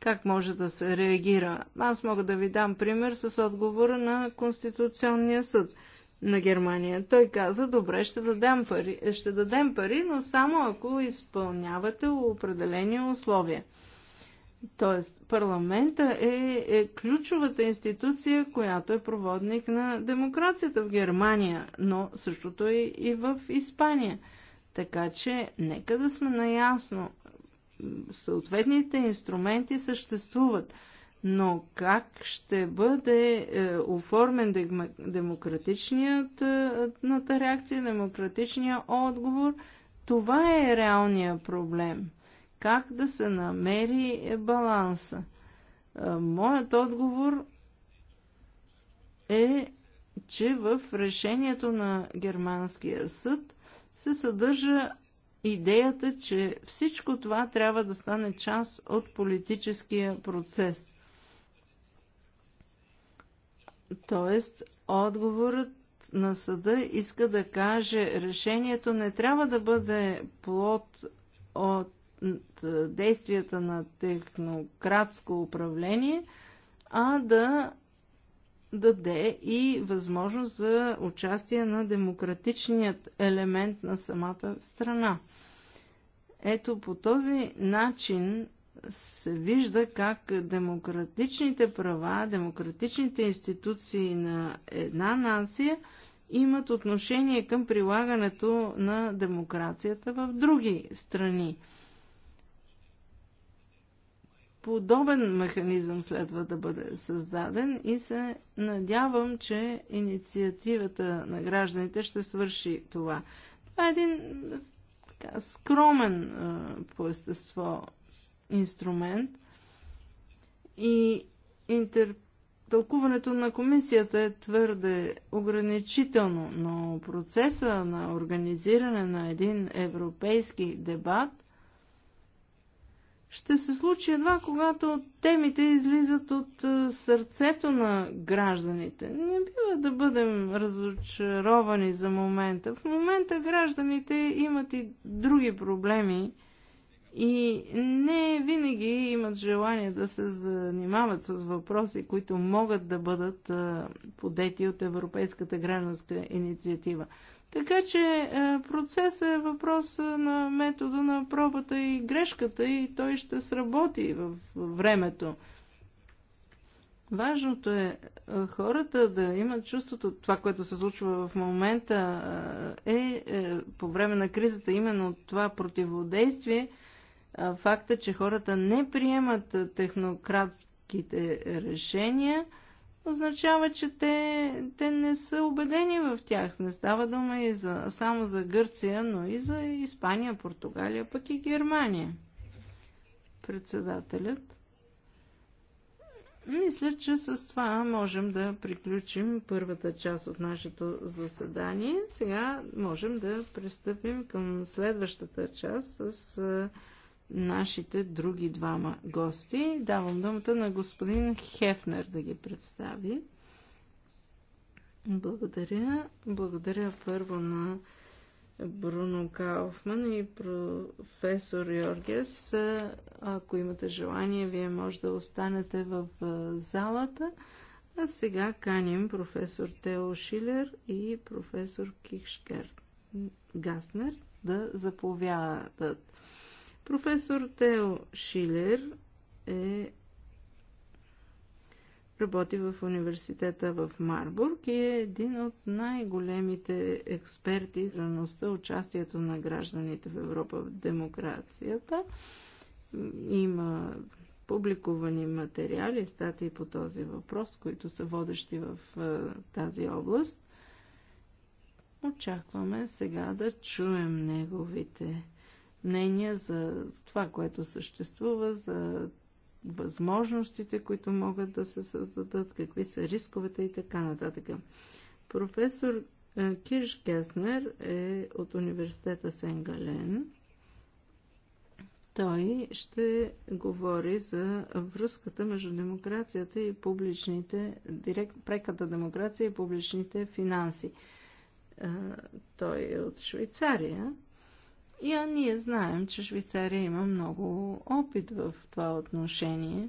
Как може да се реагира? Аз мога да ви дам пример с отговора на Конституционния съд – на Германия. Той каза, добре, ще дадем пари, ще дадем пари но само ако изпълнявате определени условия. Тоест, парламента е, е ключовата институция, която е проводник на демокрацията в Германия, но същото е и в Испания. Така че, нека да сме наясно, съответните инструменти съществуват – но как ще бъде е, оформен дем, демократичната е, реакция, демократичния отговор, това е реалният проблем. Как да се намери е, баланса? Е, моят отговор е, че в решението на Германския съд се съдържа идеята, че всичко това трябва да стане част от политическия процес – Тоест, отговорът на съда иска да каже, решението не трябва да бъде плод от действията на технократско управление, а да даде и възможност за участие на демократичният елемент на самата страна. Ето по този начин се вижда как демократичните права, демократичните институции на една нация имат отношение към прилагането на демокрацията в други страни. Подобен механизъм следва да бъде създаден и се надявам, че инициативата на гражданите ще свърши това. Това е един така, скромен по естество инструмент и интер... тълкуването на комисията е твърде ограничително, но процеса на организиране на един европейски дебат ще се случи едва когато темите излизат от сърцето на гражданите. Не бива да бъдем разочаровани за момента. В момента гражданите имат и други проблеми, и не винаги имат желание да се занимават с въпроси, които могат да бъдат подети от Европейската гражданска инициатива. Така че процесът е въпрос на метода на пробата и грешката и той ще сработи в времето. Важното е хората да имат чувството, това, което се случва в момента е, е по време на кризата, именно това противодействие – факта, че хората не приемат технократските решения, означава, че те, те не са убедени в тях. Не става дума и за, само за Гърция, но и за Испания, Португалия, пък и Германия. Председателят. Мисля, че с това можем да приключим първата част от нашето заседание. Сега можем да пристъпим към следващата част с нашите други двама гости. Давам думата на господин Хефнер да ги представи. Благодаря. Благодаря първо на Бруно Кауфман и професор Йоргес. Ако имате желание, вие може да останете в залата. А сега каним професор Тео Шилер и професор Кихшкер Гаснер да заповядат. Професор Тео Шилер е работи в университета в Марбург и е един от най-големите експерти за участието на гражданите в Европа в демокрацията. Има публикувани материали, статии по този въпрос, които са водещи в тази област. Очакваме сега да чуем неговите мнения за това, което съществува, за възможностите, които могат да се създадат, какви са рисковете и така нататък. Професор е, Кирш Геснер е от университета Сенгален. Той ще говори за връзката между демокрацията и публичните, директ, преката демокрация и публичните финанси. Е, той е от Швейцария и а ние знаем, че Швейцария има много опит в това отношение.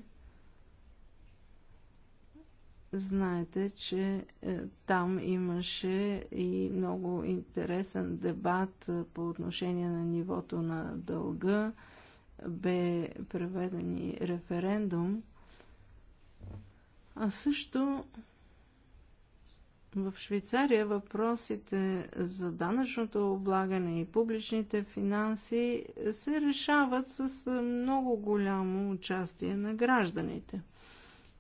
Знаете, че е, там имаше и много интересен дебат е, по отношение на нивото на дълга. Бе преведен и референдум. А също в Швейцария въпросите за данъчното облагане и публичните финанси се решават с много голямо участие на гражданите.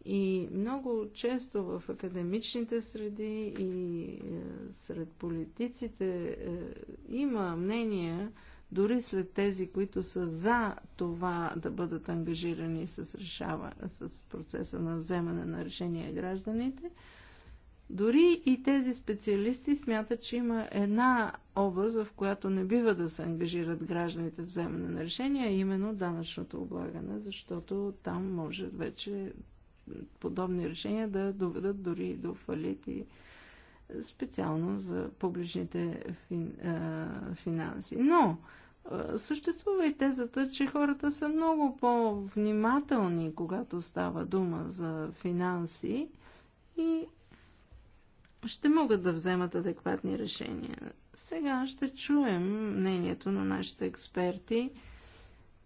И много често в академичните среди и е, сред политиците е, има мнения, дори след тези, които са за това да бъдат ангажирани с, решава, с процеса на вземане на решения гражданите, дори и тези специалисти смятат, че има една област, в която не бива да се ангажират гражданите с вземане на решения, а именно данъчното облагане, защото там може вече подобни решения да доведат дори до фалит и специално за публичните фин, а, финанси. Но а, съществува и тезата, че хората са много по-внимателни, когато става дума за финанси и ще могат да вземат адекватни решения. Сега ще чуем мнението на нашите експерти,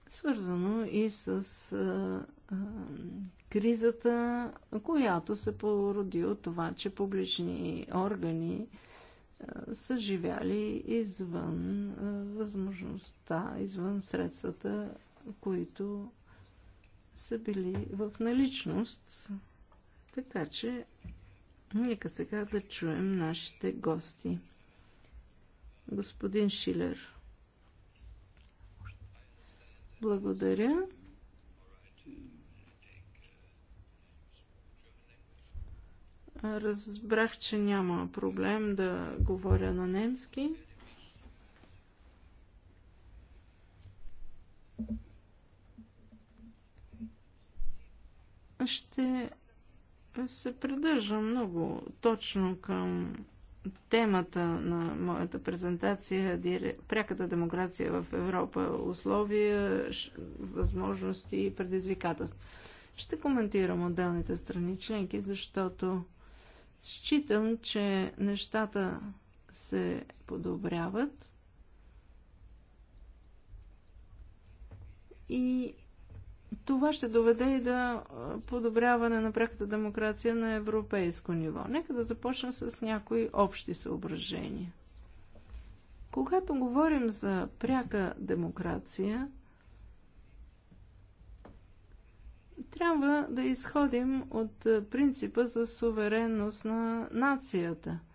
свързано и с а, а, кризата, която се породи от това, че публични органи а, са живяли извън а, възможността, извън средствата, които са били в наличност. Така че Нека сега да чуем нашите гости. Господин Шилер. Благодаря. Разбрах, че няма проблем да говоря на немски. Ще се придържа много точно към темата на моята презентация пряката демокрация в Европа, условия, възможности и предизвикателства. Ще коментирам отделните страни членки, защото считам, че нещата се подобряват и това ще доведе и до да подобряване на пряката демокрация на европейско ниво. Нека да започна с някои общи съображения. Когато говорим за пряка демокрация, трябва да изходим от принципа за суверенност на нацията –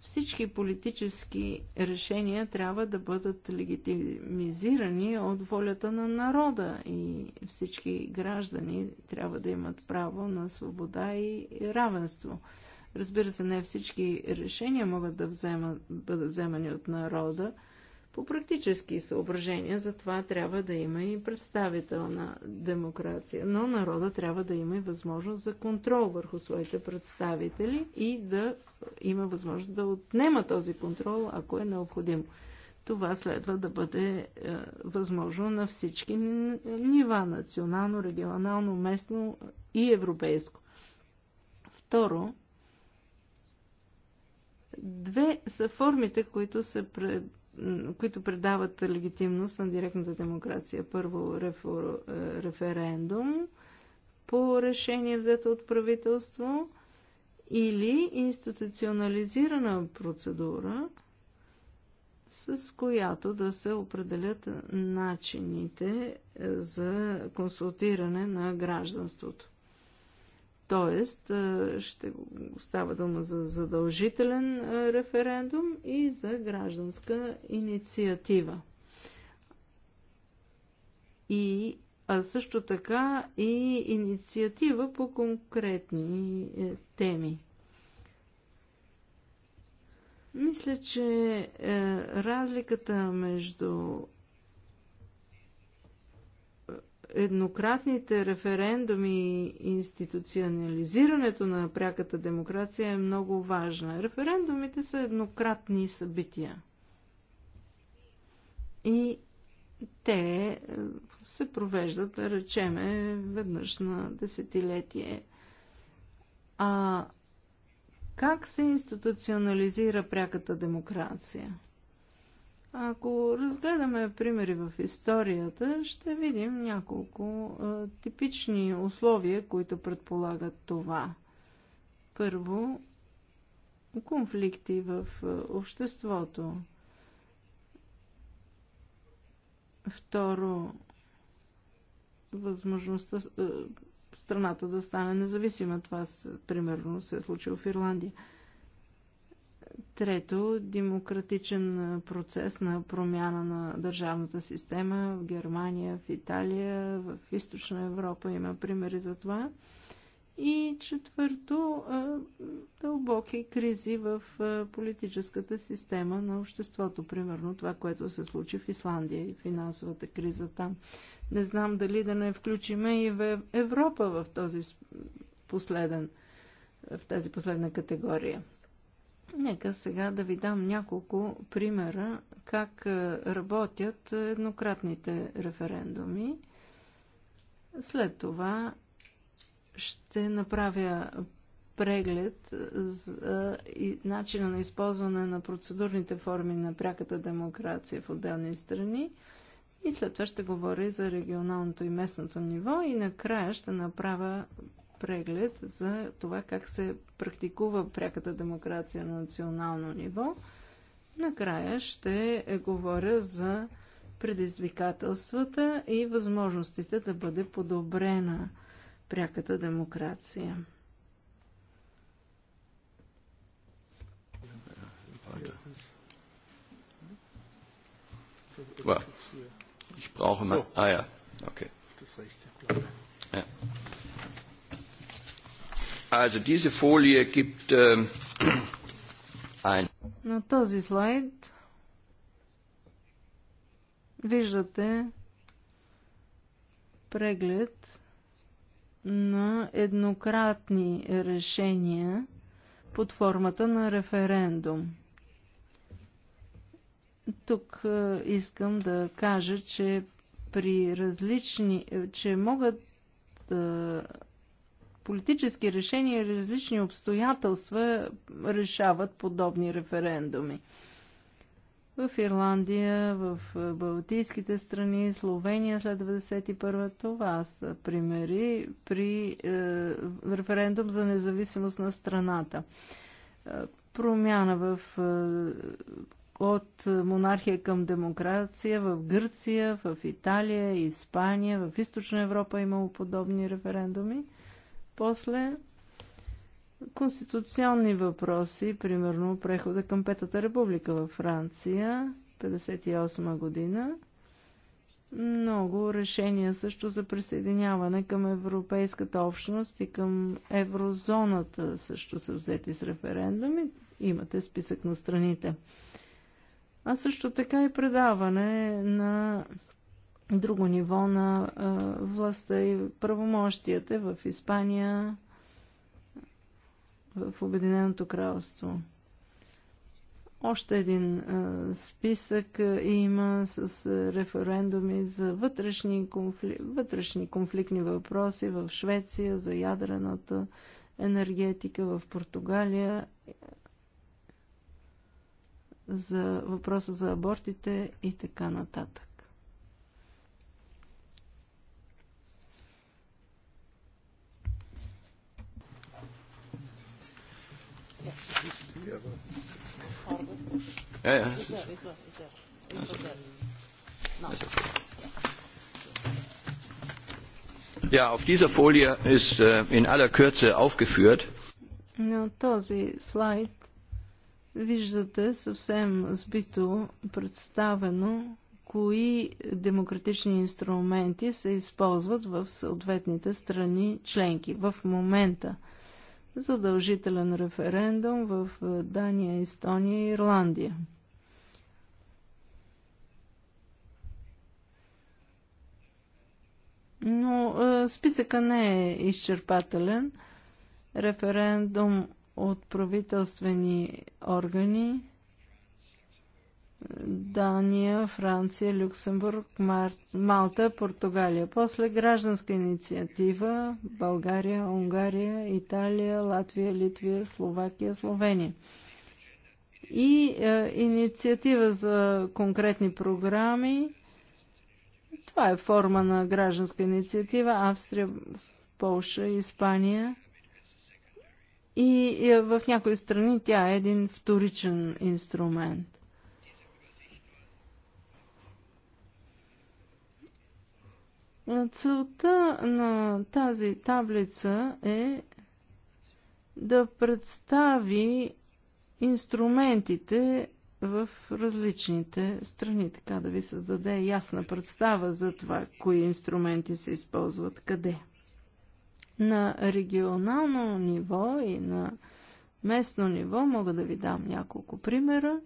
всички политически решения трябва да бъдат легитимизирани от волята на народа и всички граждани трябва да имат право на свобода и равенство. Разбира се, не всички решения могат да вземат, бъдат вземани от народа, по практически съображения, затова трябва да има и представителна демокрация. Но народа трябва да има и възможност за контрол върху своите представители и да има възможност да отнема този контрол, ако е необходимо. Това следва да бъде е, възможно на всички нива национално, регионално, местно и европейско. Второ, две са формите, които се пред които предават легитимност на директната демокрация. Първо рефор, е, референдум по решение взето от правителство или институционализирана процедура, с която да се определят начините е, за консултиране на гражданството. Тоест, ще става дума за задължителен референдум и за гражданска инициатива. И а също така и инициатива по конкретни е, теми. Мисля, че е, разликата между еднократните референдуми и институционализирането на пряката демокрация е много важна. Референдумите са еднократни събития. И те е, се провеждат, да речеме, веднъж на десетилетие. А как се институционализира пряката демокрация? Ако разгледаме примери в историята, ще видим няколко а, типични условия, които предполагат това. Първо, конфликти в обществото. Второ, възможността страната да стане независима. Това, примерно, се е случило в Ирландия. Трето, демократичен процес на промяна на държавната система в Германия, в Италия, в Източна Европа има примери за това. И четвърто, дълбоки кризи в политическата система на обществото. Примерно това, което се случи в Исландия и финансовата криза там. Не знам дали да не включиме и в Европа в този последен в тази последна категория. Нека сега да ви дам няколко примера как е, работят еднократните референдуми. След това ще направя преглед за е, начина на използване на процедурните форми на пряката демокрация в отделни страни. И след това ще говоря за регионалното и местното ниво и накрая ще направя преглед за това как се практикува пряката демокрация на национално ниво. Накрая ще говоря за предизвикателствата и възможностите да бъде подобрена пряката демокрация. ich brauche mal. Ah ja, okay. Das rechte. Ja. Also diese Folie gibt ähm, ein. На този слайд виждате преглед на еднократни решения под формата на референдум. Тук е, искам да кажа, че при различни, че могат да е, политически решения и различни обстоятелства решават подобни референдуми. В Ирландия, в Балтийските страни, Словения след 91 това са примери при е, референдум за независимост на страната. Е, промяна в е, от монархия към демокрация в Гърция, в Италия, Испания, в Източна Европа е имало подобни референдуми. После конституционни въпроси, примерно прехода към Петата република във Франция, 1958 година. Много решения също за присъединяване към Европейската общност и към еврозоната също са взети с референдум и имате списък на страните. А също така и предаване на друго ниво на властта и правомощията в Испания, в Обединеното кралство. Още един а, списък а, има с а, референдуми за вътрешни, конфли... вътрешни конфликтни въпроси в Швеция, за ядрената енергетика в Португалия, за въпроса за абортите и така нататък. Ja, auf dieser Folie ist äh, in aller Kürze aufgeführt. На този слайд виждате съвсем сбито представено кои демократични инструменти се използват в съответните страни членки. В момента задължителен референдум в е, Дания, Естония и Ирландия. Но е, списъка не е изчерпателен. Референдум от правителствени органи, Дания, Франция, Люксембург, Мар... Малта, Португалия. После гражданска инициатива България, Унгария, Италия, Латвия, Литвия, Словакия, Словения. И е, инициатива за конкретни програми. Това е форма на гражданска инициатива. Австрия, Полша, Испания. И е, в някои страни тя е един вторичен инструмент. Целта на тази таблица е да представи инструментите в различните страни, така да ви създаде ясна представа за това, кои инструменти се използват къде. На регионално ниво и на местно ниво мога да ви дам няколко примера.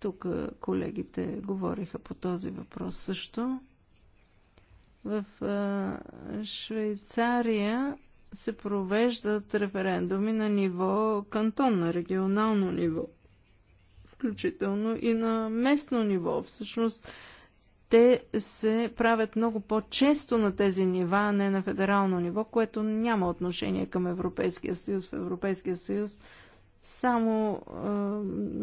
Тук колегите говориха по този въпрос също. В Швейцария се провеждат референдуми на ниво кантон, на регионално ниво, включително и на местно ниво. Всъщност, те се правят много по-често на тези нива, а не на федерално ниво, което няма отношение към Европейския съюз. В Европейския съюз само е,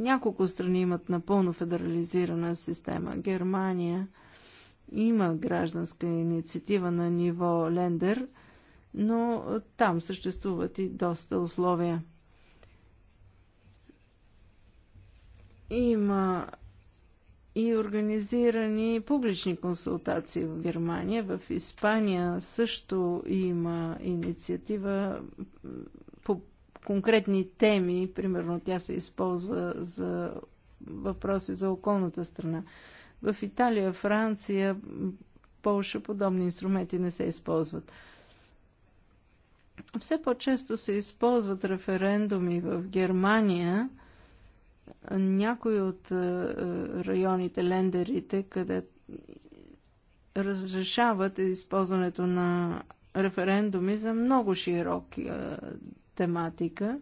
няколко страни имат напълно федерализирана система. Германия, има гражданска инициатива на ниво лендер, но там съществуват и доста условия. Има и организирани публични консултации в Германия. В Испания също има инициатива по конкретни теми. Примерно тя се използва за въпроси за околната страна. В Италия, Франция, Полша подобни инструменти не се използват. Все по-често се използват референдуми в Германия, някои от е, е, районите, лендерите, къде разрешават използването на референдуми за много широка е, тематика.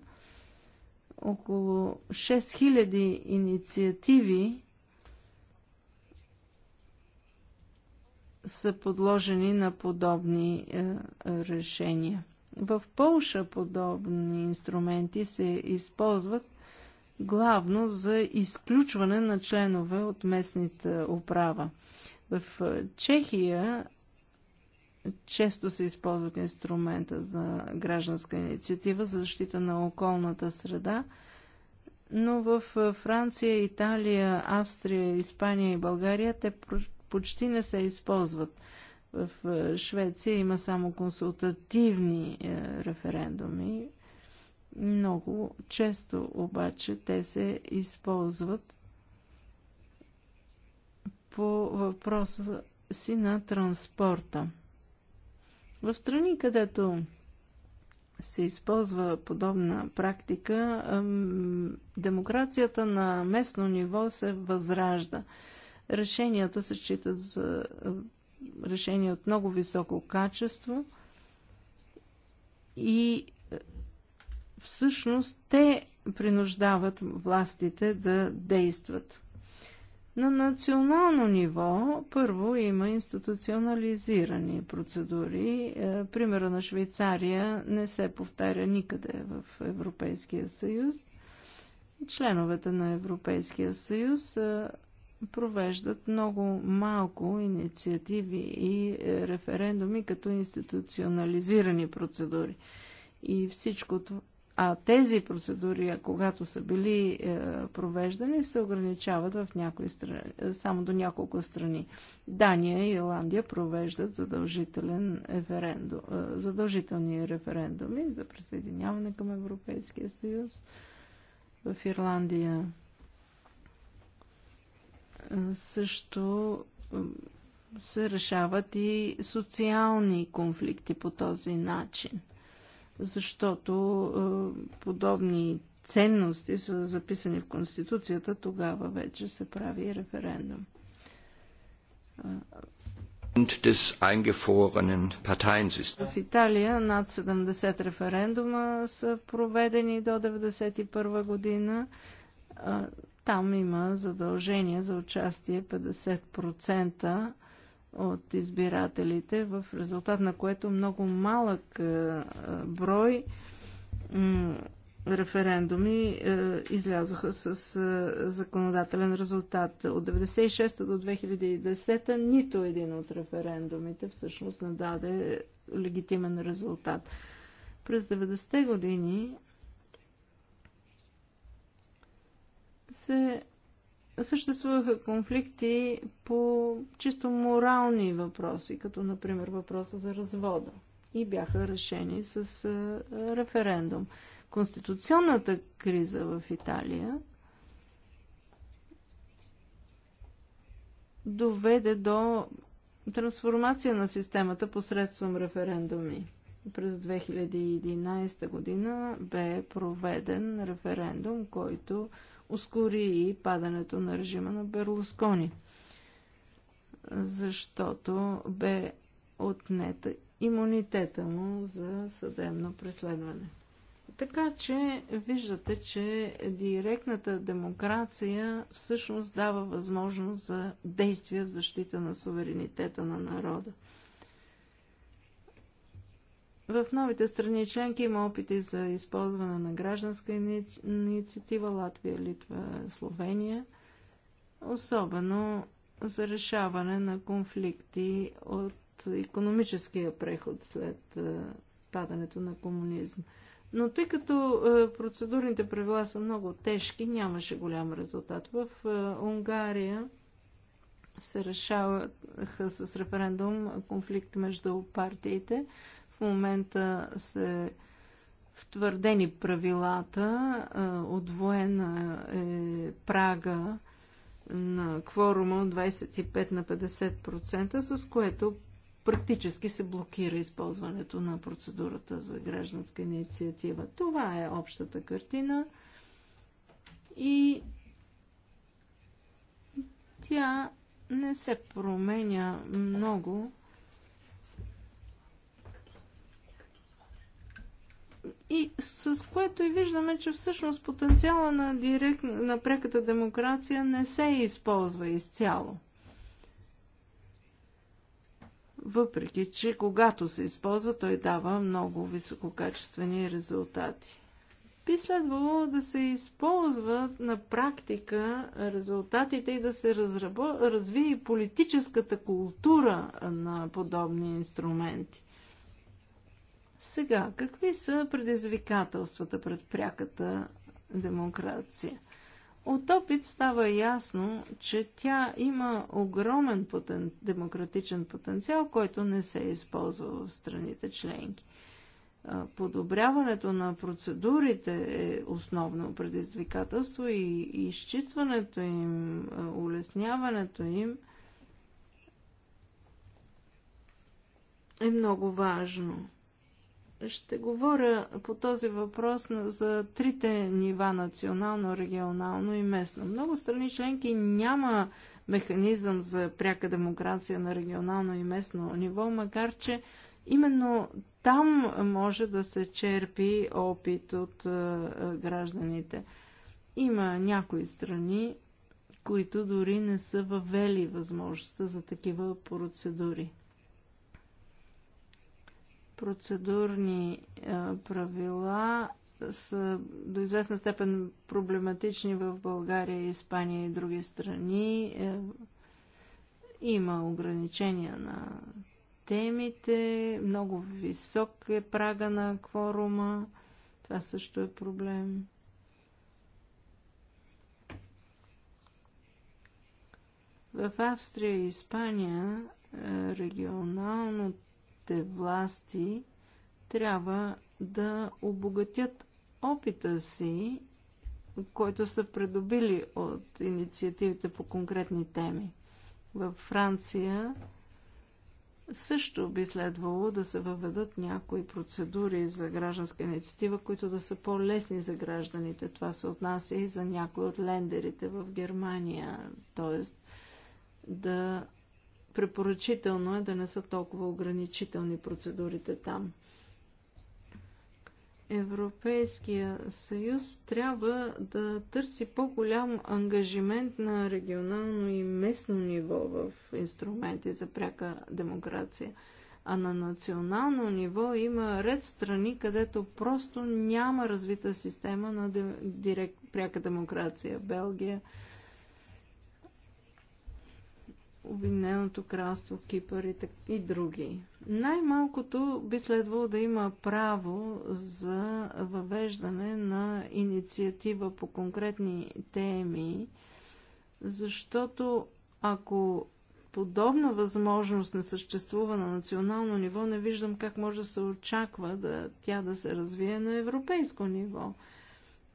Около 6000 инициативи са подложени на подобни е, решения. В Полша подобни инструменти се използват главно за изключване на членове от местните управа. В е, Чехия често се използват инструмента за гражданска инициатива за защита на околната среда, но в е, Франция, Италия, Австрия, Испания и България те почти не се използват. В е, Швеция има само консултативни е, референдуми. Много често обаче те се използват по въпроса си на транспорта. В страни, където се използва подобна практика, демокрацията на местно ниво се възражда. Решенията се считат за е, решения от много високо качество и е, всъщност те принуждават властите да действат. На национално ниво първо има институционализирани процедури. Е, примера на Швейцария не се повтаря никъде в Европейския съюз. Членовете на Европейския съюз провеждат много малко инициативи и е, референдуми като институционализирани процедури. И всичко това. А тези процедури, когато са били е, провеждани, се ограничават в някои страни, е, само до няколко страни. Дания и Ирландия провеждат задължителен референдум, задължителни референдуми за присъединяване към Европейския съюз. В Ирландия също се решават и социални конфликти по този начин, защото е, подобни ценности са записани в Конституцията, тогава вече се прави референдум. В Италия над 70 референдума са проведени до 1991 година. Там има задължение за участие 50% от избирателите, в резултат на което много малък е, брой референдуми е, излязоха с е, законодателен резултат. От 1996 до 2010 нито един от референдумите всъщност не даде легитимен резултат. През 90-те години се съществуваха конфликти по чисто морални въпроси, като например въпроса за развода. И бяха решени с референдум. Конституционната криза в Италия доведе до трансформация на системата посредством референдуми. През 2011 година бе проведен референдум, който ускори и падането на режима на Берлускони, защото бе отнета имунитета му за съдебно преследване. Така че виждате, че директната демокрация всъщност дава възможност за действия в защита на суверенитета на народа. В новите страни членки има опити за използване на гражданска инициатива Латвия, Литва, Словения, особено за решаване на конфликти от економическия преход след е, падането на комунизм. Но тъй като е, процедурните правила са много тежки, нямаше голям резултат. В е, Унгария се решаваха с референдум конфликт между партиите момента се втвърдени правилата. От е прага на кворума от 25 на 50%, с което практически се блокира използването на процедурата за гражданска инициатива. Това е общата картина и тя не се променя много И с което и виждаме, че всъщност потенциала на, директ, на преката демокрация не се използва изцяло. Въпреки, че когато се използва, той дава много висококачествени резултати. Би следвало да се използват на практика резултатите и да се разрабо... развие политическата култура на подобни инструменти сега, какви са предизвикателствата пред пряката демокрация? От опит става ясно, че тя има огромен потен... демократичен потенциал, който не се е използва в страните членки. Подобряването на процедурите е основно предизвикателство и изчистването им, улесняването им е много важно. Ще говоря по този въпрос за трите нива национално, регионално и местно. Много страни членки няма механизъм за пряка демокрация на регионално и местно ниво, макар че именно там може да се черпи опит от гражданите. Има някои страни, които дори не са въвели възможността за такива процедури процедурни е, правила са до известна степен проблематични в България, Испания и други страни. Е, има ограничения на темите, много висок е прага на кворума. Това също е проблем. В Австрия и Испания е, регионалното висшите власти трябва да обогатят опита си, който са придобили от инициативите по конкретни теми. Във Франция също би следвало да се въведат някои процедури за гражданска инициатива, които да са по-лесни за гражданите. Това се отнася и за някои от лендерите в Германия. Тоест да препоръчително е да не са толкова ограничителни процедурите там. Европейския съюз трябва да търси по-голям ангажимент на регионално и местно ниво в инструменти за пряка демокрация. А на национално ниво има ред страни, където просто няма развита система на директ, пряка демокрация. Белгия, Обединеното кралство, Кипър и, так... и други. Най-малкото би следвало да има право за въвеждане на инициатива по конкретни теми, защото ако подобна възможност не съществува на национално ниво, не виждам как може да се очаква да, тя да се развие на европейско ниво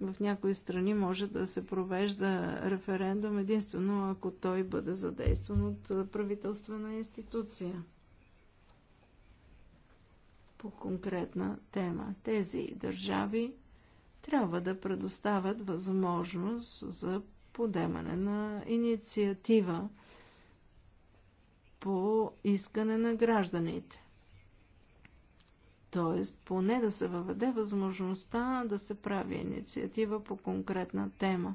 в някои страни може да се провежда референдум единствено ако той бъде задействан от правителствена институция по конкретна тема. Тези държави трябва да предоставят възможност за подемане на инициатива по искане на гражданите. Тоест, поне да се въведе възможността да се прави инициатива по конкретна тема.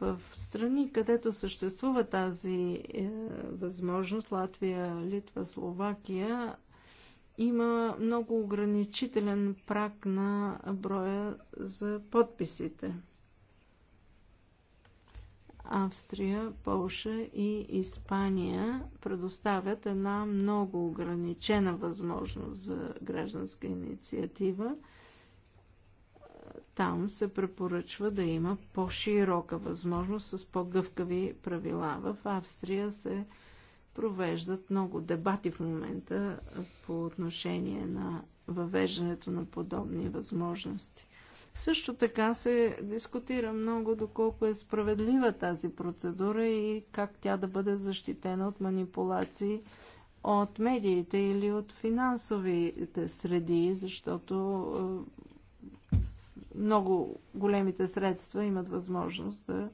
В страни, където съществува тази е, възможност, Латвия, Литва, Словакия, има много ограничителен прак на броя за подписите. Австрия, Полша и Испания предоставят една много ограничена възможност за гражданска инициатива. Там се препоръчва да има по-широка възможност с по-гъвкави правила. В Австрия се провеждат много дебати в момента по отношение на въвеждането на подобни възможности. Също така се дискутира много доколко е справедлива тази процедура и как тя да бъде защитена от манипулации от медиите или от финансовите среди, защото е, много големите средства имат възможност да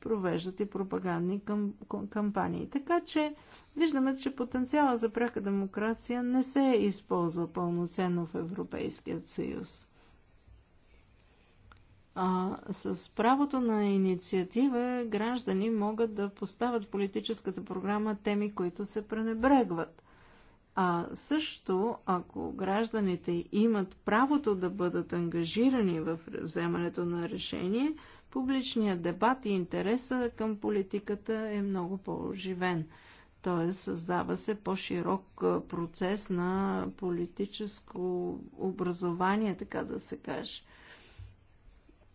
провеждат и пропагандни кам, кампании. Така че виждаме, че потенциала за пряка демокрация не се използва пълноценно в Европейският съюз. А с правото на инициатива граждани могат да поставят в политическата програма теми, които се пренебрегват. А също, ако гражданите имат правото да бъдат ангажирани в вземането на решение, публичният дебат и интереса към политиката е много по-оживен. Тоест, създава се по-широк процес на политическо образование, така да се каже.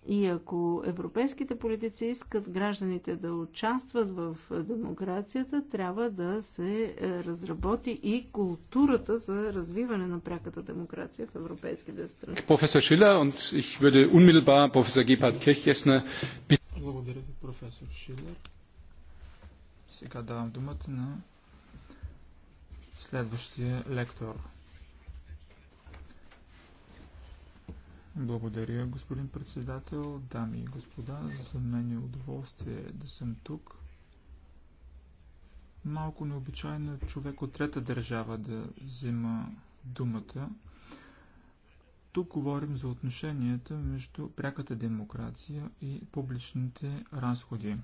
И ако европейските политици искат гражданите да участват в демокрацията, трябва да се е, разработи и културата за развиване на пряката демокрация в европейските страни. Професор Шилер, und ich würde unmittelbar професор Гепард Кехесна... Благодаря ви, професор Шилер. Сега давам думата на следващия лектор. Благодаря, господин председател, дами и господа. За мен е удоволствие да съм тук. Малко необичайно е човек от трета държава да взема думата. Тук говорим за отношенията между пряката демокрация и публичните разходи.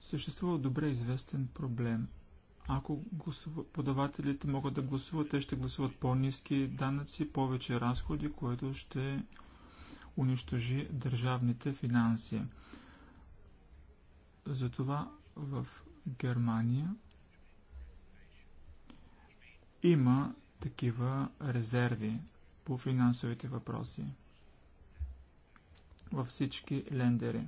Съществува добре известен проблем – ако гласува, подавателите могат да гласуват, те ще гласуват по-низки данъци, повече разходи, което ще унищожи държавните финанси. Затова в Германия има такива резерви по финансовите въпроси във всички лендери.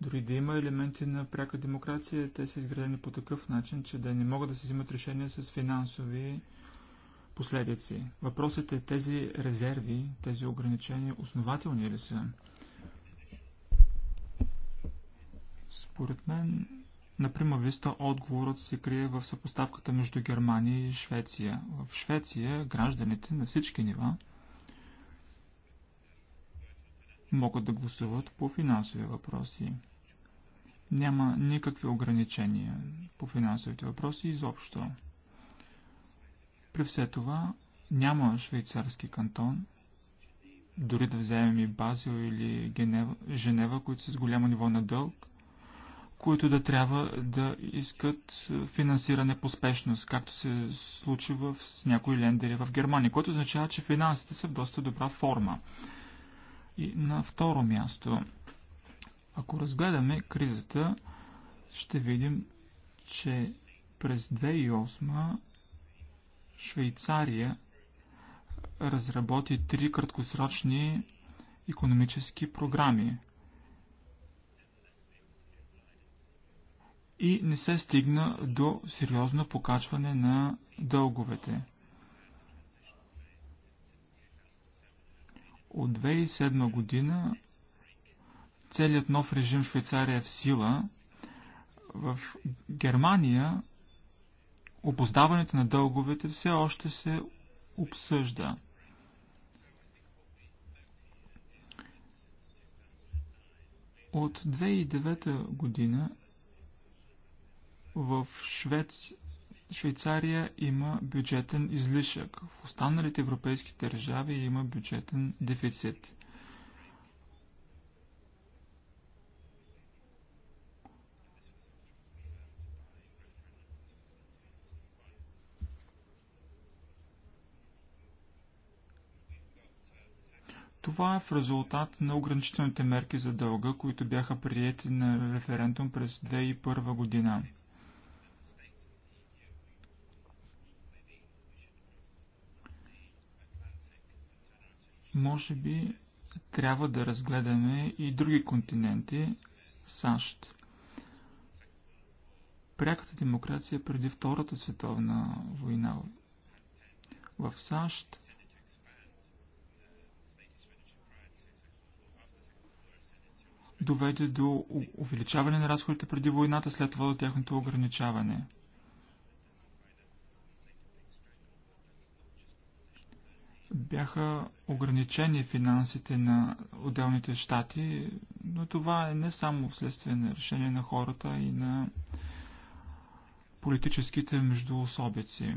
Дори да има елементи на пряка демокрация, те са изградени по такъв начин, че да не могат да се взимат решения с финансови последици. Въпросът е тези резерви, тези ограничения основателни ли са? Според мен, на Прима Виста отговорът се крие в съпоставката между Германия и Швеция. В Швеция гражданите на всички нива – могат да гласуват по финансови въпроси. Няма никакви ограничения по финансовите въпроси изобщо. При все това няма швейцарски кантон, дори да вземем и Базил или Генева, Женева, които са с голямо ниво на дълг, които да трябва да искат финансиране по спешност, както се случи в, с някои лендери в Германия, което означава, че финансите са в доста добра форма. И на второ място, ако разгледаме кризата, ще видим, че през 2008 Швейцария разработи три краткосрочни економически програми. И не се стигна до сериозно покачване на дълговете. От 2007 година целият нов режим в Швейцария е в сила. В Германия обоздаването на дълговете все още се обсъжда. От 2009 година в Швеция Швейцария има бюджетен излишък. В останалите европейски държави има бюджетен дефицит. Това е в резултат на ограничителните мерки за дълга, които бяха приети на референдум през 2001 година. Може би трябва да разгледаме и други континенти, САЩ. Пряката демокрация преди Втората световна война в САЩ доведе до увеличаване на разходите преди войната, след това до тяхното ограничаване. бяха ограничени финансите на отделните щати, но това е не само вследствие на решение на хората и на политическите междуособици.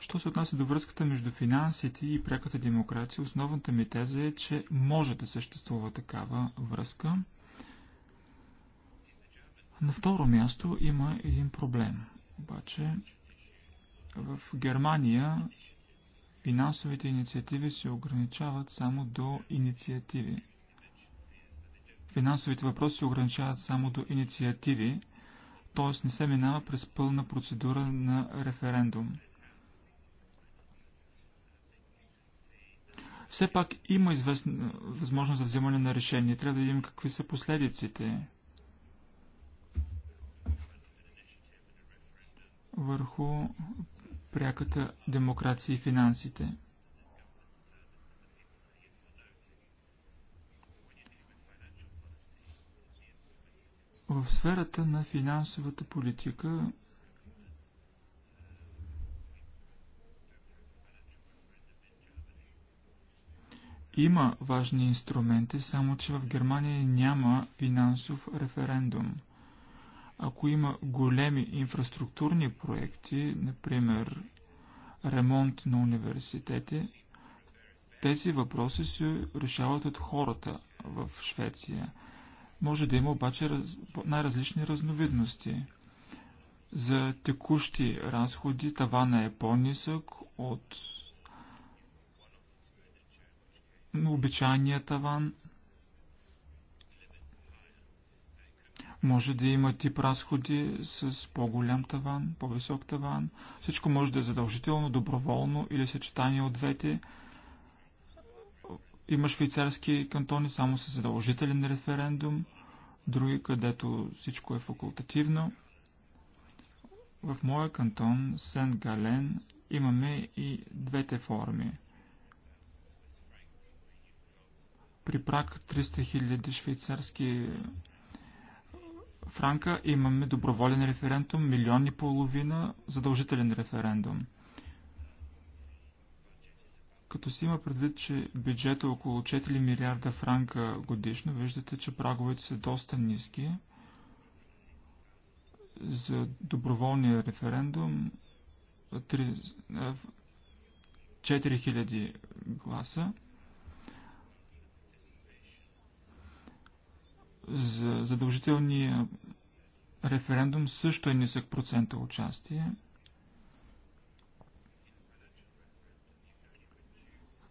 Що се отнася до връзката между финансите и пряката демокрация, основната ми теза е, че може да съществува такава връзка. На второ място има един проблем. Обаче, в Германия финансовите инициативи се ограничават само до инициативи. Финансовите въпроси се ограничават само до инициативи, т.е. не се минава през пълна процедура на референдум. Все пак има известна възможност за вземане на решение. Трябва да видим какви са последиците върху пряката демокрация и финансите. В сферата на финансовата политика има важни инструменти, само че в Германия няма финансов референдум – ако има големи инфраструктурни проекти, например ремонт на университети, тези въпроси се решават от хората в Швеция. Може да има обаче раз... най-различни разновидности. За текущи разходи тавана е по-нисък от обичайния таван. Може да има тип разходи с по-голям таван, по-висок таван. Всичко може да е задължително, доброволно или съчетание от двете. Има швейцарски кантони само с задължителен референдум, други където всичко е факултативно. В моя кантон, Сент Гален, имаме и двете форми. При прак 300 000 швейцарски франка имаме доброволен референдум, милион и половина задължителен референдум. Като си има предвид, че бюджета е около 4 милиарда франка годишно, виждате, че праговете са доста ниски. За доброволния референдум 3, 4000 е, гласа. за задължителния референдум също е нисък процента участие.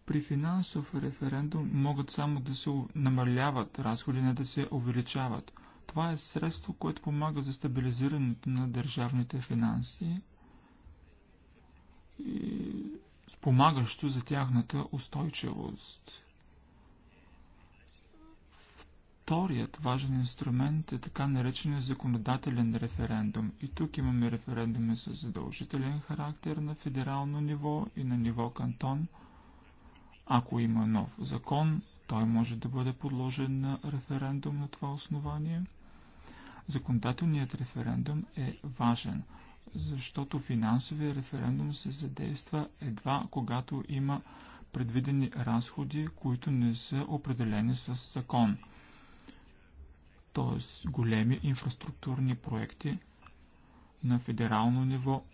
При финансов референдум могат само да се намаляват разходи, не да се увеличават. Това е средство, което помага за стабилизирането на държавните финанси и спомагащо за тяхната устойчивост. Вторият важен инструмент е така наречения законодателен референдум. И тук имаме референдуми с задължителен характер на федерално ниво и на ниво кантон. Ако има нов закон, той може да бъде подложен на референдум на това основание. Законодателният референдум е важен, защото финансовия референдум се задейства едва когато има предвидени разходи, които не са определени с закон – т.е. големи инфраструктурни проекти на федерално ниво,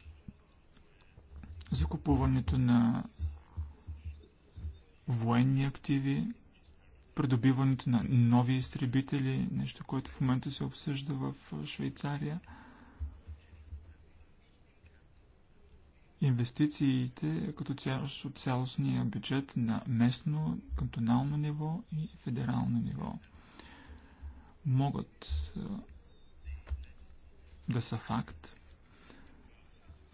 закупуването на военни активи, придобиването на нови изтребители, нещо, което в момента се обсъжда в Швейцария. Инвестициите като цялост от цялостния бюджет на местно, кантонално ниво и федерално ниво могат да са факт.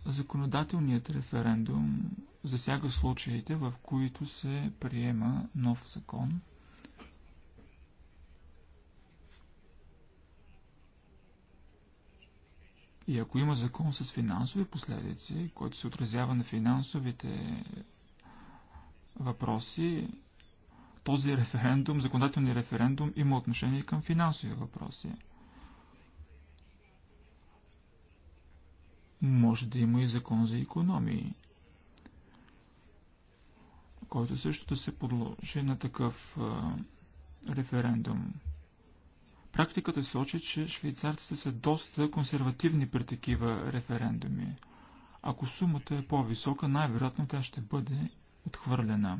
Законодателният референдум засяга случаите, в които се приема нов закон. И ако има закон с финансови последици, който се отразява на финансовите въпроси, този референдум, законодателни референдум има отношение към финансови въпроси. Може да има и закон за економии, който също да се подложи на такъв а, референдум. Практиката сочи, че швейцарците са доста консервативни при такива референдуми. Ако сумата е по-висока, най-вероятно тя ще бъде отхвърлена.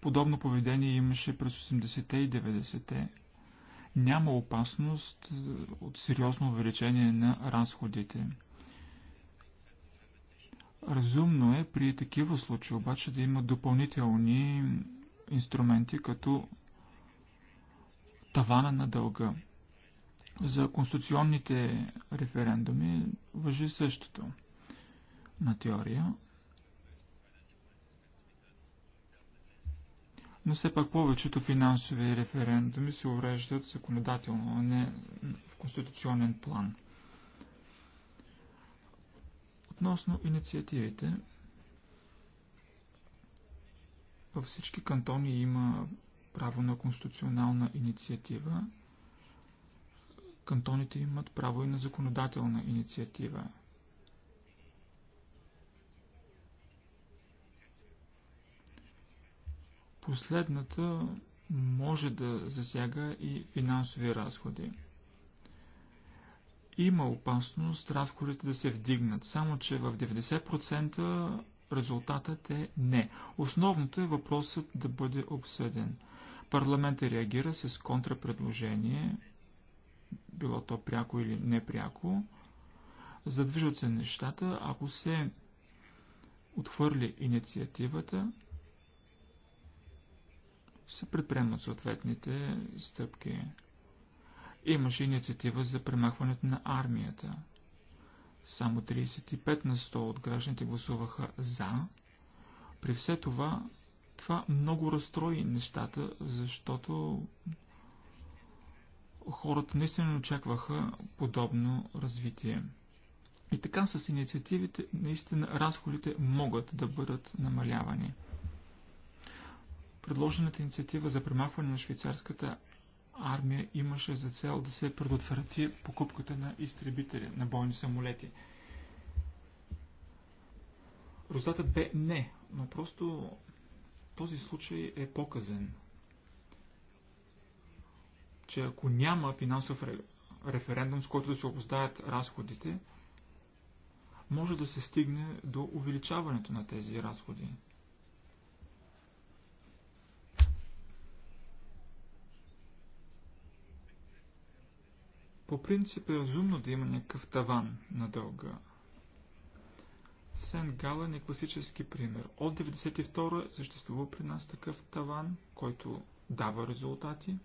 Подобно поведение имаше през 80-те и 90-те. Няма опасност е, от сериозно увеличение на разходите. Разумно е при такива случаи обаче да има допълнителни инструменти, като тавана на дълга. За конституционните референдуми въжи същото на теория. но все пак повечето финансови референдуми се уреждат законодателно, а не в конституционен план. Относно инициативите, във всички кантони има право на конституционална инициатива. Кантоните имат право и на законодателна инициатива. Последната може да засяга и финансови разходи. Има опасност разходите да се вдигнат, само че в 90% резултатът е не. Основното е въпросът да бъде обсъден. Парламентът реагира с контрапредложение, било то пряко или непряко. Задвижват се нещата, ако се отхвърли инициативата, се предприемат съответните стъпки. Имаше инициатива за премахването на армията. Само 35 на 100 от гражданите гласуваха за. При все това, това много разстрои нещата, защото хората наистина очакваха подобно развитие. И така с инициативите наистина разходите могат да бъдат намалявани. Предложената инициатива за премахване на швейцарската армия имаше за цел да се предотврати покупката на изтребители на бойни самолети. Резултатът бе не, но просто този случай е показан, че ако няма финансов референдум, с който да се обоздаят разходите, може да се стигне до увеличаването на тези разходи. По принцип е разумно да има някакъв таван на дълга. Сен Гален е класически пример. От 1992 съществува при нас такъв таван, който дава резултати.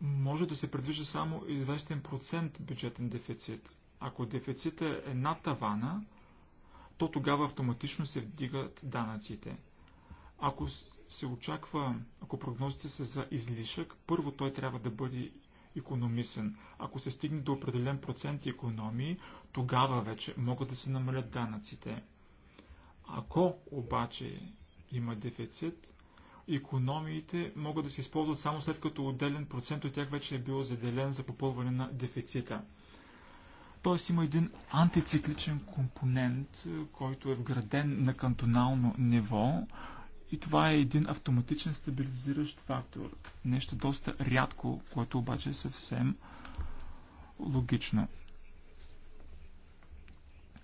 Може да се предвижда само известен процент бюджетен дефицит. Ако дефицитът е над тавана, то тогава автоматично се вдигат данъците – ако се очаква, ако прогнозите са за излишък, първо той трябва да бъде економисен. Ако се стигне до определен процент економии, тогава вече могат да се намалят данъците. Ако обаче има дефицит, економиите могат да се използват само след като отделен процент от тях вече е бил заделен за попълване на дефицита. Тоест има един антицикличен компонент, който е вграден на кантонално ниво, и това е един автоматичен стабилизиращ фактор. Нещо доста рядко, което обаче е съвсем логично.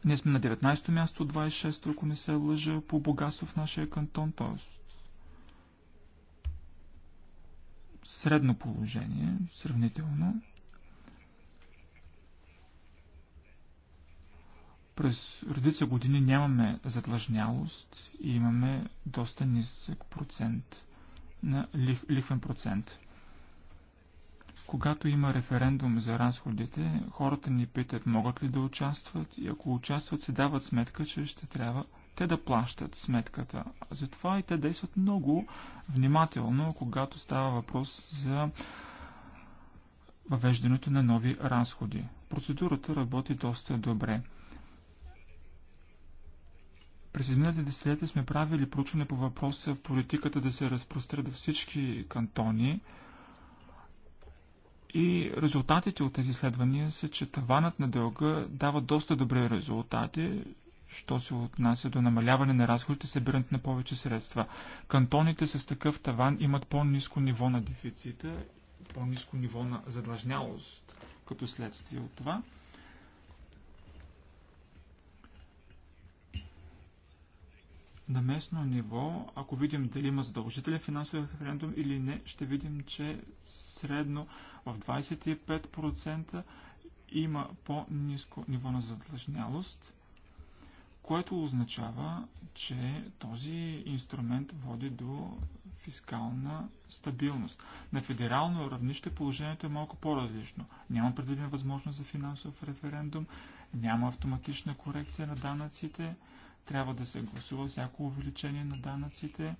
Ние сме на 19-то място, 26-то, ако не се лъжа, по богатство в нашия кантон, т.е. средно положение, сравнително. През редица години нямаме задлъжнялост и имаме доста нисък процент на лих, лихвен процент. Когато има референдум за разходите, хората ни питат могат ли да участват и ако участват се дават сметка, че ще трябва те да плащат сметката. Затова и те действат много внимателно, когато става въпрос за въвеждането на нови разходи. Процедурата работи доста добре. През изминалите десетилетия сме правили проучване по въпроса политиката да се разпростре до всички кантони и резултатите от тези изследвания са, че таванът на дълга дава доста добри резултати, що се отнася до намаляване на разходите и събирането на повече средства. Кантоните с такъв таван имат по-низко ниво на дефицита, по-низко ниво на задлъжнялост като следствие от това. На местно ниво, ако видим дали има задължителен финансов референдум или не, ще видим, че средно в 25% има по-низко ниво на задлъжнялост, което означава, че този инструмент води до фискална стабилност. На федерално равнище положението е малко по-различно. Няма предвидена възможност за финансов референдум, няма автоматична корекция на данъците – трябва да се гласува всяко увеличение на данъците.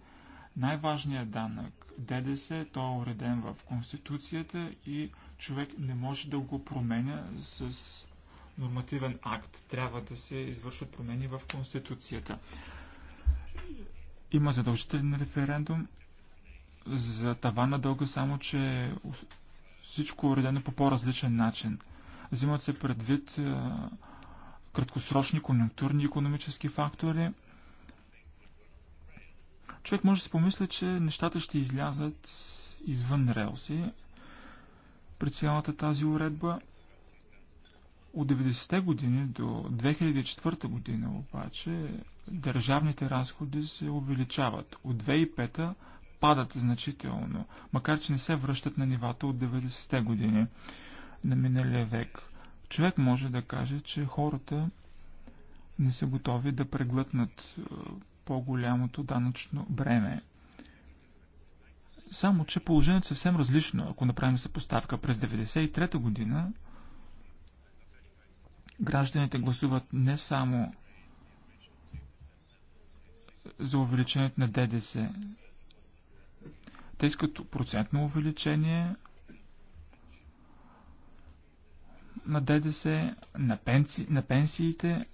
Най-важният данък ДДС, той е уреден в Конституцията и човек не може да го променя с нормативен акт. Трябва да се извършват промени в Конституцията. Има задължителен референдум за тава на дълга, само че всичко е уредено по по-различен начин. Взимат се предвид краткосрочни конъюнктурни економически фактори, човек може да си помисли, че нещата ще излязат извън релси при цялата тази уредба. От 90-те години до 2004 година обаче държавните разходи се увеличават. От 2005-та падат значително, макар че не се връщат на нивата от 90-те години на миналия век човек може да каже, че хората не са готови да преглътнат е, по-голямото данъчно бреме. Само, че положението е съвсем различно. Ако направим съпоставка през 1993 година, гражданите гласуват не само за увеличението на ДДС. Те искат процентно увеличение, на ДДС, на, пенси, на пенсиите,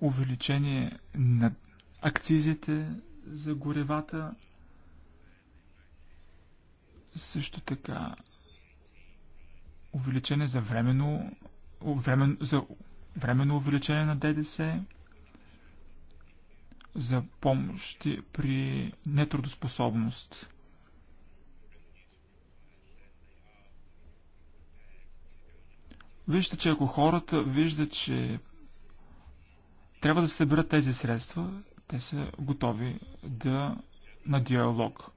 увеличение на акцизите за горевата, също така увеличение за временно, времен, за временно увеличение на ДДС, за помощи при нетрудоспособност. Вижте, че ако хората виждат, че трябва да се съберат тези средства, те са готови да на диалог.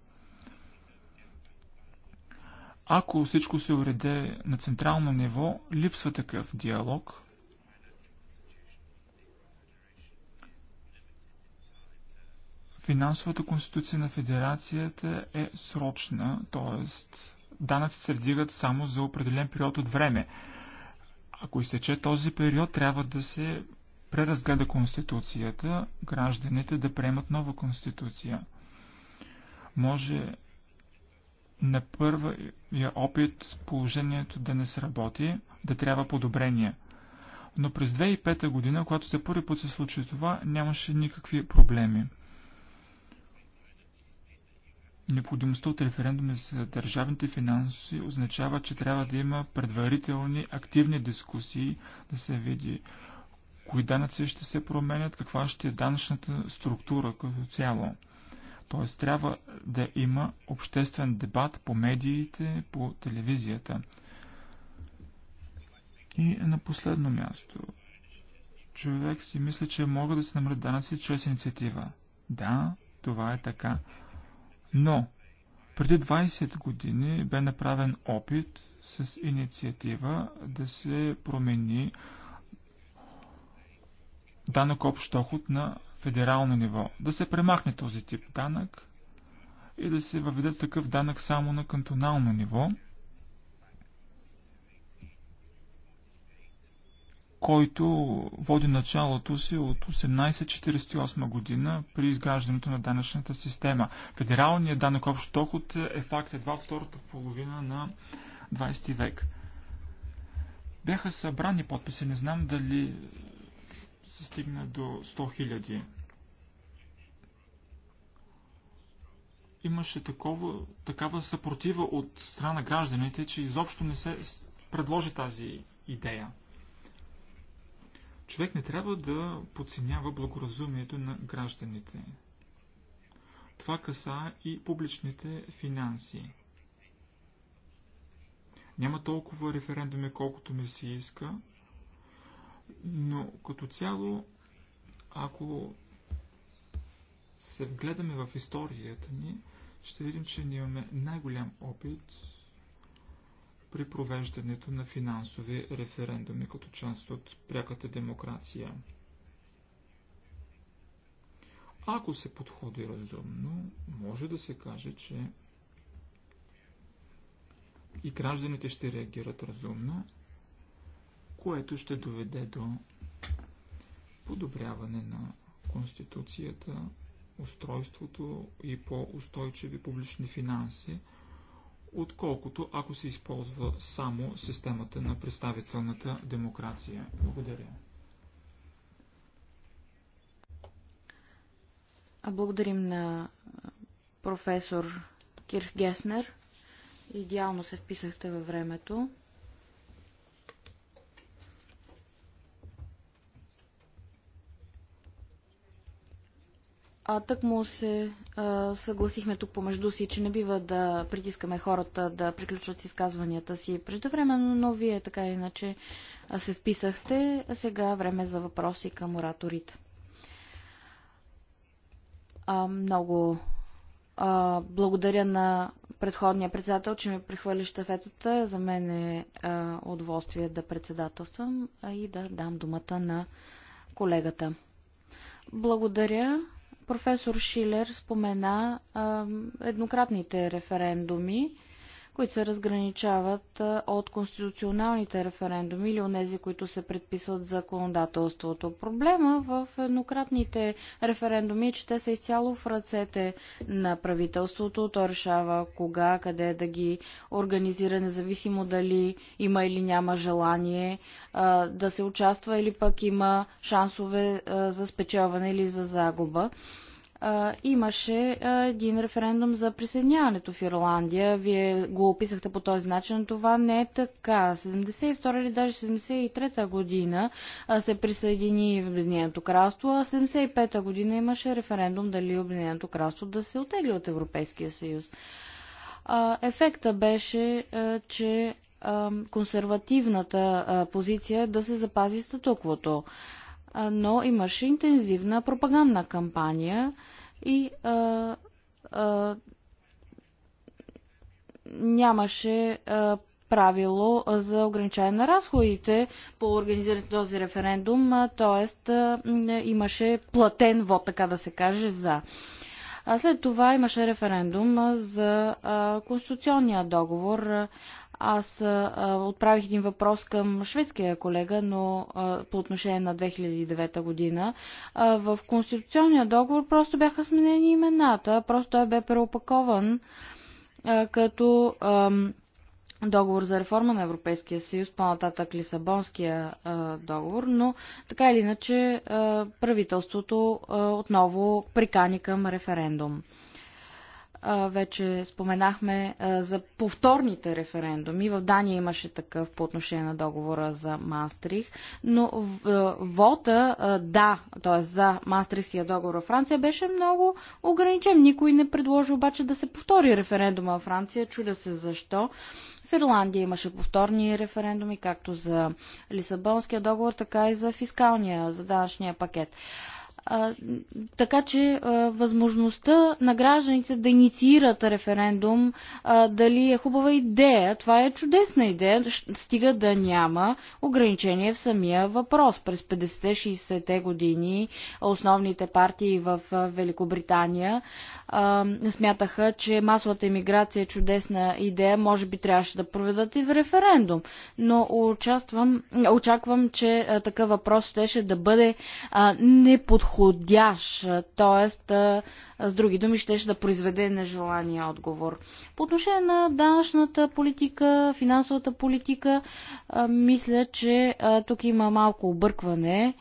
Ако всичко се уреде на централно ниво, липсва такъв диалог. Финансовата конституция на федерацията е срочна, т.е. данъци се вдигат само за определен период от време – ако изтече този период, трябва да се преразгледа Конституцията, гражданите да приемат нова Конституция. Може на първия опит положението да не сработи, да трябва подобрение. Но през 2005 година, когато за първи път се случи това, нямаше никакви проблеми. Необходимостта от референдуми за държавните финанси означава, че трябва да има предварителни, активни дискусии, да се види кои данъци ще се променят, каква ще е данъчната структура като цяло. Т.е. трябва да има обществен дебат по медиите, по телевизията. И на последно място. Човек си мисля, че могат да се намерят данъци чрез инициатива. Да, това е така. Но преди 20 години бе направен опит с инициатива да се промени данък общ доход на федерално ниво. Да се премахне този тип данък и да се въведе такъв данък само на кантонално ниво – който води началото си от 1848 година при изграждането на данъчната система. Федералният данък общ доход е факт едва втората половина на 20 век. Бяха събрани подписи, не знам дали се стигна до 100 хиляди. Имаше такова, такава съпротива от страна на гражданите, че изобщо не се предложи тази идея. Човек не трябва да подценява благоразумието на гражданите. Това каса и публичните финанси. Няма толкова референдуми, колкото ми се иска, но като цяло, ако се вгледаме в историята ни, ще видим, че ние имаме най-голям опит при провеждането на финансови референдуми като част от пряката демокрация. Ако се подходи разумно, може да се каже, че и гражданите ще реагират разумно, което ще доведе до подобряване на Конституцията, устройството и по-устойчиви публични финанси – отколкото ако се използва само системата на представителната демокрация. Благодаря. Благодарим на професор Кирх Геснер. Идеално се вписахте във времето. А му се а, съгласихме тук помежду си, че не бива да притискаме хората да приключват с изказванията си преждевременно, но вие така или иначе се вписахте. А сега време за въпроси към ораторите. А, много а, благодаря на предходния председател, че ми прехвърли щафетата. За мен е а, удоволствие да председателствам а и да дам думата на колегата. Благодаря. Професор Шилер спомена а, еднократните референдуми които се разграничават от конституционалните референдуми или от тези, които се предписват законодателството. Проблема в еднократните референдуми е, че те са изцяло в ръцете на правителството. То решава кога, къде да ги организира, независимо дали има или няма желание а, да се участва или пък има шансове а, за спечелване или за загуба а, имаше а, един референдум за присъединяването в Ирландия. Вие го описахте по този начин, но това не е така. 72 или даже 73-та година а, се присъедини в Обединеното кралство, а 75-та година имаше референдум дали Обединеното кралство да се отегли от Европейския съюз. А, ефекта беше, а, че а, консервативната а, позиция е да се запази статуквото но имаше интензивна пропагандна кампания и а, а, нямаше а, правило за ограничаване на разходите по организирането този референдум, т.е. имаше платен вод, така да се каже, за. А след това имаше референдум за конституционния договор. Аз а, отправих един въпрос към шведския колега, но а, по отношение на 2009 година. А, в Конституционния договор просто бяха сменени имената, просто той бе преопакован а, като а, договор за реформа на Европейския съюз, по-нататък Лисабонския а, договор, но така или иначе а, правителството а, отново прикани към референдум. Вече споменахме за повторните референдуми. В Дания имаше такъв по отношение на договора за Мастрих, но вота да, т.е. за Мастрихския договор във Франция беше много ограничен. Никой не предложи обаче да се повтори референдума във Франция. Чудя се защо. В Ирландия имаше повторни референдуми, както за Лисабонския договор, така и за фискалния, за данъчния пакет. А, така че а, възможността на гражданите да инициират референдум, а, дали е хубава идея, това е чудесна идея, стига да няма ограничение в самия въпрос. През 50-60-те години основните партии в Великобритания смятаха, че масовата емиграция е чудесна идея, може би трябваше да проведат и в референдум. Но участвам, очаквам, че такъв въпрос щеше да бъде неподходящ подходящ, т.е. с други думи ще, ще да произведе нежелания отговор. По отношение на данъчната политика, финансовата политика, мисля, че тук има малко объркване.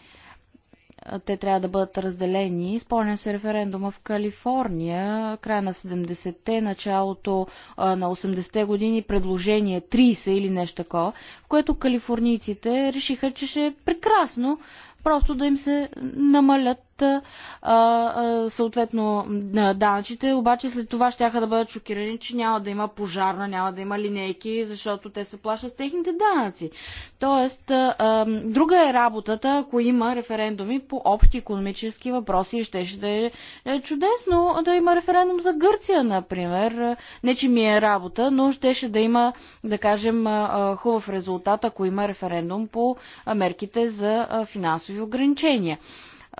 Те трябва да бъдат разделени. Спомням се референдума в Калифорния, края на 70-те, началото на 80-те години, предложение 30 или нещо такова, в което калифорнийците решиха, че ще е прекрасно просто да им се намалят а, а, съответно на данъчите, обаче след това ще да бъдат шокирани, че няма да има пожарна, няма да има линейки, защото те се плащат с техните данъци. Тоест, а, а, друга е работата, ако има референдуми по общи економически въпроси ще, ще е, е чудесно да има референдум за Гърция, например. Не, че ми е работа, но ще, ще да има, да кажем, хубав резултат, ако има референдум по мерките за финансови ограничения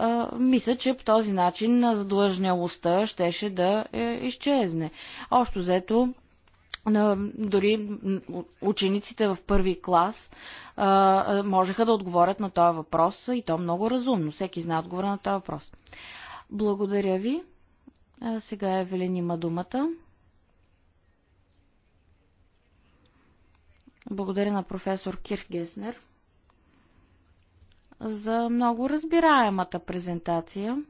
а, мисля, че по този начин задлъжнялостта щеше да е, изчезне. Общо взето, на, дори учениците в първи клас а, можеха да отговорят на този въпрос и то много разумно. Всеки знае отговора на този въпрос. Благодаря ви. А, сега Евелин има думата. Благодаря на професор Кирхгеснер. Геснер за много разбираемата презентация.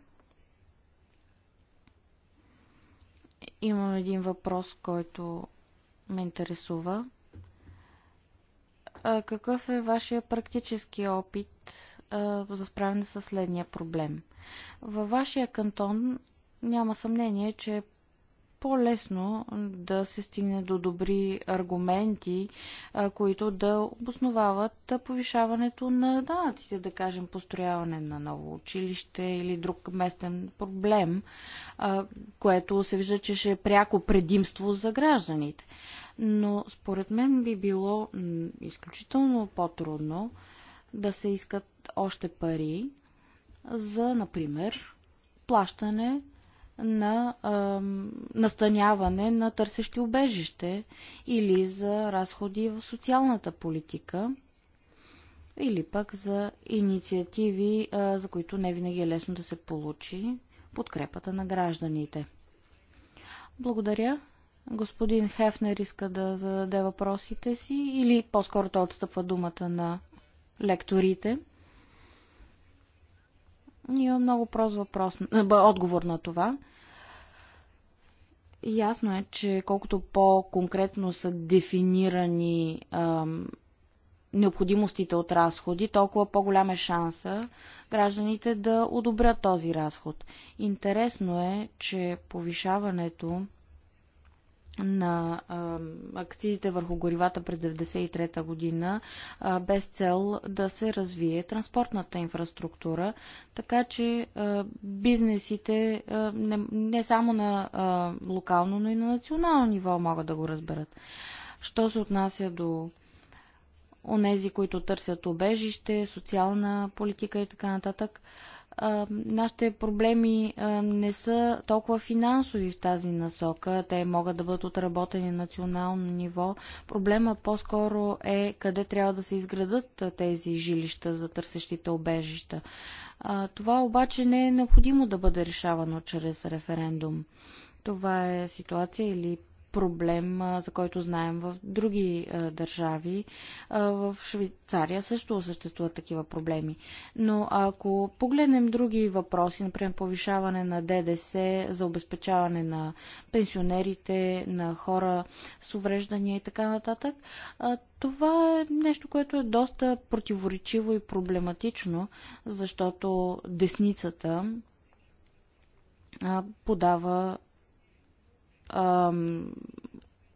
Имам един въпрос, който ме интересува. А, какъв е вашия практически опит а, за справяне с следния проблем? Във вашия кантон няма съмнение, че по-лесно да се стигне до добри аргументи, които да обосновават повишаването на данъците, да кажем построяване на ново училище или друг местен проблем, което се вижда, че ще е пряко предимство за гражданите. Но според мен би било изключително по-трудно да се искат още пари за, например, плащане на а, настаняване на търсещи убежище или за разходи в социалната политика или пък за инициативи, а, за които не винаги е лесно да се получи подкрепата на гражданите. Благодаря. Господин Хефнер иска да зададе въпросите си или по-скоро той отстъпва думата на лекторите. Има много прост въпрос, отговор на това. Ясно е, че колкото по-конкретно са дефинирани ам, необходимостите от разходи, толкова по-голям е шанса гражданите да одобрят този разход. Интересно е, че повишаването на а, акцизите върху горивата през 1993 година, а, без цел да се развие транспортната инфраструктура, така че а, бизнесите а, не, не само на а, локално, но и на национално ниво могат да го разберат. Що се отнася до онези, които търсят обежище, социална политика и така нататък, а, нашите проблеми не са толкова финансови в тази насока. Те могат да бъдат отработени на национално ниво. Проблема по-скоро е къде трябва да се изградат тези жилища за търсещите обежища. Това обаче не е необходимо да бъде решавано чрез референдум. Това е ситуация или проблем, за който знаем в други държави. В Швейцария също съществуват такива проблеми. Но ако погледнем други въпроси, например повишаване на ДДС за обезпечаване на пенсионерите, на хора с увреждания и така нататък, това е нещо, което е доста противоречиво и проблематично, защото десницата подава ам,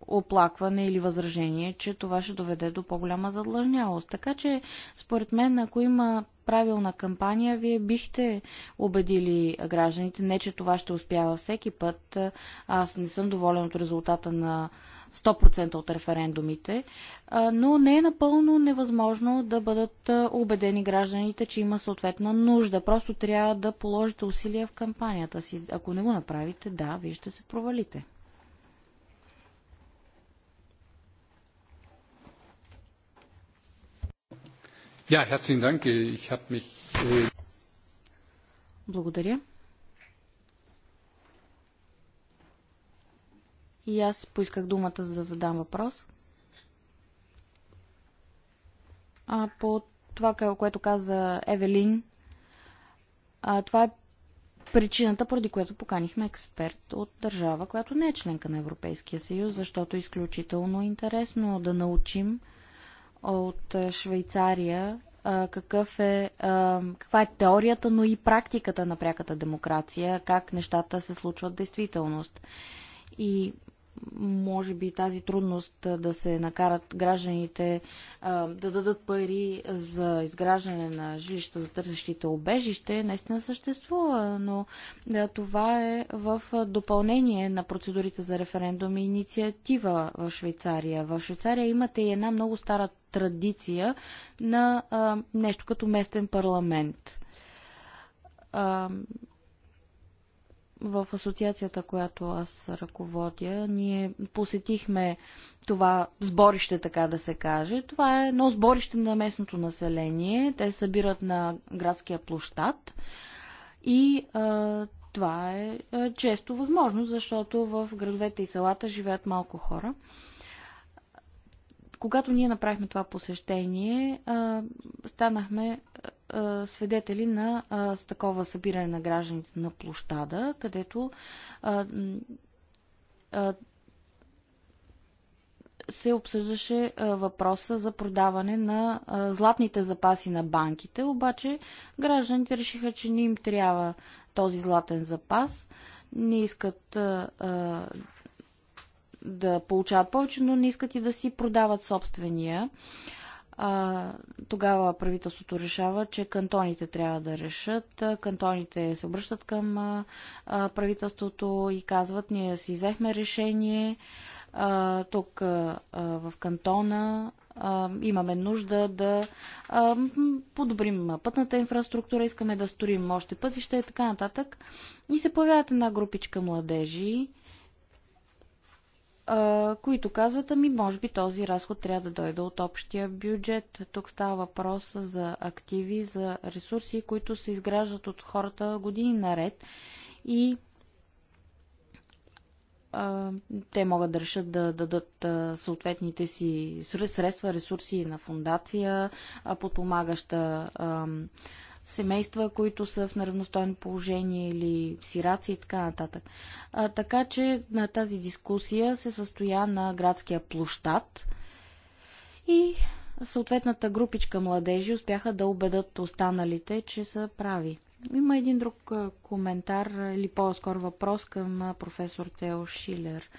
оплакване или възражение, че това ще доведе до по-голяма задлъжнялост. Така че, според мен, ако има правилна кампания, вие бихте убедили гражданите. Не, че това ще успява всеки път. Аз не съм доволен от резултата на 100% от референдумите, но не е напълно невъзможно да бъдат убедени гражданите, че има съответна нужда. Просто трябва да положите усилия в кампанията си. Ако не го направите, да, вие ще се провалите. Ja, herzlichen Dank. Ich habe mich. Äh, Благодаря. И аз поисках думата, за да задам въпрос. А, по това, което каза Евелин, а, това е причината, поради която поканихме експерт от държава, която не е членка на Европейския съюз, защото е изключително интересно да научим от е, Швейцария какъв е, каква е теорията, но и практиката на пряката демокрация, как нещата се случват в действителност. И може би тази трудност да се накарат гражданите да дадат пари за изграждане на жилища за търсещите обежище, наистина съществува, но да, това е в допълнение на процедурите за референдум и инициатива в Швейцария. В Швейцария имате и една много стара традиция на а, нещо като местен парламент. А, в асоциацията, която аз ръководя, ние посетихме това сборище, така да се каже. Това е едно сборище на местното население. Те събират на градския площад и а, това е а, често възможно, защото в градовете и селата живеят малко хора. Когато ние направихме това посещение, станахме свидетели на такова събиране на гражданите на площада, където се обсъждаше въпроса за продаване на златните запаси на банките, обаче гражданите решиха, че не им трябва този златен запас, не искат да получават повече, но не искат и да си продават собствения. А, тогава правителството решава, че кантоните трябва да решат. Кантоните се обръщат към а, правителството и казват, ние си взехме решение а, тук а, в кантона имаме нужда да подобрим пътната инфраструктура, искаме да сторим още пътища и така нататък. И се появяват една групичка младежи, които казват, ами може би този разход трябва да дойде от общия бюджет. Тук става въпрос за активи, за ресурси, които се изграждат от хората години наред и а, те могат да решат да дадат съответните си средства, ресурси на фундация, подпомагаща а, семейства, които са в неравностойно положение или сираци и така нататък. А, така че на тази дискусия се състоя на градския площад и съответната групичка младежи успяха да убедат останалите, че са прави. Има един друг коментар или по-скоро въпрос към професор Тео Шилер.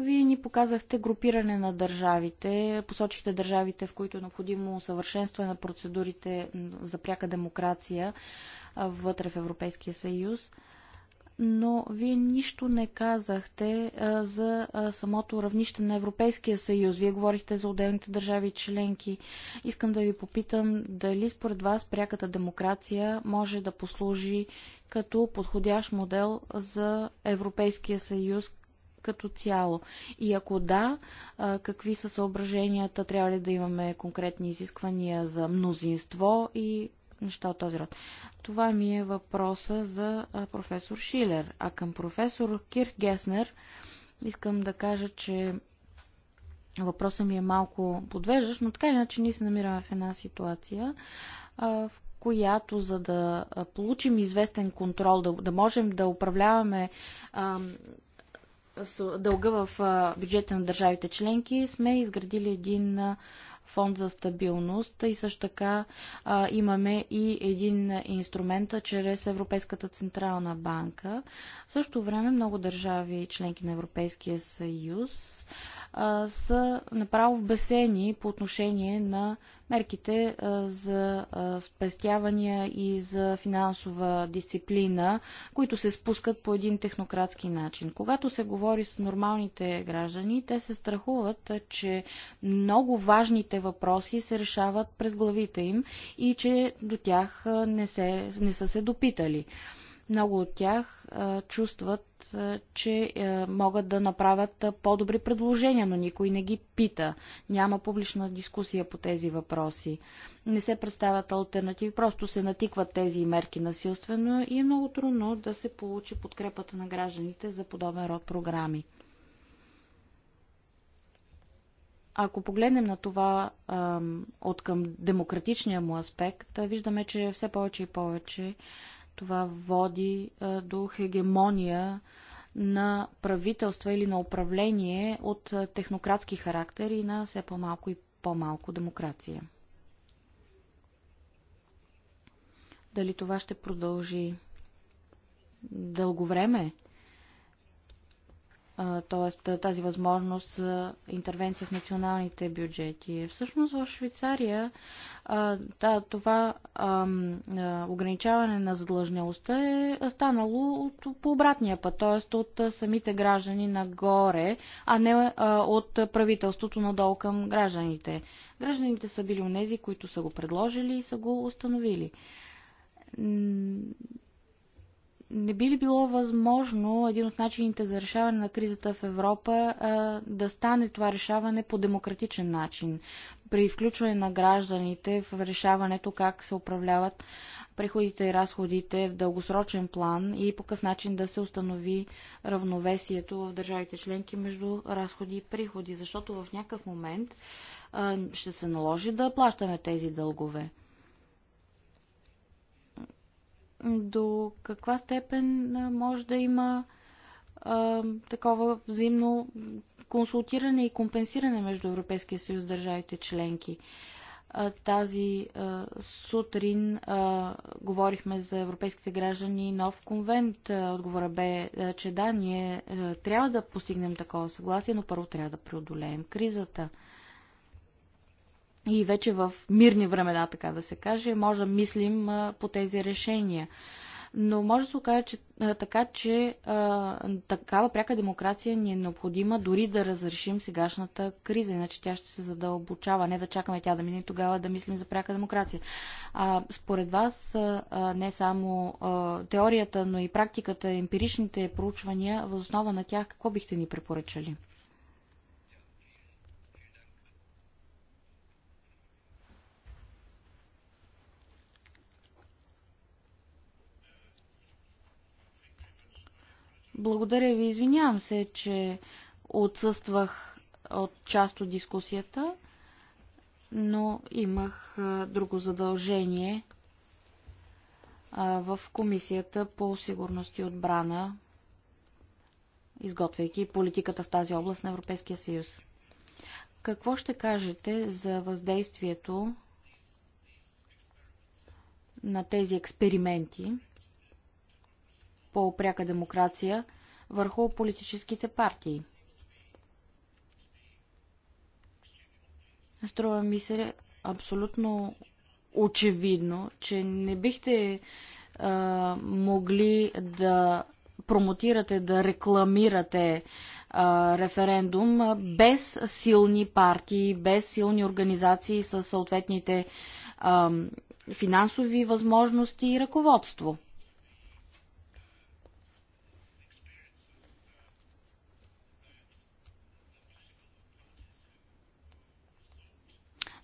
Вие ни показахте групиране на държавите, посочихте държавите, в които е необходимо усъвършенстване на процедурите за пряка демокрация вътре в Европейския съюз но вие нищо не казахте а, за а, самото равнище на Европейския съюз. Вие говорихте за отделните държави и членки. Искам да ви попитам дали според вас пряката демокрация може да послужи като подходящ модел за Европейския съюз като цяло? И ако да, какви са съображенията? Трябва ли да имаме конкретни изисквания за мнозинство и неща от този род? Това ми е въпроса за професор Шилер. А към професор Кирк Геснер искам да кажа, че въпросът ми е малко подвеждащ, но така или иначе ние се намираме в една ситуация, в която за да получим известен контрол, да, да можем да управляваме дълга в бюджета на държавите членки, сме изградили един фонд за стабилност и също така а, имаме и един инструмент чрез Европейската централна банка. В същото време много държави, членки на Европейския съюз, са направо в бесени по отношение на мерките за спестявания и за финансова дисциплина, които се спускат по един технократски начин. Когато се говори с нормалните граждани, те се страхуват, че много важните въпроси се решават през главите им и че до тях не, се, не са се допитали. Много от тях чувстват, че могат да направят по-добри предложения, но никой не ги пита. Няма публична дискусия по тези въпроси. Не се представят альтернативи, просто се натикват тези мерки насилствено и е много трудно да се получи подкрепата на гражданите за подобен род програми. ако погледнем на това от към демократичния му аспект, виждаме, че все повече и повече това води до хегемония на правителства или на управление от технократски характер и на все по-малко и по-малко демокрация. Дали това ще продължи дълго време? т.е. тази възможност за интервенция в националните бюджети. Е всъщност в Швейцария да, това а, а, ограничаване на задлъжнялостта е станало от, по обратния път, т.е. от самите граждани нагоре, а не а, от правителството надолу към гражданите. Гражданите са били онези, които са го предложили и са го установили не би ли било възможно един от начините за решаване на кризата в Европа а, да стане това решаване по демократичен начин? при включване на гражданите в решаването как се управляват приходите и разходите в дългосрочен план и по какъв начин да се установи равновесието в държавите членки между разходи и приходи, защото в някакъв момент а, ще се наложи да плащаме тези дългове. До каква степен може да има а, такова взаимно консултиране и компенсиране между Европейския съюз държавите членки. А, тази а, сутрин а, говорихме за европейските граждани нов конвент. Отговора бе, а, че да, ние а, трябва да постигнем такова съгласие, но първо трябва да преодолеем кризата. И вече в мирни времена, така да се каже, може да мислим а, по тези решения но може да се окаже че, така, че а, такава пряка демокрация ни е необходима дори да разрешим сегашната криза, иначе тя ще се задълбочава, не да чакаме тя да мине тогава да мислим за пряка демокрация. А, според вас а, не само а, теорията, но и практиката, емпиричните проучвания, възоснова на тях, какво бихте ни препоръчали? Благодаря ви. Извинявам се, че отсъствах от част от дискусията, но имах друго задължение в Комисията по сигурност и отбрана, изготвяйки политиката в тази област на Европейския съюз. Какво ще кажете за въздействието на тези експерименти? по-пряка демокрация върху политическите партии. Струва ми се абсолютно очевидно, че не бихте а, могли да промотирате, да рекламирате а, референдум а, без силни партии, без силни организации с съответните а, финансови възможности и ръководство.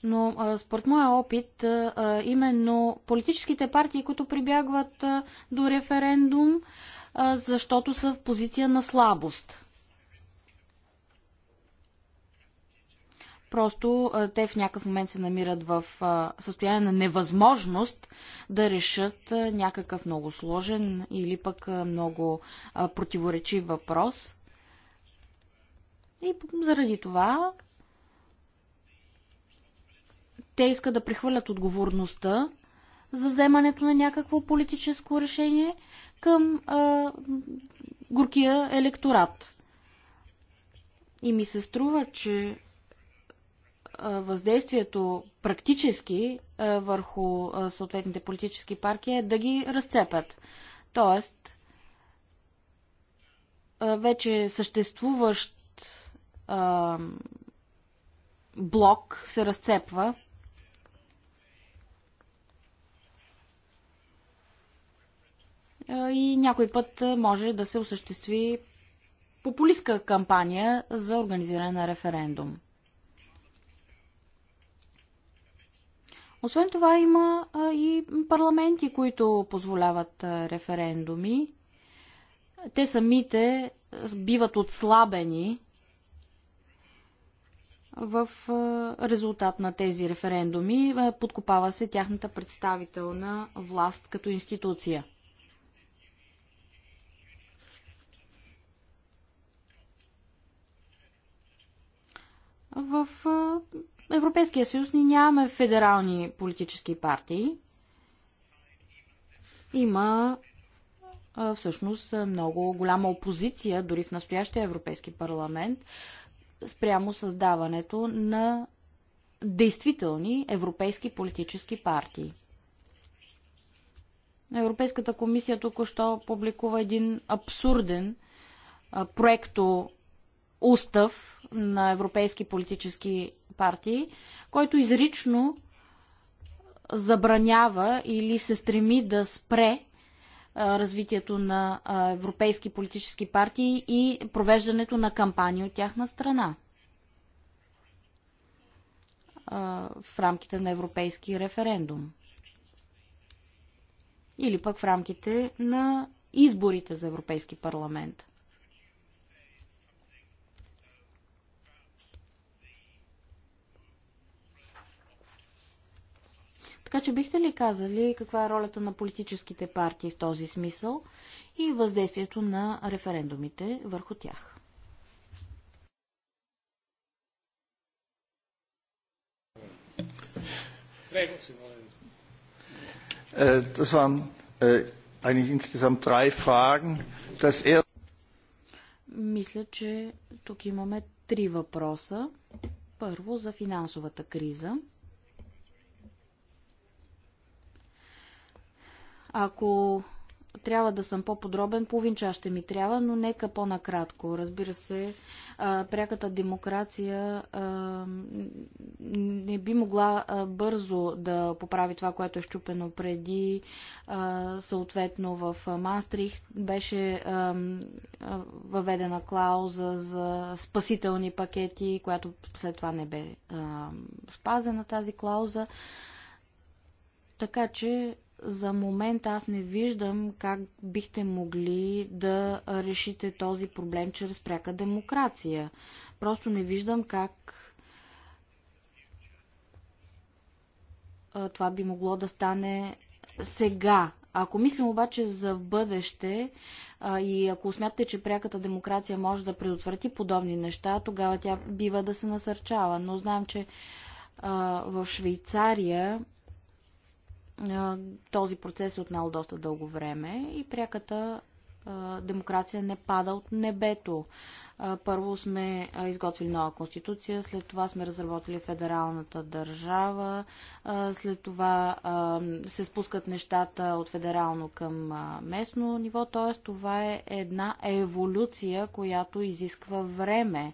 но според моя опит, именно политическите партии, които прибягват до референдум, защото са в позиция на слабост. Просто те в някакъв момент се намират в състояние на невъзможност да решат някакъв много сложен или пък много противоречив въпрос. И заради това те искат да прехвърлят отговорността за вземането на някакво политическо решение към а, горкия електорат. И ми се струва, че въздействието практически върху съответните политически партии е да ги разцепят. Тоест, вече съществуващ блок се разцепва и някой път може да се осъществи популистка кампания за организиране на референдум. Освен това има и парламенти, които позволяват референдуми. Те самите биват отслабени в резултат на тези референдуми. Подкопава се тяхната представителна власт като институция. В Европейския съюз ни нямаме федерални политически партии. Има всъщност много голяма опозиция, дори в настоящия Европейски парламент, спрямо създаването на действителни европейски политически партии. Европейската комисия току-що публикува един абсурден проекто устав на европейски политически партии, който изрично забранява или се стреми да спре развитието на европейски политически партии и провеждането на кампании от тяхна страна в рамките на европейски референдум. Или пък в рамките на изборите за Европейски парламент. Така че бихте ли казали каква е ролята на политическите партии в този смисъл и въздействието на референдумите върху тях? Е, е, er- мисля, че тук имаме три въпроса. Първо за финансовата криза. Ако трябва да съм по-подробен, половин час ще ми трябва, но нека по-накратко. Разбира се, пряката демокрация не би могла бързо да поправи това, което е щупено преди. Съответно, в Мастрих беше въведена клауза за спасителни пакети, която след това не бе спазена тази клауза. Така че за момент аз не виждам как бихте могли да решите този проблем чрез пряка демокрация. Просто не виждам как това би могло да стане сега. Ако мислим обаче за в бъдеще а, и ако смятате, че пряката демокрация може да предотврати подобни неща, тогава тя бива да се насърчава. Но знам, че а, в Швейцария този процес е отнал доста дълго време и пряката демокрация не пада от небето. Първо сме изготвили нова конституция, след това сме разработили федералната държава, след това се спускат нещата от федерално към местно ниво, т.е. това е една еволюция, която изисква време.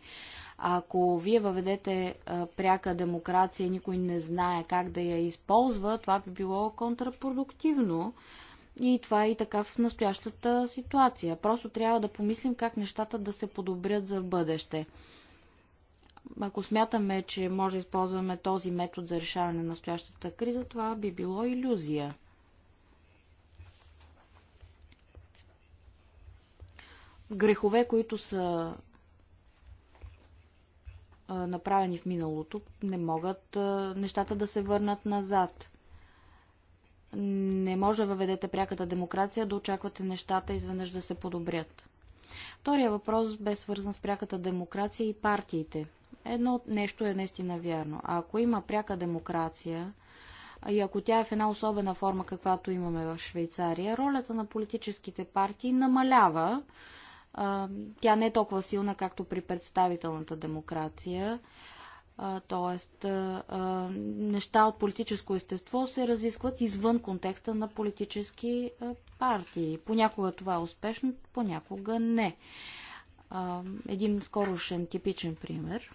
Ако вие въведете пряка демокрация никой не знае как да я използва, това би било контрапродуктивно. И това е и така в настоящата ситуация. Просто трябва да помислим как нещата да се подобрят за бъдеще. Ако смятаме, че може да използваме този метод за решаване на настоящата криза, това би било иллюзия. Грехове, които са направени в миналото, не могат нещата да се върнат назад. Не може да въведете пряката демокрация да очаквате нещата изведнъж да се подобрят. Втория въпрос бе свързан с пряката демокрация и партиите. Едно нещо е наистина вярно. А ако има пряка демокрация, и ако тя е в една особена форма, каквато имаме в Швейцария, ролята на политическите партии намалява тя не е толкова силна, както при представителната демокрация. Тоест, неща от политическо естество се разискват извън контекста на политически партии. Понякога това е успешно, понякога не. Един скорошен типичен пример.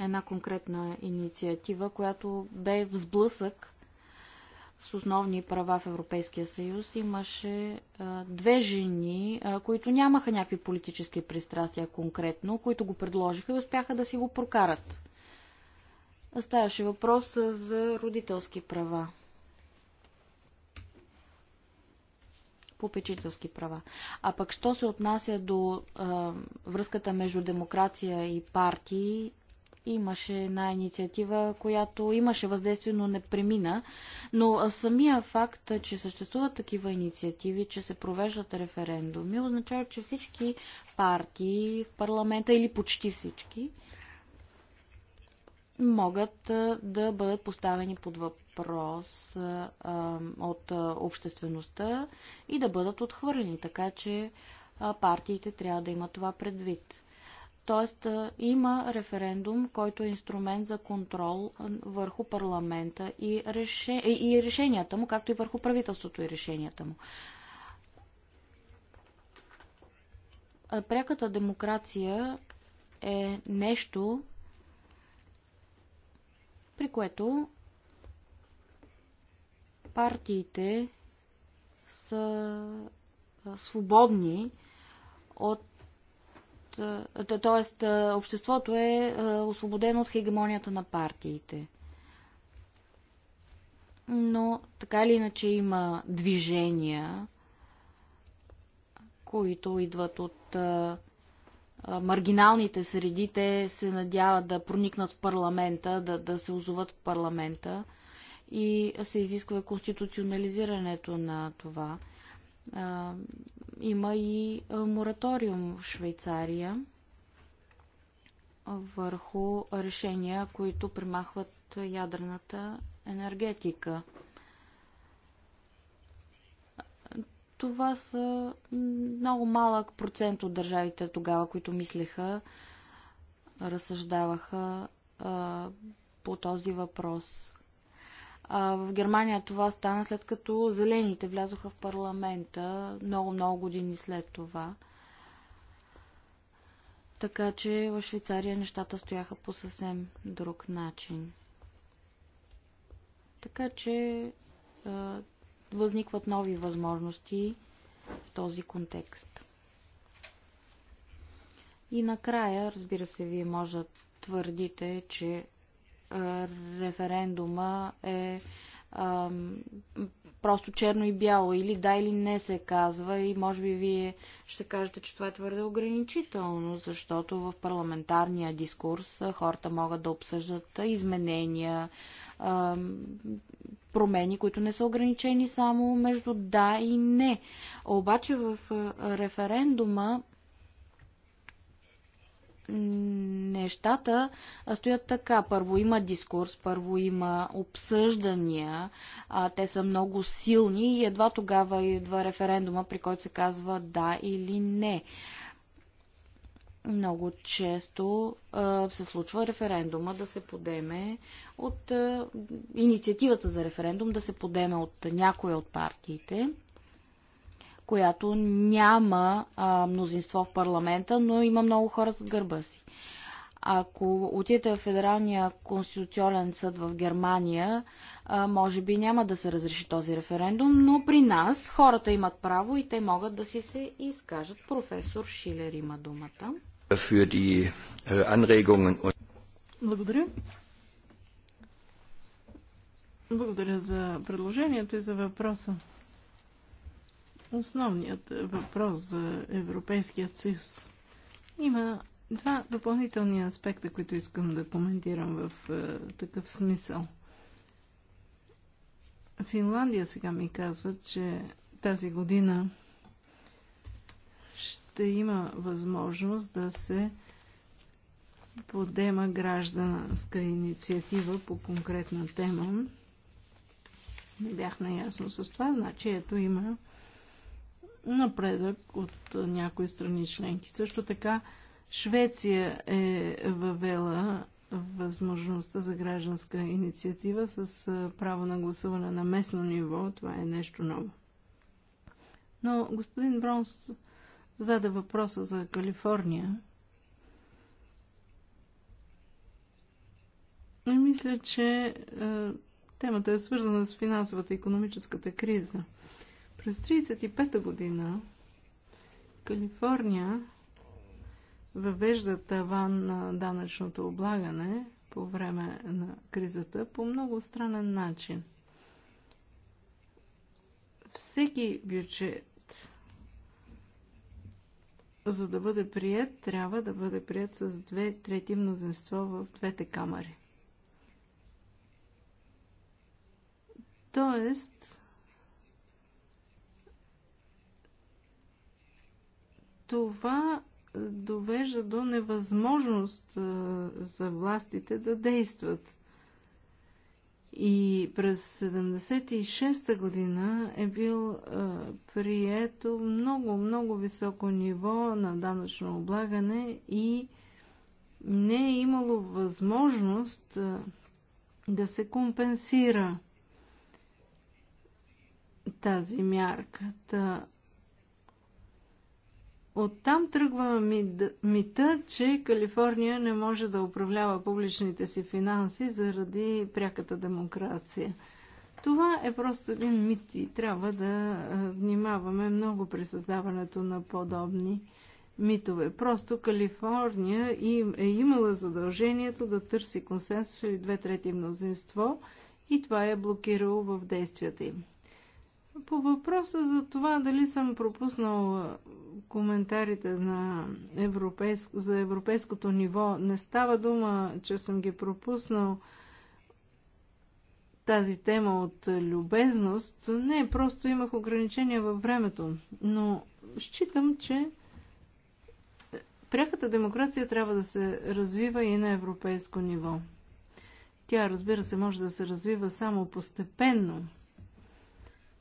Една конкретна инициатива, която бе в сблъсък с основни права в Европейския съюз имаше а, две жени, а, които нямаха някакви политически пристрастия конкретно, които го предложиха и успяха да си го прокарат. Ставаше въпрос за родителски права. попечителски права. А пък, що се отнася до а, връзката между демокрация и партии, Имаше една инициатива, която имаше въздействие, но не премина. Но самия факт, че съществуват такива инициативи, че се провеждат референдуми, означава, че всички партии в парламента или почти всички могат да бъдат поставени под въпрос от обществеността и да бъдат отхвърлени. Така че партиите трябва да имат това предвид. Тоест има референдум, който е инструмент за контрол върху парламента и, реше... и решенията му, както и върху правителството и решенията му. Пряката демокрация е нещо, при което партиите са свободни от т.е. Е, обществото е, е освободено от хегемонията на партиите. Но така или иначе има движения, които идват от е, маргиналните среди, те се надяват да проникнат в парламента, да, да се озоват в парламента и се изисква конституционализирането на това. А, има и мораториум в Швейцария върху решения, които примахват ядрената енергетика. Това са много малък процент от държавите тогава, които мислеха, разсъждаваха а, по този въпрос. А, в Германия това стана след като зелените влязоха в парламента много-много години след това. Така че в Швейцария нещата стояха по съвсем друг начин. Така че а, възникват нови възможности в този контекст. И накрая, разбира се, вие може да твърдите, че референдума е а, просто черно и бяло. Или да, или не се казва. И може би вие ще кажете, че това е твърде ограничително, защото в парламентарния дискурс хората могат да обсъждат изменения, а, промени, които не са ограничени само между да и не. Обаче в референдума нещата стоят така. Първо има дискурс, първо има обсъждания, а, те са много силни и едва тогава идва референдума, при който се казва да или не. Много често а, се случва референдума да се подеме от а, инициативата за референдум да се подеме от някоя от партиите която няма а, мнозинство в парламента, но има много хора с гърба си. Ако отидете в Федералния конституционен съд в Германия, а, може би няма да се разреши този референдум, но при нас хората имат право и те могат да си се изкажат. Професор Шилер има думата. Э, Благодаря. Благодаря за предложението и за въпроса основният въпрос за Европейският съюз. Има два допълнителни аспекта, които искам да коментирам в е, такъв смисъл. Финландия сега ми казва, че тази година ще има възможност да се подема гражданска инициатива по конкретна тема. Не бях наясно с това, значи ето има напредък от някои страни членки. Също така Швеция е въвела възможността за гражданска инициатива с право на гласуване на местно ниво. Това е нещо ново. Но господин Бронс зададе въпроса за Калифорния. И мисля, че е, темата е свързана с финансовата и економическата криза – през 1935-та година Калифорния въвежда таван на данъчното облагане по време на кризата по много странен начин. Всеки бюджет, за да бъде прият, трябва да бъде прият с две трети мнозинство в двете камери. Тоест, това е, довежда до невъзможност е, за властите да действат. И през 76-та година е бил е, прието много, много високо ниво на данъчно облагане и не е имало възможност да се компенсира тази мярка. Та, Оттам тръгва мита, че Калифорния не може да управлява публичните си финанси заради пряката демокрация. Това е просто един мит и трябва да внимаваме много при създаването на подобни митове. Просто Калифорния е имала задължението да търси консенсус или две трети мнозинство и това е блокирало в действията им. По въпроса за това дали съм пропуснал коментарите на европейск, за европейското ниво, не става дума, че съм ги пропуснал тази тема от любезност. Не, просто имах ограничения във времето. Но считам, че е, пряката демокрация трябва да се развива и на европейско ниво. Тя, разбира се, може да се развива само постепенно –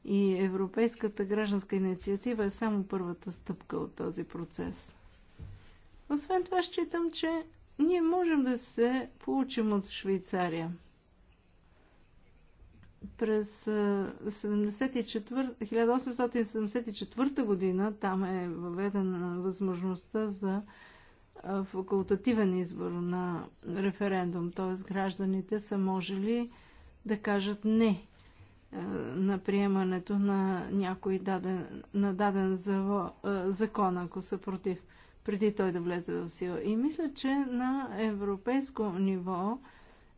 и Европейската гражданска инициатива е само първата стъпка от този процес. Освен това, считам, че ние можем да се получим от Швейцария. През 1874 година там е въведена възможността за факултативен избор на референдум, т.е. гражданите са можели да кажат не е, на приемането на някой даден, на даден е, закон, ако са против, преди той да влезе в сила. И мисля, че на европейско ниво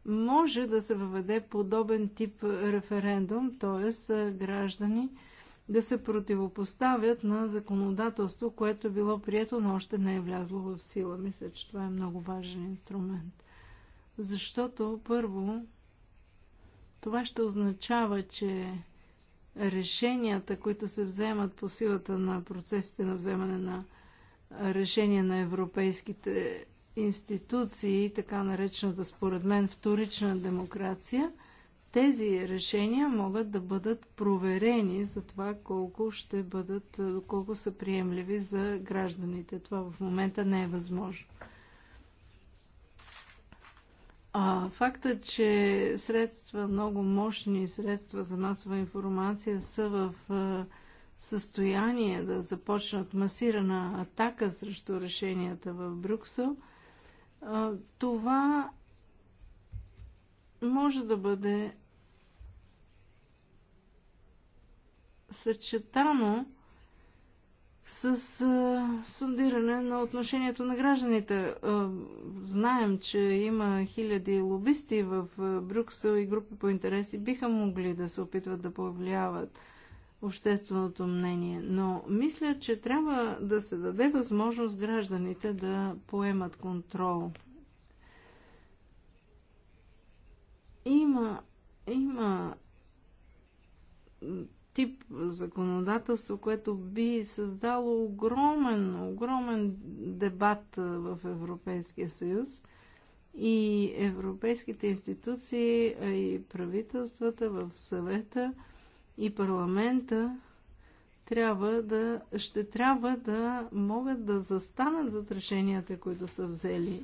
може да се въведе подобен тип референдум, т.е. граждани да се противопоставят на законодателство, което е било прието, но още не е влязло в сила. Мисля, че това е много важен инструмент. Защото първо това ще означава, че решенията, които се вземат по силата на процесите на вземане на решения на европейските институции, така наречената според мен вторична демокрация, тези решения могат да бъдат проверени за това колко ще бъдат, колко са приемливи за гражданите. Това в момента не е възможно. А факта, че средства, много мощни средства за масова информация са в състояние да започнат масирана атака срещу решенията в Брюксел, това може да бъде съчетано с а, сундиране на отношението на гражданите. А, знаем, че има хиляди лобисти в Брюксел и групи по интереси биха могли да се опитват да повлияват общественото мнение, но мисля, че трябва да се даде възможност гражданите да поемат контрол. Има, има тип законодателство, което би създало огромен, огромен дебат в Европейския съюз и европейските институции, а и правителствата в съвета и парламента трябва да, ще трябва да могат да застанат за решенията, които са взели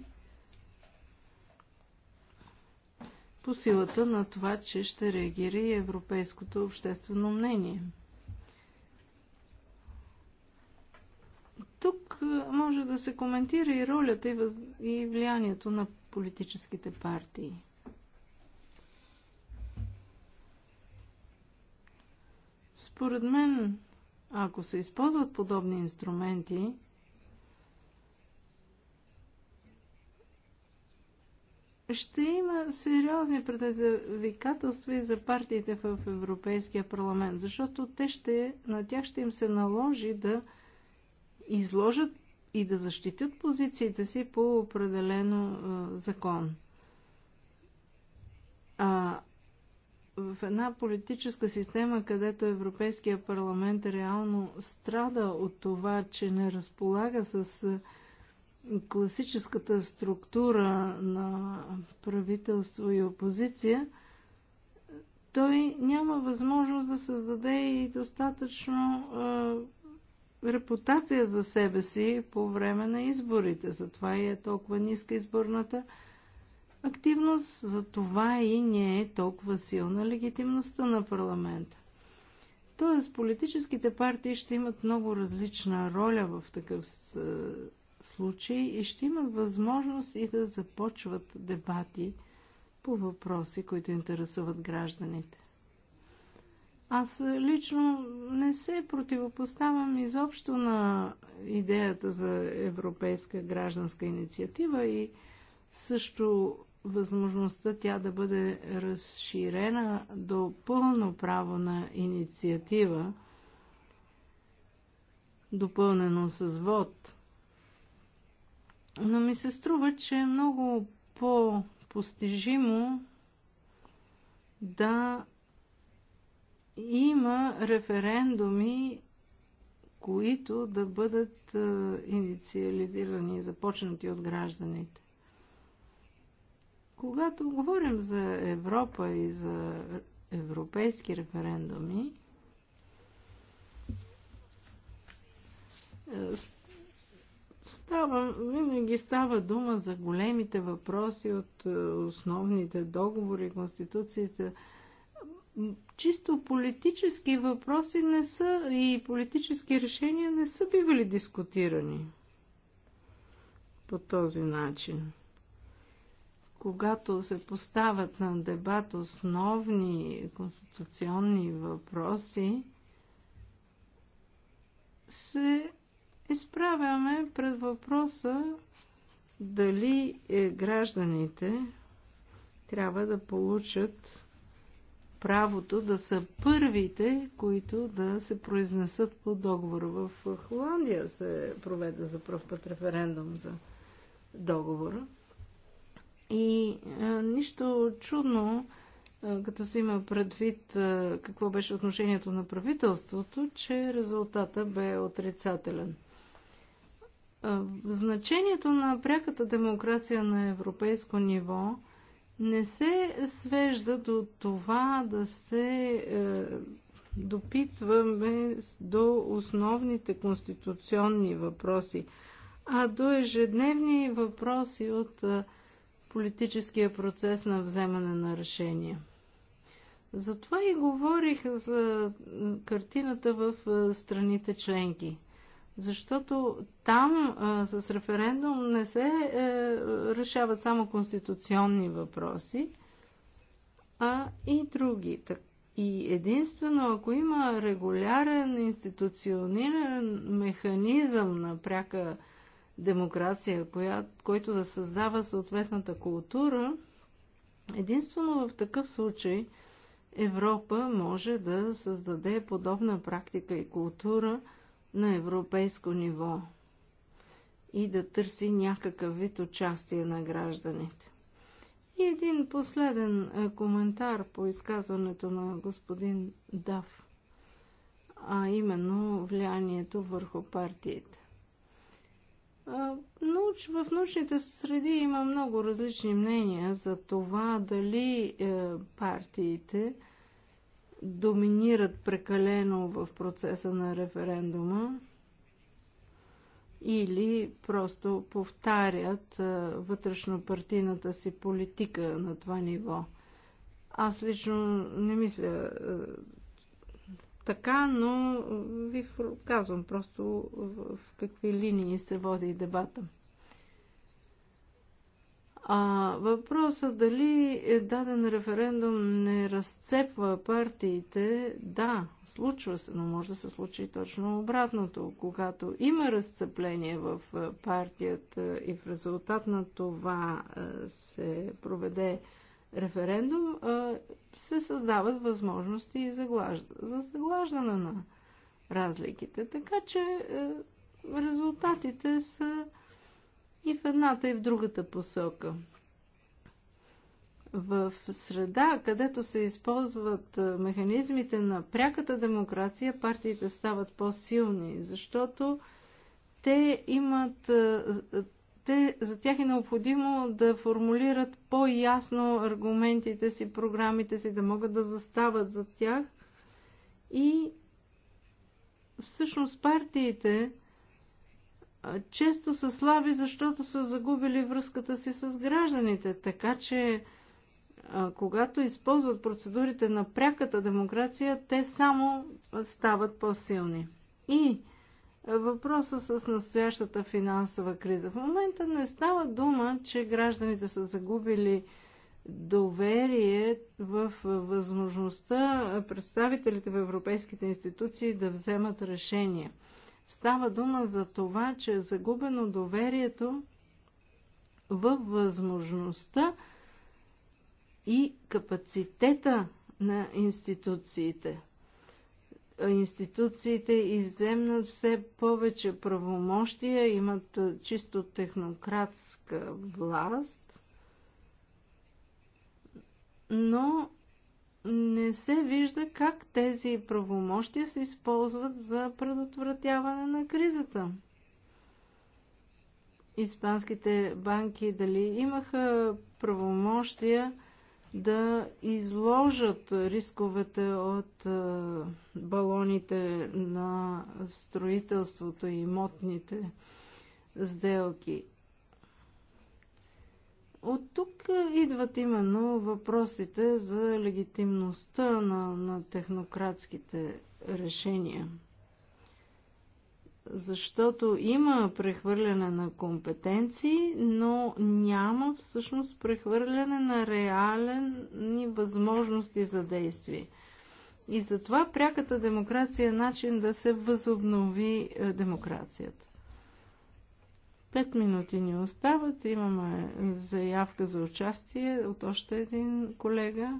по силата на това, че ще реагира и европейското обществено мнение. Тук може да се коментира и ролята и, въз... и влиянието на политическите партии. Според мен, ако се използват подобни инструменти, ще има сериозни предизвикателства и за партиите в Европейския парламент, защото те ще, на тях ще им се наложи да изложат и да защитят позициите си по определено а, закон. А в една политическа система, където Европейския парламент реално страда от това, че не разполага с а, класическата структура на правителство и опозиция, той няма възможност да създаде и достатъчно е, репутация за себе си по време на изборите. Затова и е толкова ниска изборната активност, затова и не е толкова силна легитимността на парламента. Тоест, политическите партии ще имат много различна роля в такъв случаи и ще имат възможност и да започват дебати по въпроси, които интересуват гражданите. Аз лично не се противопоставям изобщо на идеята за европейска гражданска инициатива и също възможността тя да бъде разширена до пълно право на инициатива, допълнено с вод. Но ми се струва, че е много по-постижимо да има референдуми, които да бъдат инициализирани и започнати от гражданите. Когато говорим за Европа и за европейски референдуми, Става, винаги става дума за големите въпроси от е, основните договори, конституцията. Чисто политически въпроси не са и политически решения не са бивали дискутирани по този начин. Когато се поставят на дебат основни конституционни въпроси, се изправяме пред въпроса дали е, гражданите трябва да получат правото да са първите, които да се произнесат по договор. В Холандия се проведе за първ път референдум за договора. И а, е, нищо чудно, а, е, като се има предвид а, какво беше отношението на правителството, че резултата бе отрицателен. Значението на пряката демокрация на европейско ниво не се свежда до това да се е, допитваме до основните конституционни въпроси, а до ежедневни въпроси от е, политическия процес на вземане на решения. Затова и говорих за картината в е, страните членки – защото там а, с референдум не се е, решават само конституционни въпроси, а и други. И единствено, ако има регулярен институциониран механизъм на пряка демокрация, коя, който да създава съответната култура, единствено в такъв случай Европа може да създаде подобна практика и култура – на европейско ниво и да търси някакъв вид участие на гражданите. И един последен коментар по изказването на господин Дав, а именно влиянието върху партиите. В научните среди има много различни мнения за това дали е, партиите доминират прекалено в процеса на референдума или просто повтарят вътрешно партийната си политика на това ниво. Аз лично не мисля така, но ви казвам просто в какви линии се води дебата. А въпросът дали е даден референдум не разцепва партиите, да, случва се, но може да се случи точно обратното. Когато има разцепление в е, партията е, и в резултат на това е, се проведе референдум, се създават възможности за заглаждане на разликите. Така че резултатите са и в едната и в другата посока. В среда, където се използват механизмите на пряката демокрация, партиите стават по-силни, защото те имат те, за тях е необходимо да формулират по-ясно аргументите си, програмите си, да могат да застават за тях. И всъщност партиите често са слаби, защото са загубили връзката си с гражданите. Така че, когато използват процедурите на пряката демокрация, те само стават по-силни. И въпроса с настоящата финансова криза. В момента не става дума, че гражданите са загубили доверие в възможността представителите в европейските институции да вземат решения – Става дума за това, че е загубено доверието във възможността и капацитета на институциите. Институциите изземнат все повече правомощия, имат чисто технократска власт, но не се вижда как тези правомощия се използват за предотвратяване на кризата. Испанските банки дали имаха правомощия да изложат рисковете от балоните на строителството и имотните сделки. От тук е, идват именно въпросите за легитимността на, на технократските решения. Защото има прехвърляне на компетенции, но няма всъщност прехвърляне на реални възможности за действие. И затова пряката демокрация е начин да се възобнови е, демокрацията. Пет минути ни остават. Имаме заявка за участие от още един колега.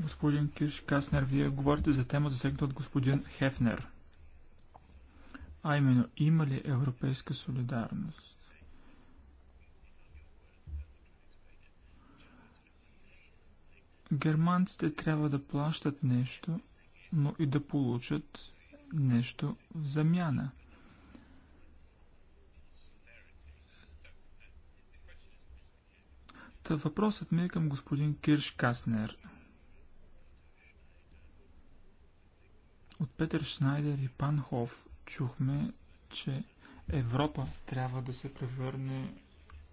Господин Кирш Каснер, вие говорите за тема засегната от господин Хефнер. А именно, има ли европейска солидарност? Германците трябва да плащат нещо, но и да получат нещо в замяна – Та въпросът ми е към господин Кирш Каснер. От Петър Шнайдер и Панхов чухме, че Европа трябва да се превърне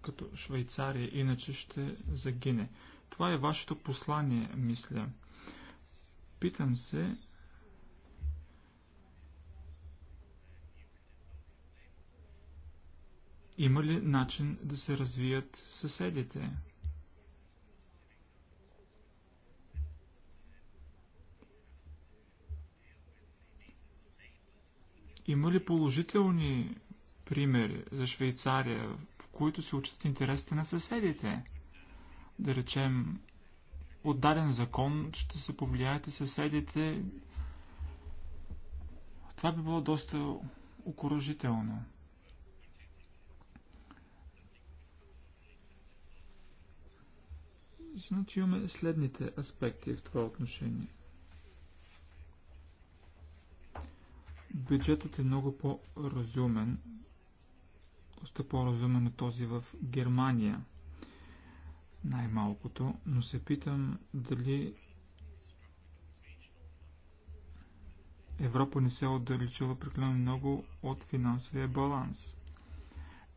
като Швейцария, иначе ще загине. Това е вашето послание, мисля. Питам се, има ли начин да се развият съседите? Има ли положителни примери за Швейцария, в които се учат интересите на съседите? Да речем, от даден закон ще се повлияете съседите. Това би било доста окоръжително. Значи имаме следните аспекти в това отношение – бюджетът е много по-разумен, още по-разумен от този в Германия, най-малкото, но се питам дали Европа не се отдалечува прекалено много от финансовия баланс.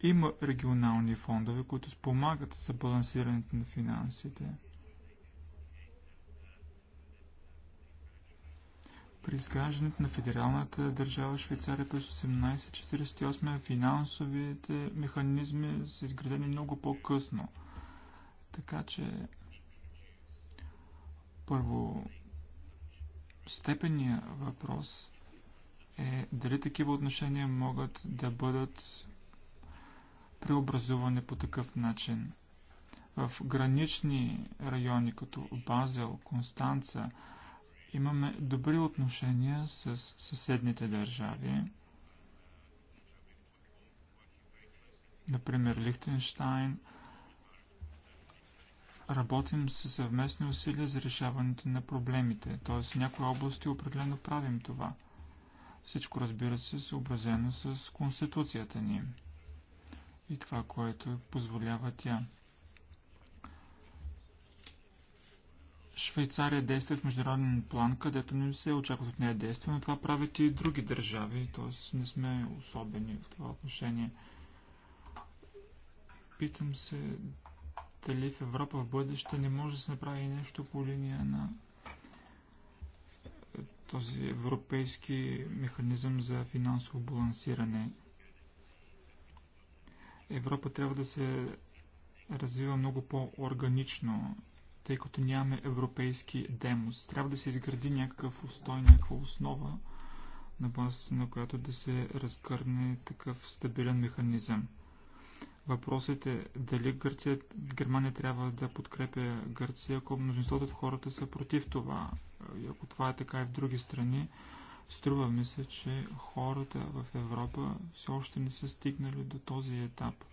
Има регионални фондове, които спомагат за балансирането на финансите – При изграждането на федералната държава Швейцария през 1848 финансовите механизми са изградени много по-късно. Така че първо степения въпрос е дали такива отношения могат да бъдат преобразувани по такъв начин. В гранични райони като Базел, Констанца, Имаме добри отношения с съседните държави. Например, Лихтенштайн. Работим с съвместни усилия за решаването на проблемите, т.е. в някои области определено правим това. Всичко, разбира се, е съобразено с Конституцията ни и това, което позволява тя. Швейцария действа в международен план, където не се очакват от нея действия, но това правят и други държави, т.е. не сме особени в това отношение. Питам се дали в Европа в бъдеще не може да се направи нещо по линия на този европейски механизъм за финансово балансиране. Европа трябва да се развива много по-органично тъй като нямаме европейски демос. Трябва да се изгради някакъв устой, някаква основа, на базата на която да се разгърне такъв стабилен механизъм. Въпросът е дали Гърция, Германия трябва да подкрепя Гърция, ако мнозинството от хората са против това. И ако това е така и в други страни, струва ми се, че хората в Европа все още не са стигнали до този етап –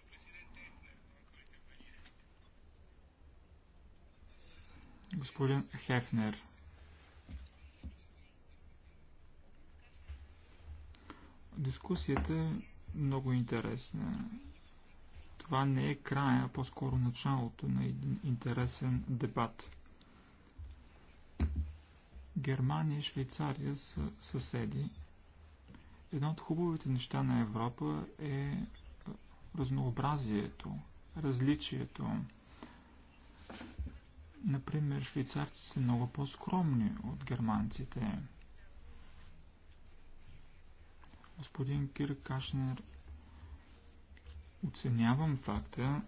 Господин Хефнер. Дискусията е много интересна. Това не е края, а по-скоро началото на един интересен дебат. Германия и Швейцария са съседи. Едно от хубавите неща на Европа е разнообразието, различието. Например, швейцарците са много по-скромни от германците. Господин Кир Кашнер, оценявам факта,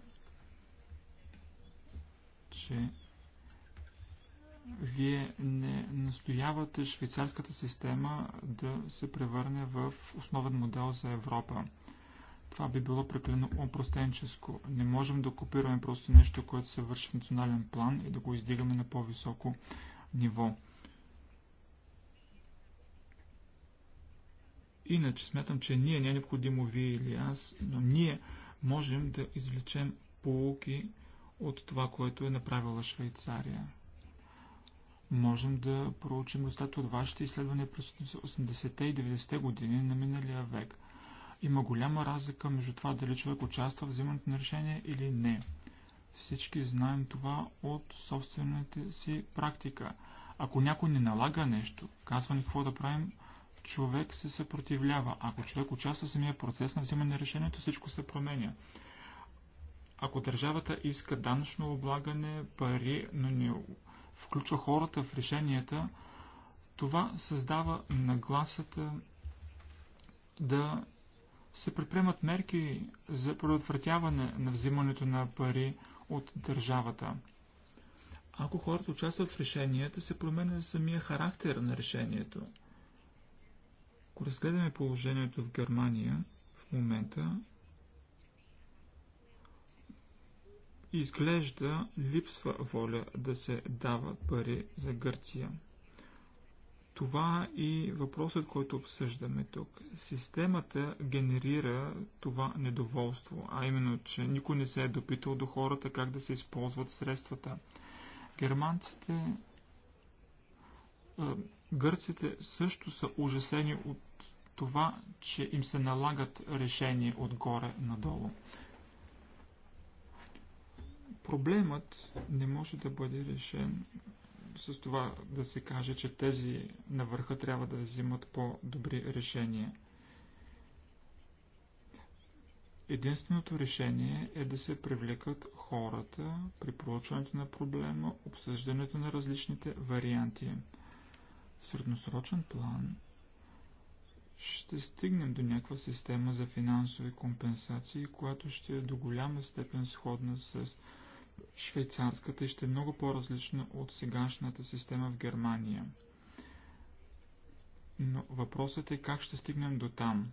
че вие не настоявате швейцарската система да се превърне в основен модел за Европа. Това би било прекалено опростенческо. Не можем да копираме просто нещо, което се върши в национален план и да го издигаме на по-високо ниво. Иначе смятам, че ние, не е необходимо вие или аз, но ние можем да извлечем полуки от това, което е направила Швейцария. Можем да проучим резултат от вашите изследвания през 80-те и 90-те години на миналия век – има голяма разлика между това дали човек участва в взимането на решение или не. Всички знаем това от собствената си практика. Ако някой не налага нещо, казва ни какво да правим, човек се съпротивлява. Ако човек участва в самия процес на взимане на решението, всичко се променя. Ако държавата иска данъчно облагане, пари, но не включва хората в решенията, това създава нагласата да се предприемат мерки за предотвратяване на взимането на пари от държавата. Ако хората участват в решенията, се променя самия характер на решението. Ако разгледаме положението в Германия в момента, изглежда липсва воля да се дава пари за Гърция. Това и въпросът, който обсъждаме тук. Системата генерира това недоволство, а именно, че никой не се е допитал до хората как да се използват средствата. Германците, гърците също са ужасени от това, че им се налагат решения отгоре надолу. Проблемът не може да бъде решен с това да се каже, че тези на върха трябва да взимат по-добри решения. Единственото решение е да се привлекат хората при проучването на проблема, обсъждането на различните варианти. В средносрочен план ще стигнем до някаква система за финансови компенсации, която ще е до голяма степен сходна с швейцарската ще е много по-различна от сегашната система в Германия. Но въпросът е как ще стигнем до там.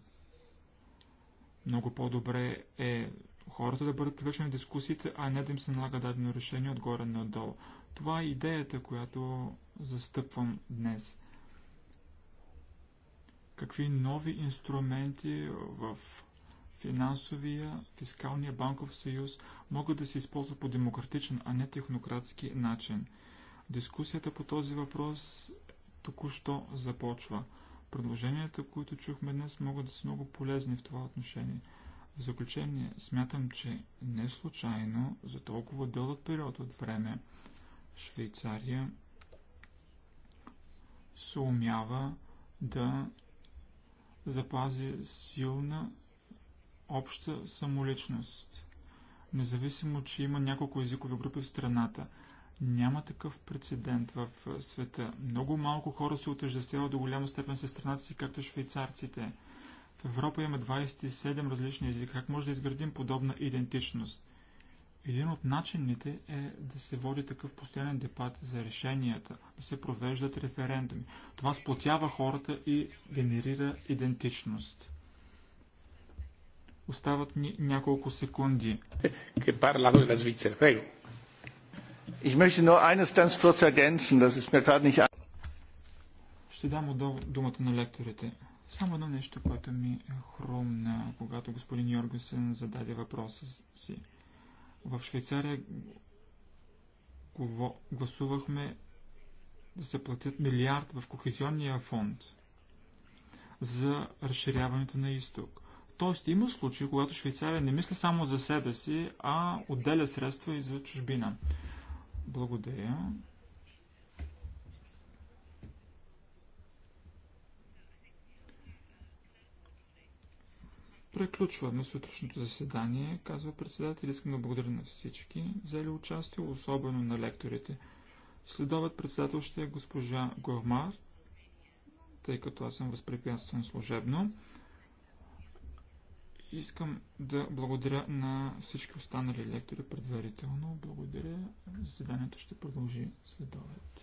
Много по-добре е хората да бъдат привлечени в дискусиите, а не да им се налага дадено решение отгоре надолу. Това е идеята, която застъпвам днес. Какви нови инструменти в финансовия, фискалния банков съюз могат да се използват по демократичен, а не технократски начин. Дискусията по този въпрос току-що започва. Предложенията, които чухме днес, могат да са много полезни в това отношение. В заключение, смятам, че не случайно за толкова дълъг период от време Швейцария се умява да запази силна обща самоличност. Независимо, че има няколко езикови групи в страната, няма такъв прецедент в света. Много малко хора се отъждествяват до голяма степен със страната си, както швейцарците. В Европа има 27 различни езика. Как може да изградим подобна идентичност? Един от начините е да се води такъв постоянен дебат за решенията, да се провеждат референдуми. Това сплотява хората и генерира идентичност. Остават ни няколко секунди. Ich möchte nur eines ganz kurz ergänzen, das ist mir gerade nicht Ще дам думата на лекторите. Само едно нещо, което ми е хрумна, когато господин Йоргосен зададе въпроса си. В Швейцария гласувахме да се платят милиард в кохезионния фонд за разширяването на изток. Тоест има случаи, когато Швейцария не мисли само за себе си, а отделя средства и за чужбина. Благодаря. Преключваме сутрешното заседание, казва председател. Искам да благодаря на всички, взели участие, особено на лекторите. Следоват председател ще е госпожа Гормар, тъй като аз съм възпрепятстван служебно. Искам да благодаря на всички останали лектори предварително. Благодаря. Заседанието ще продължи след обед.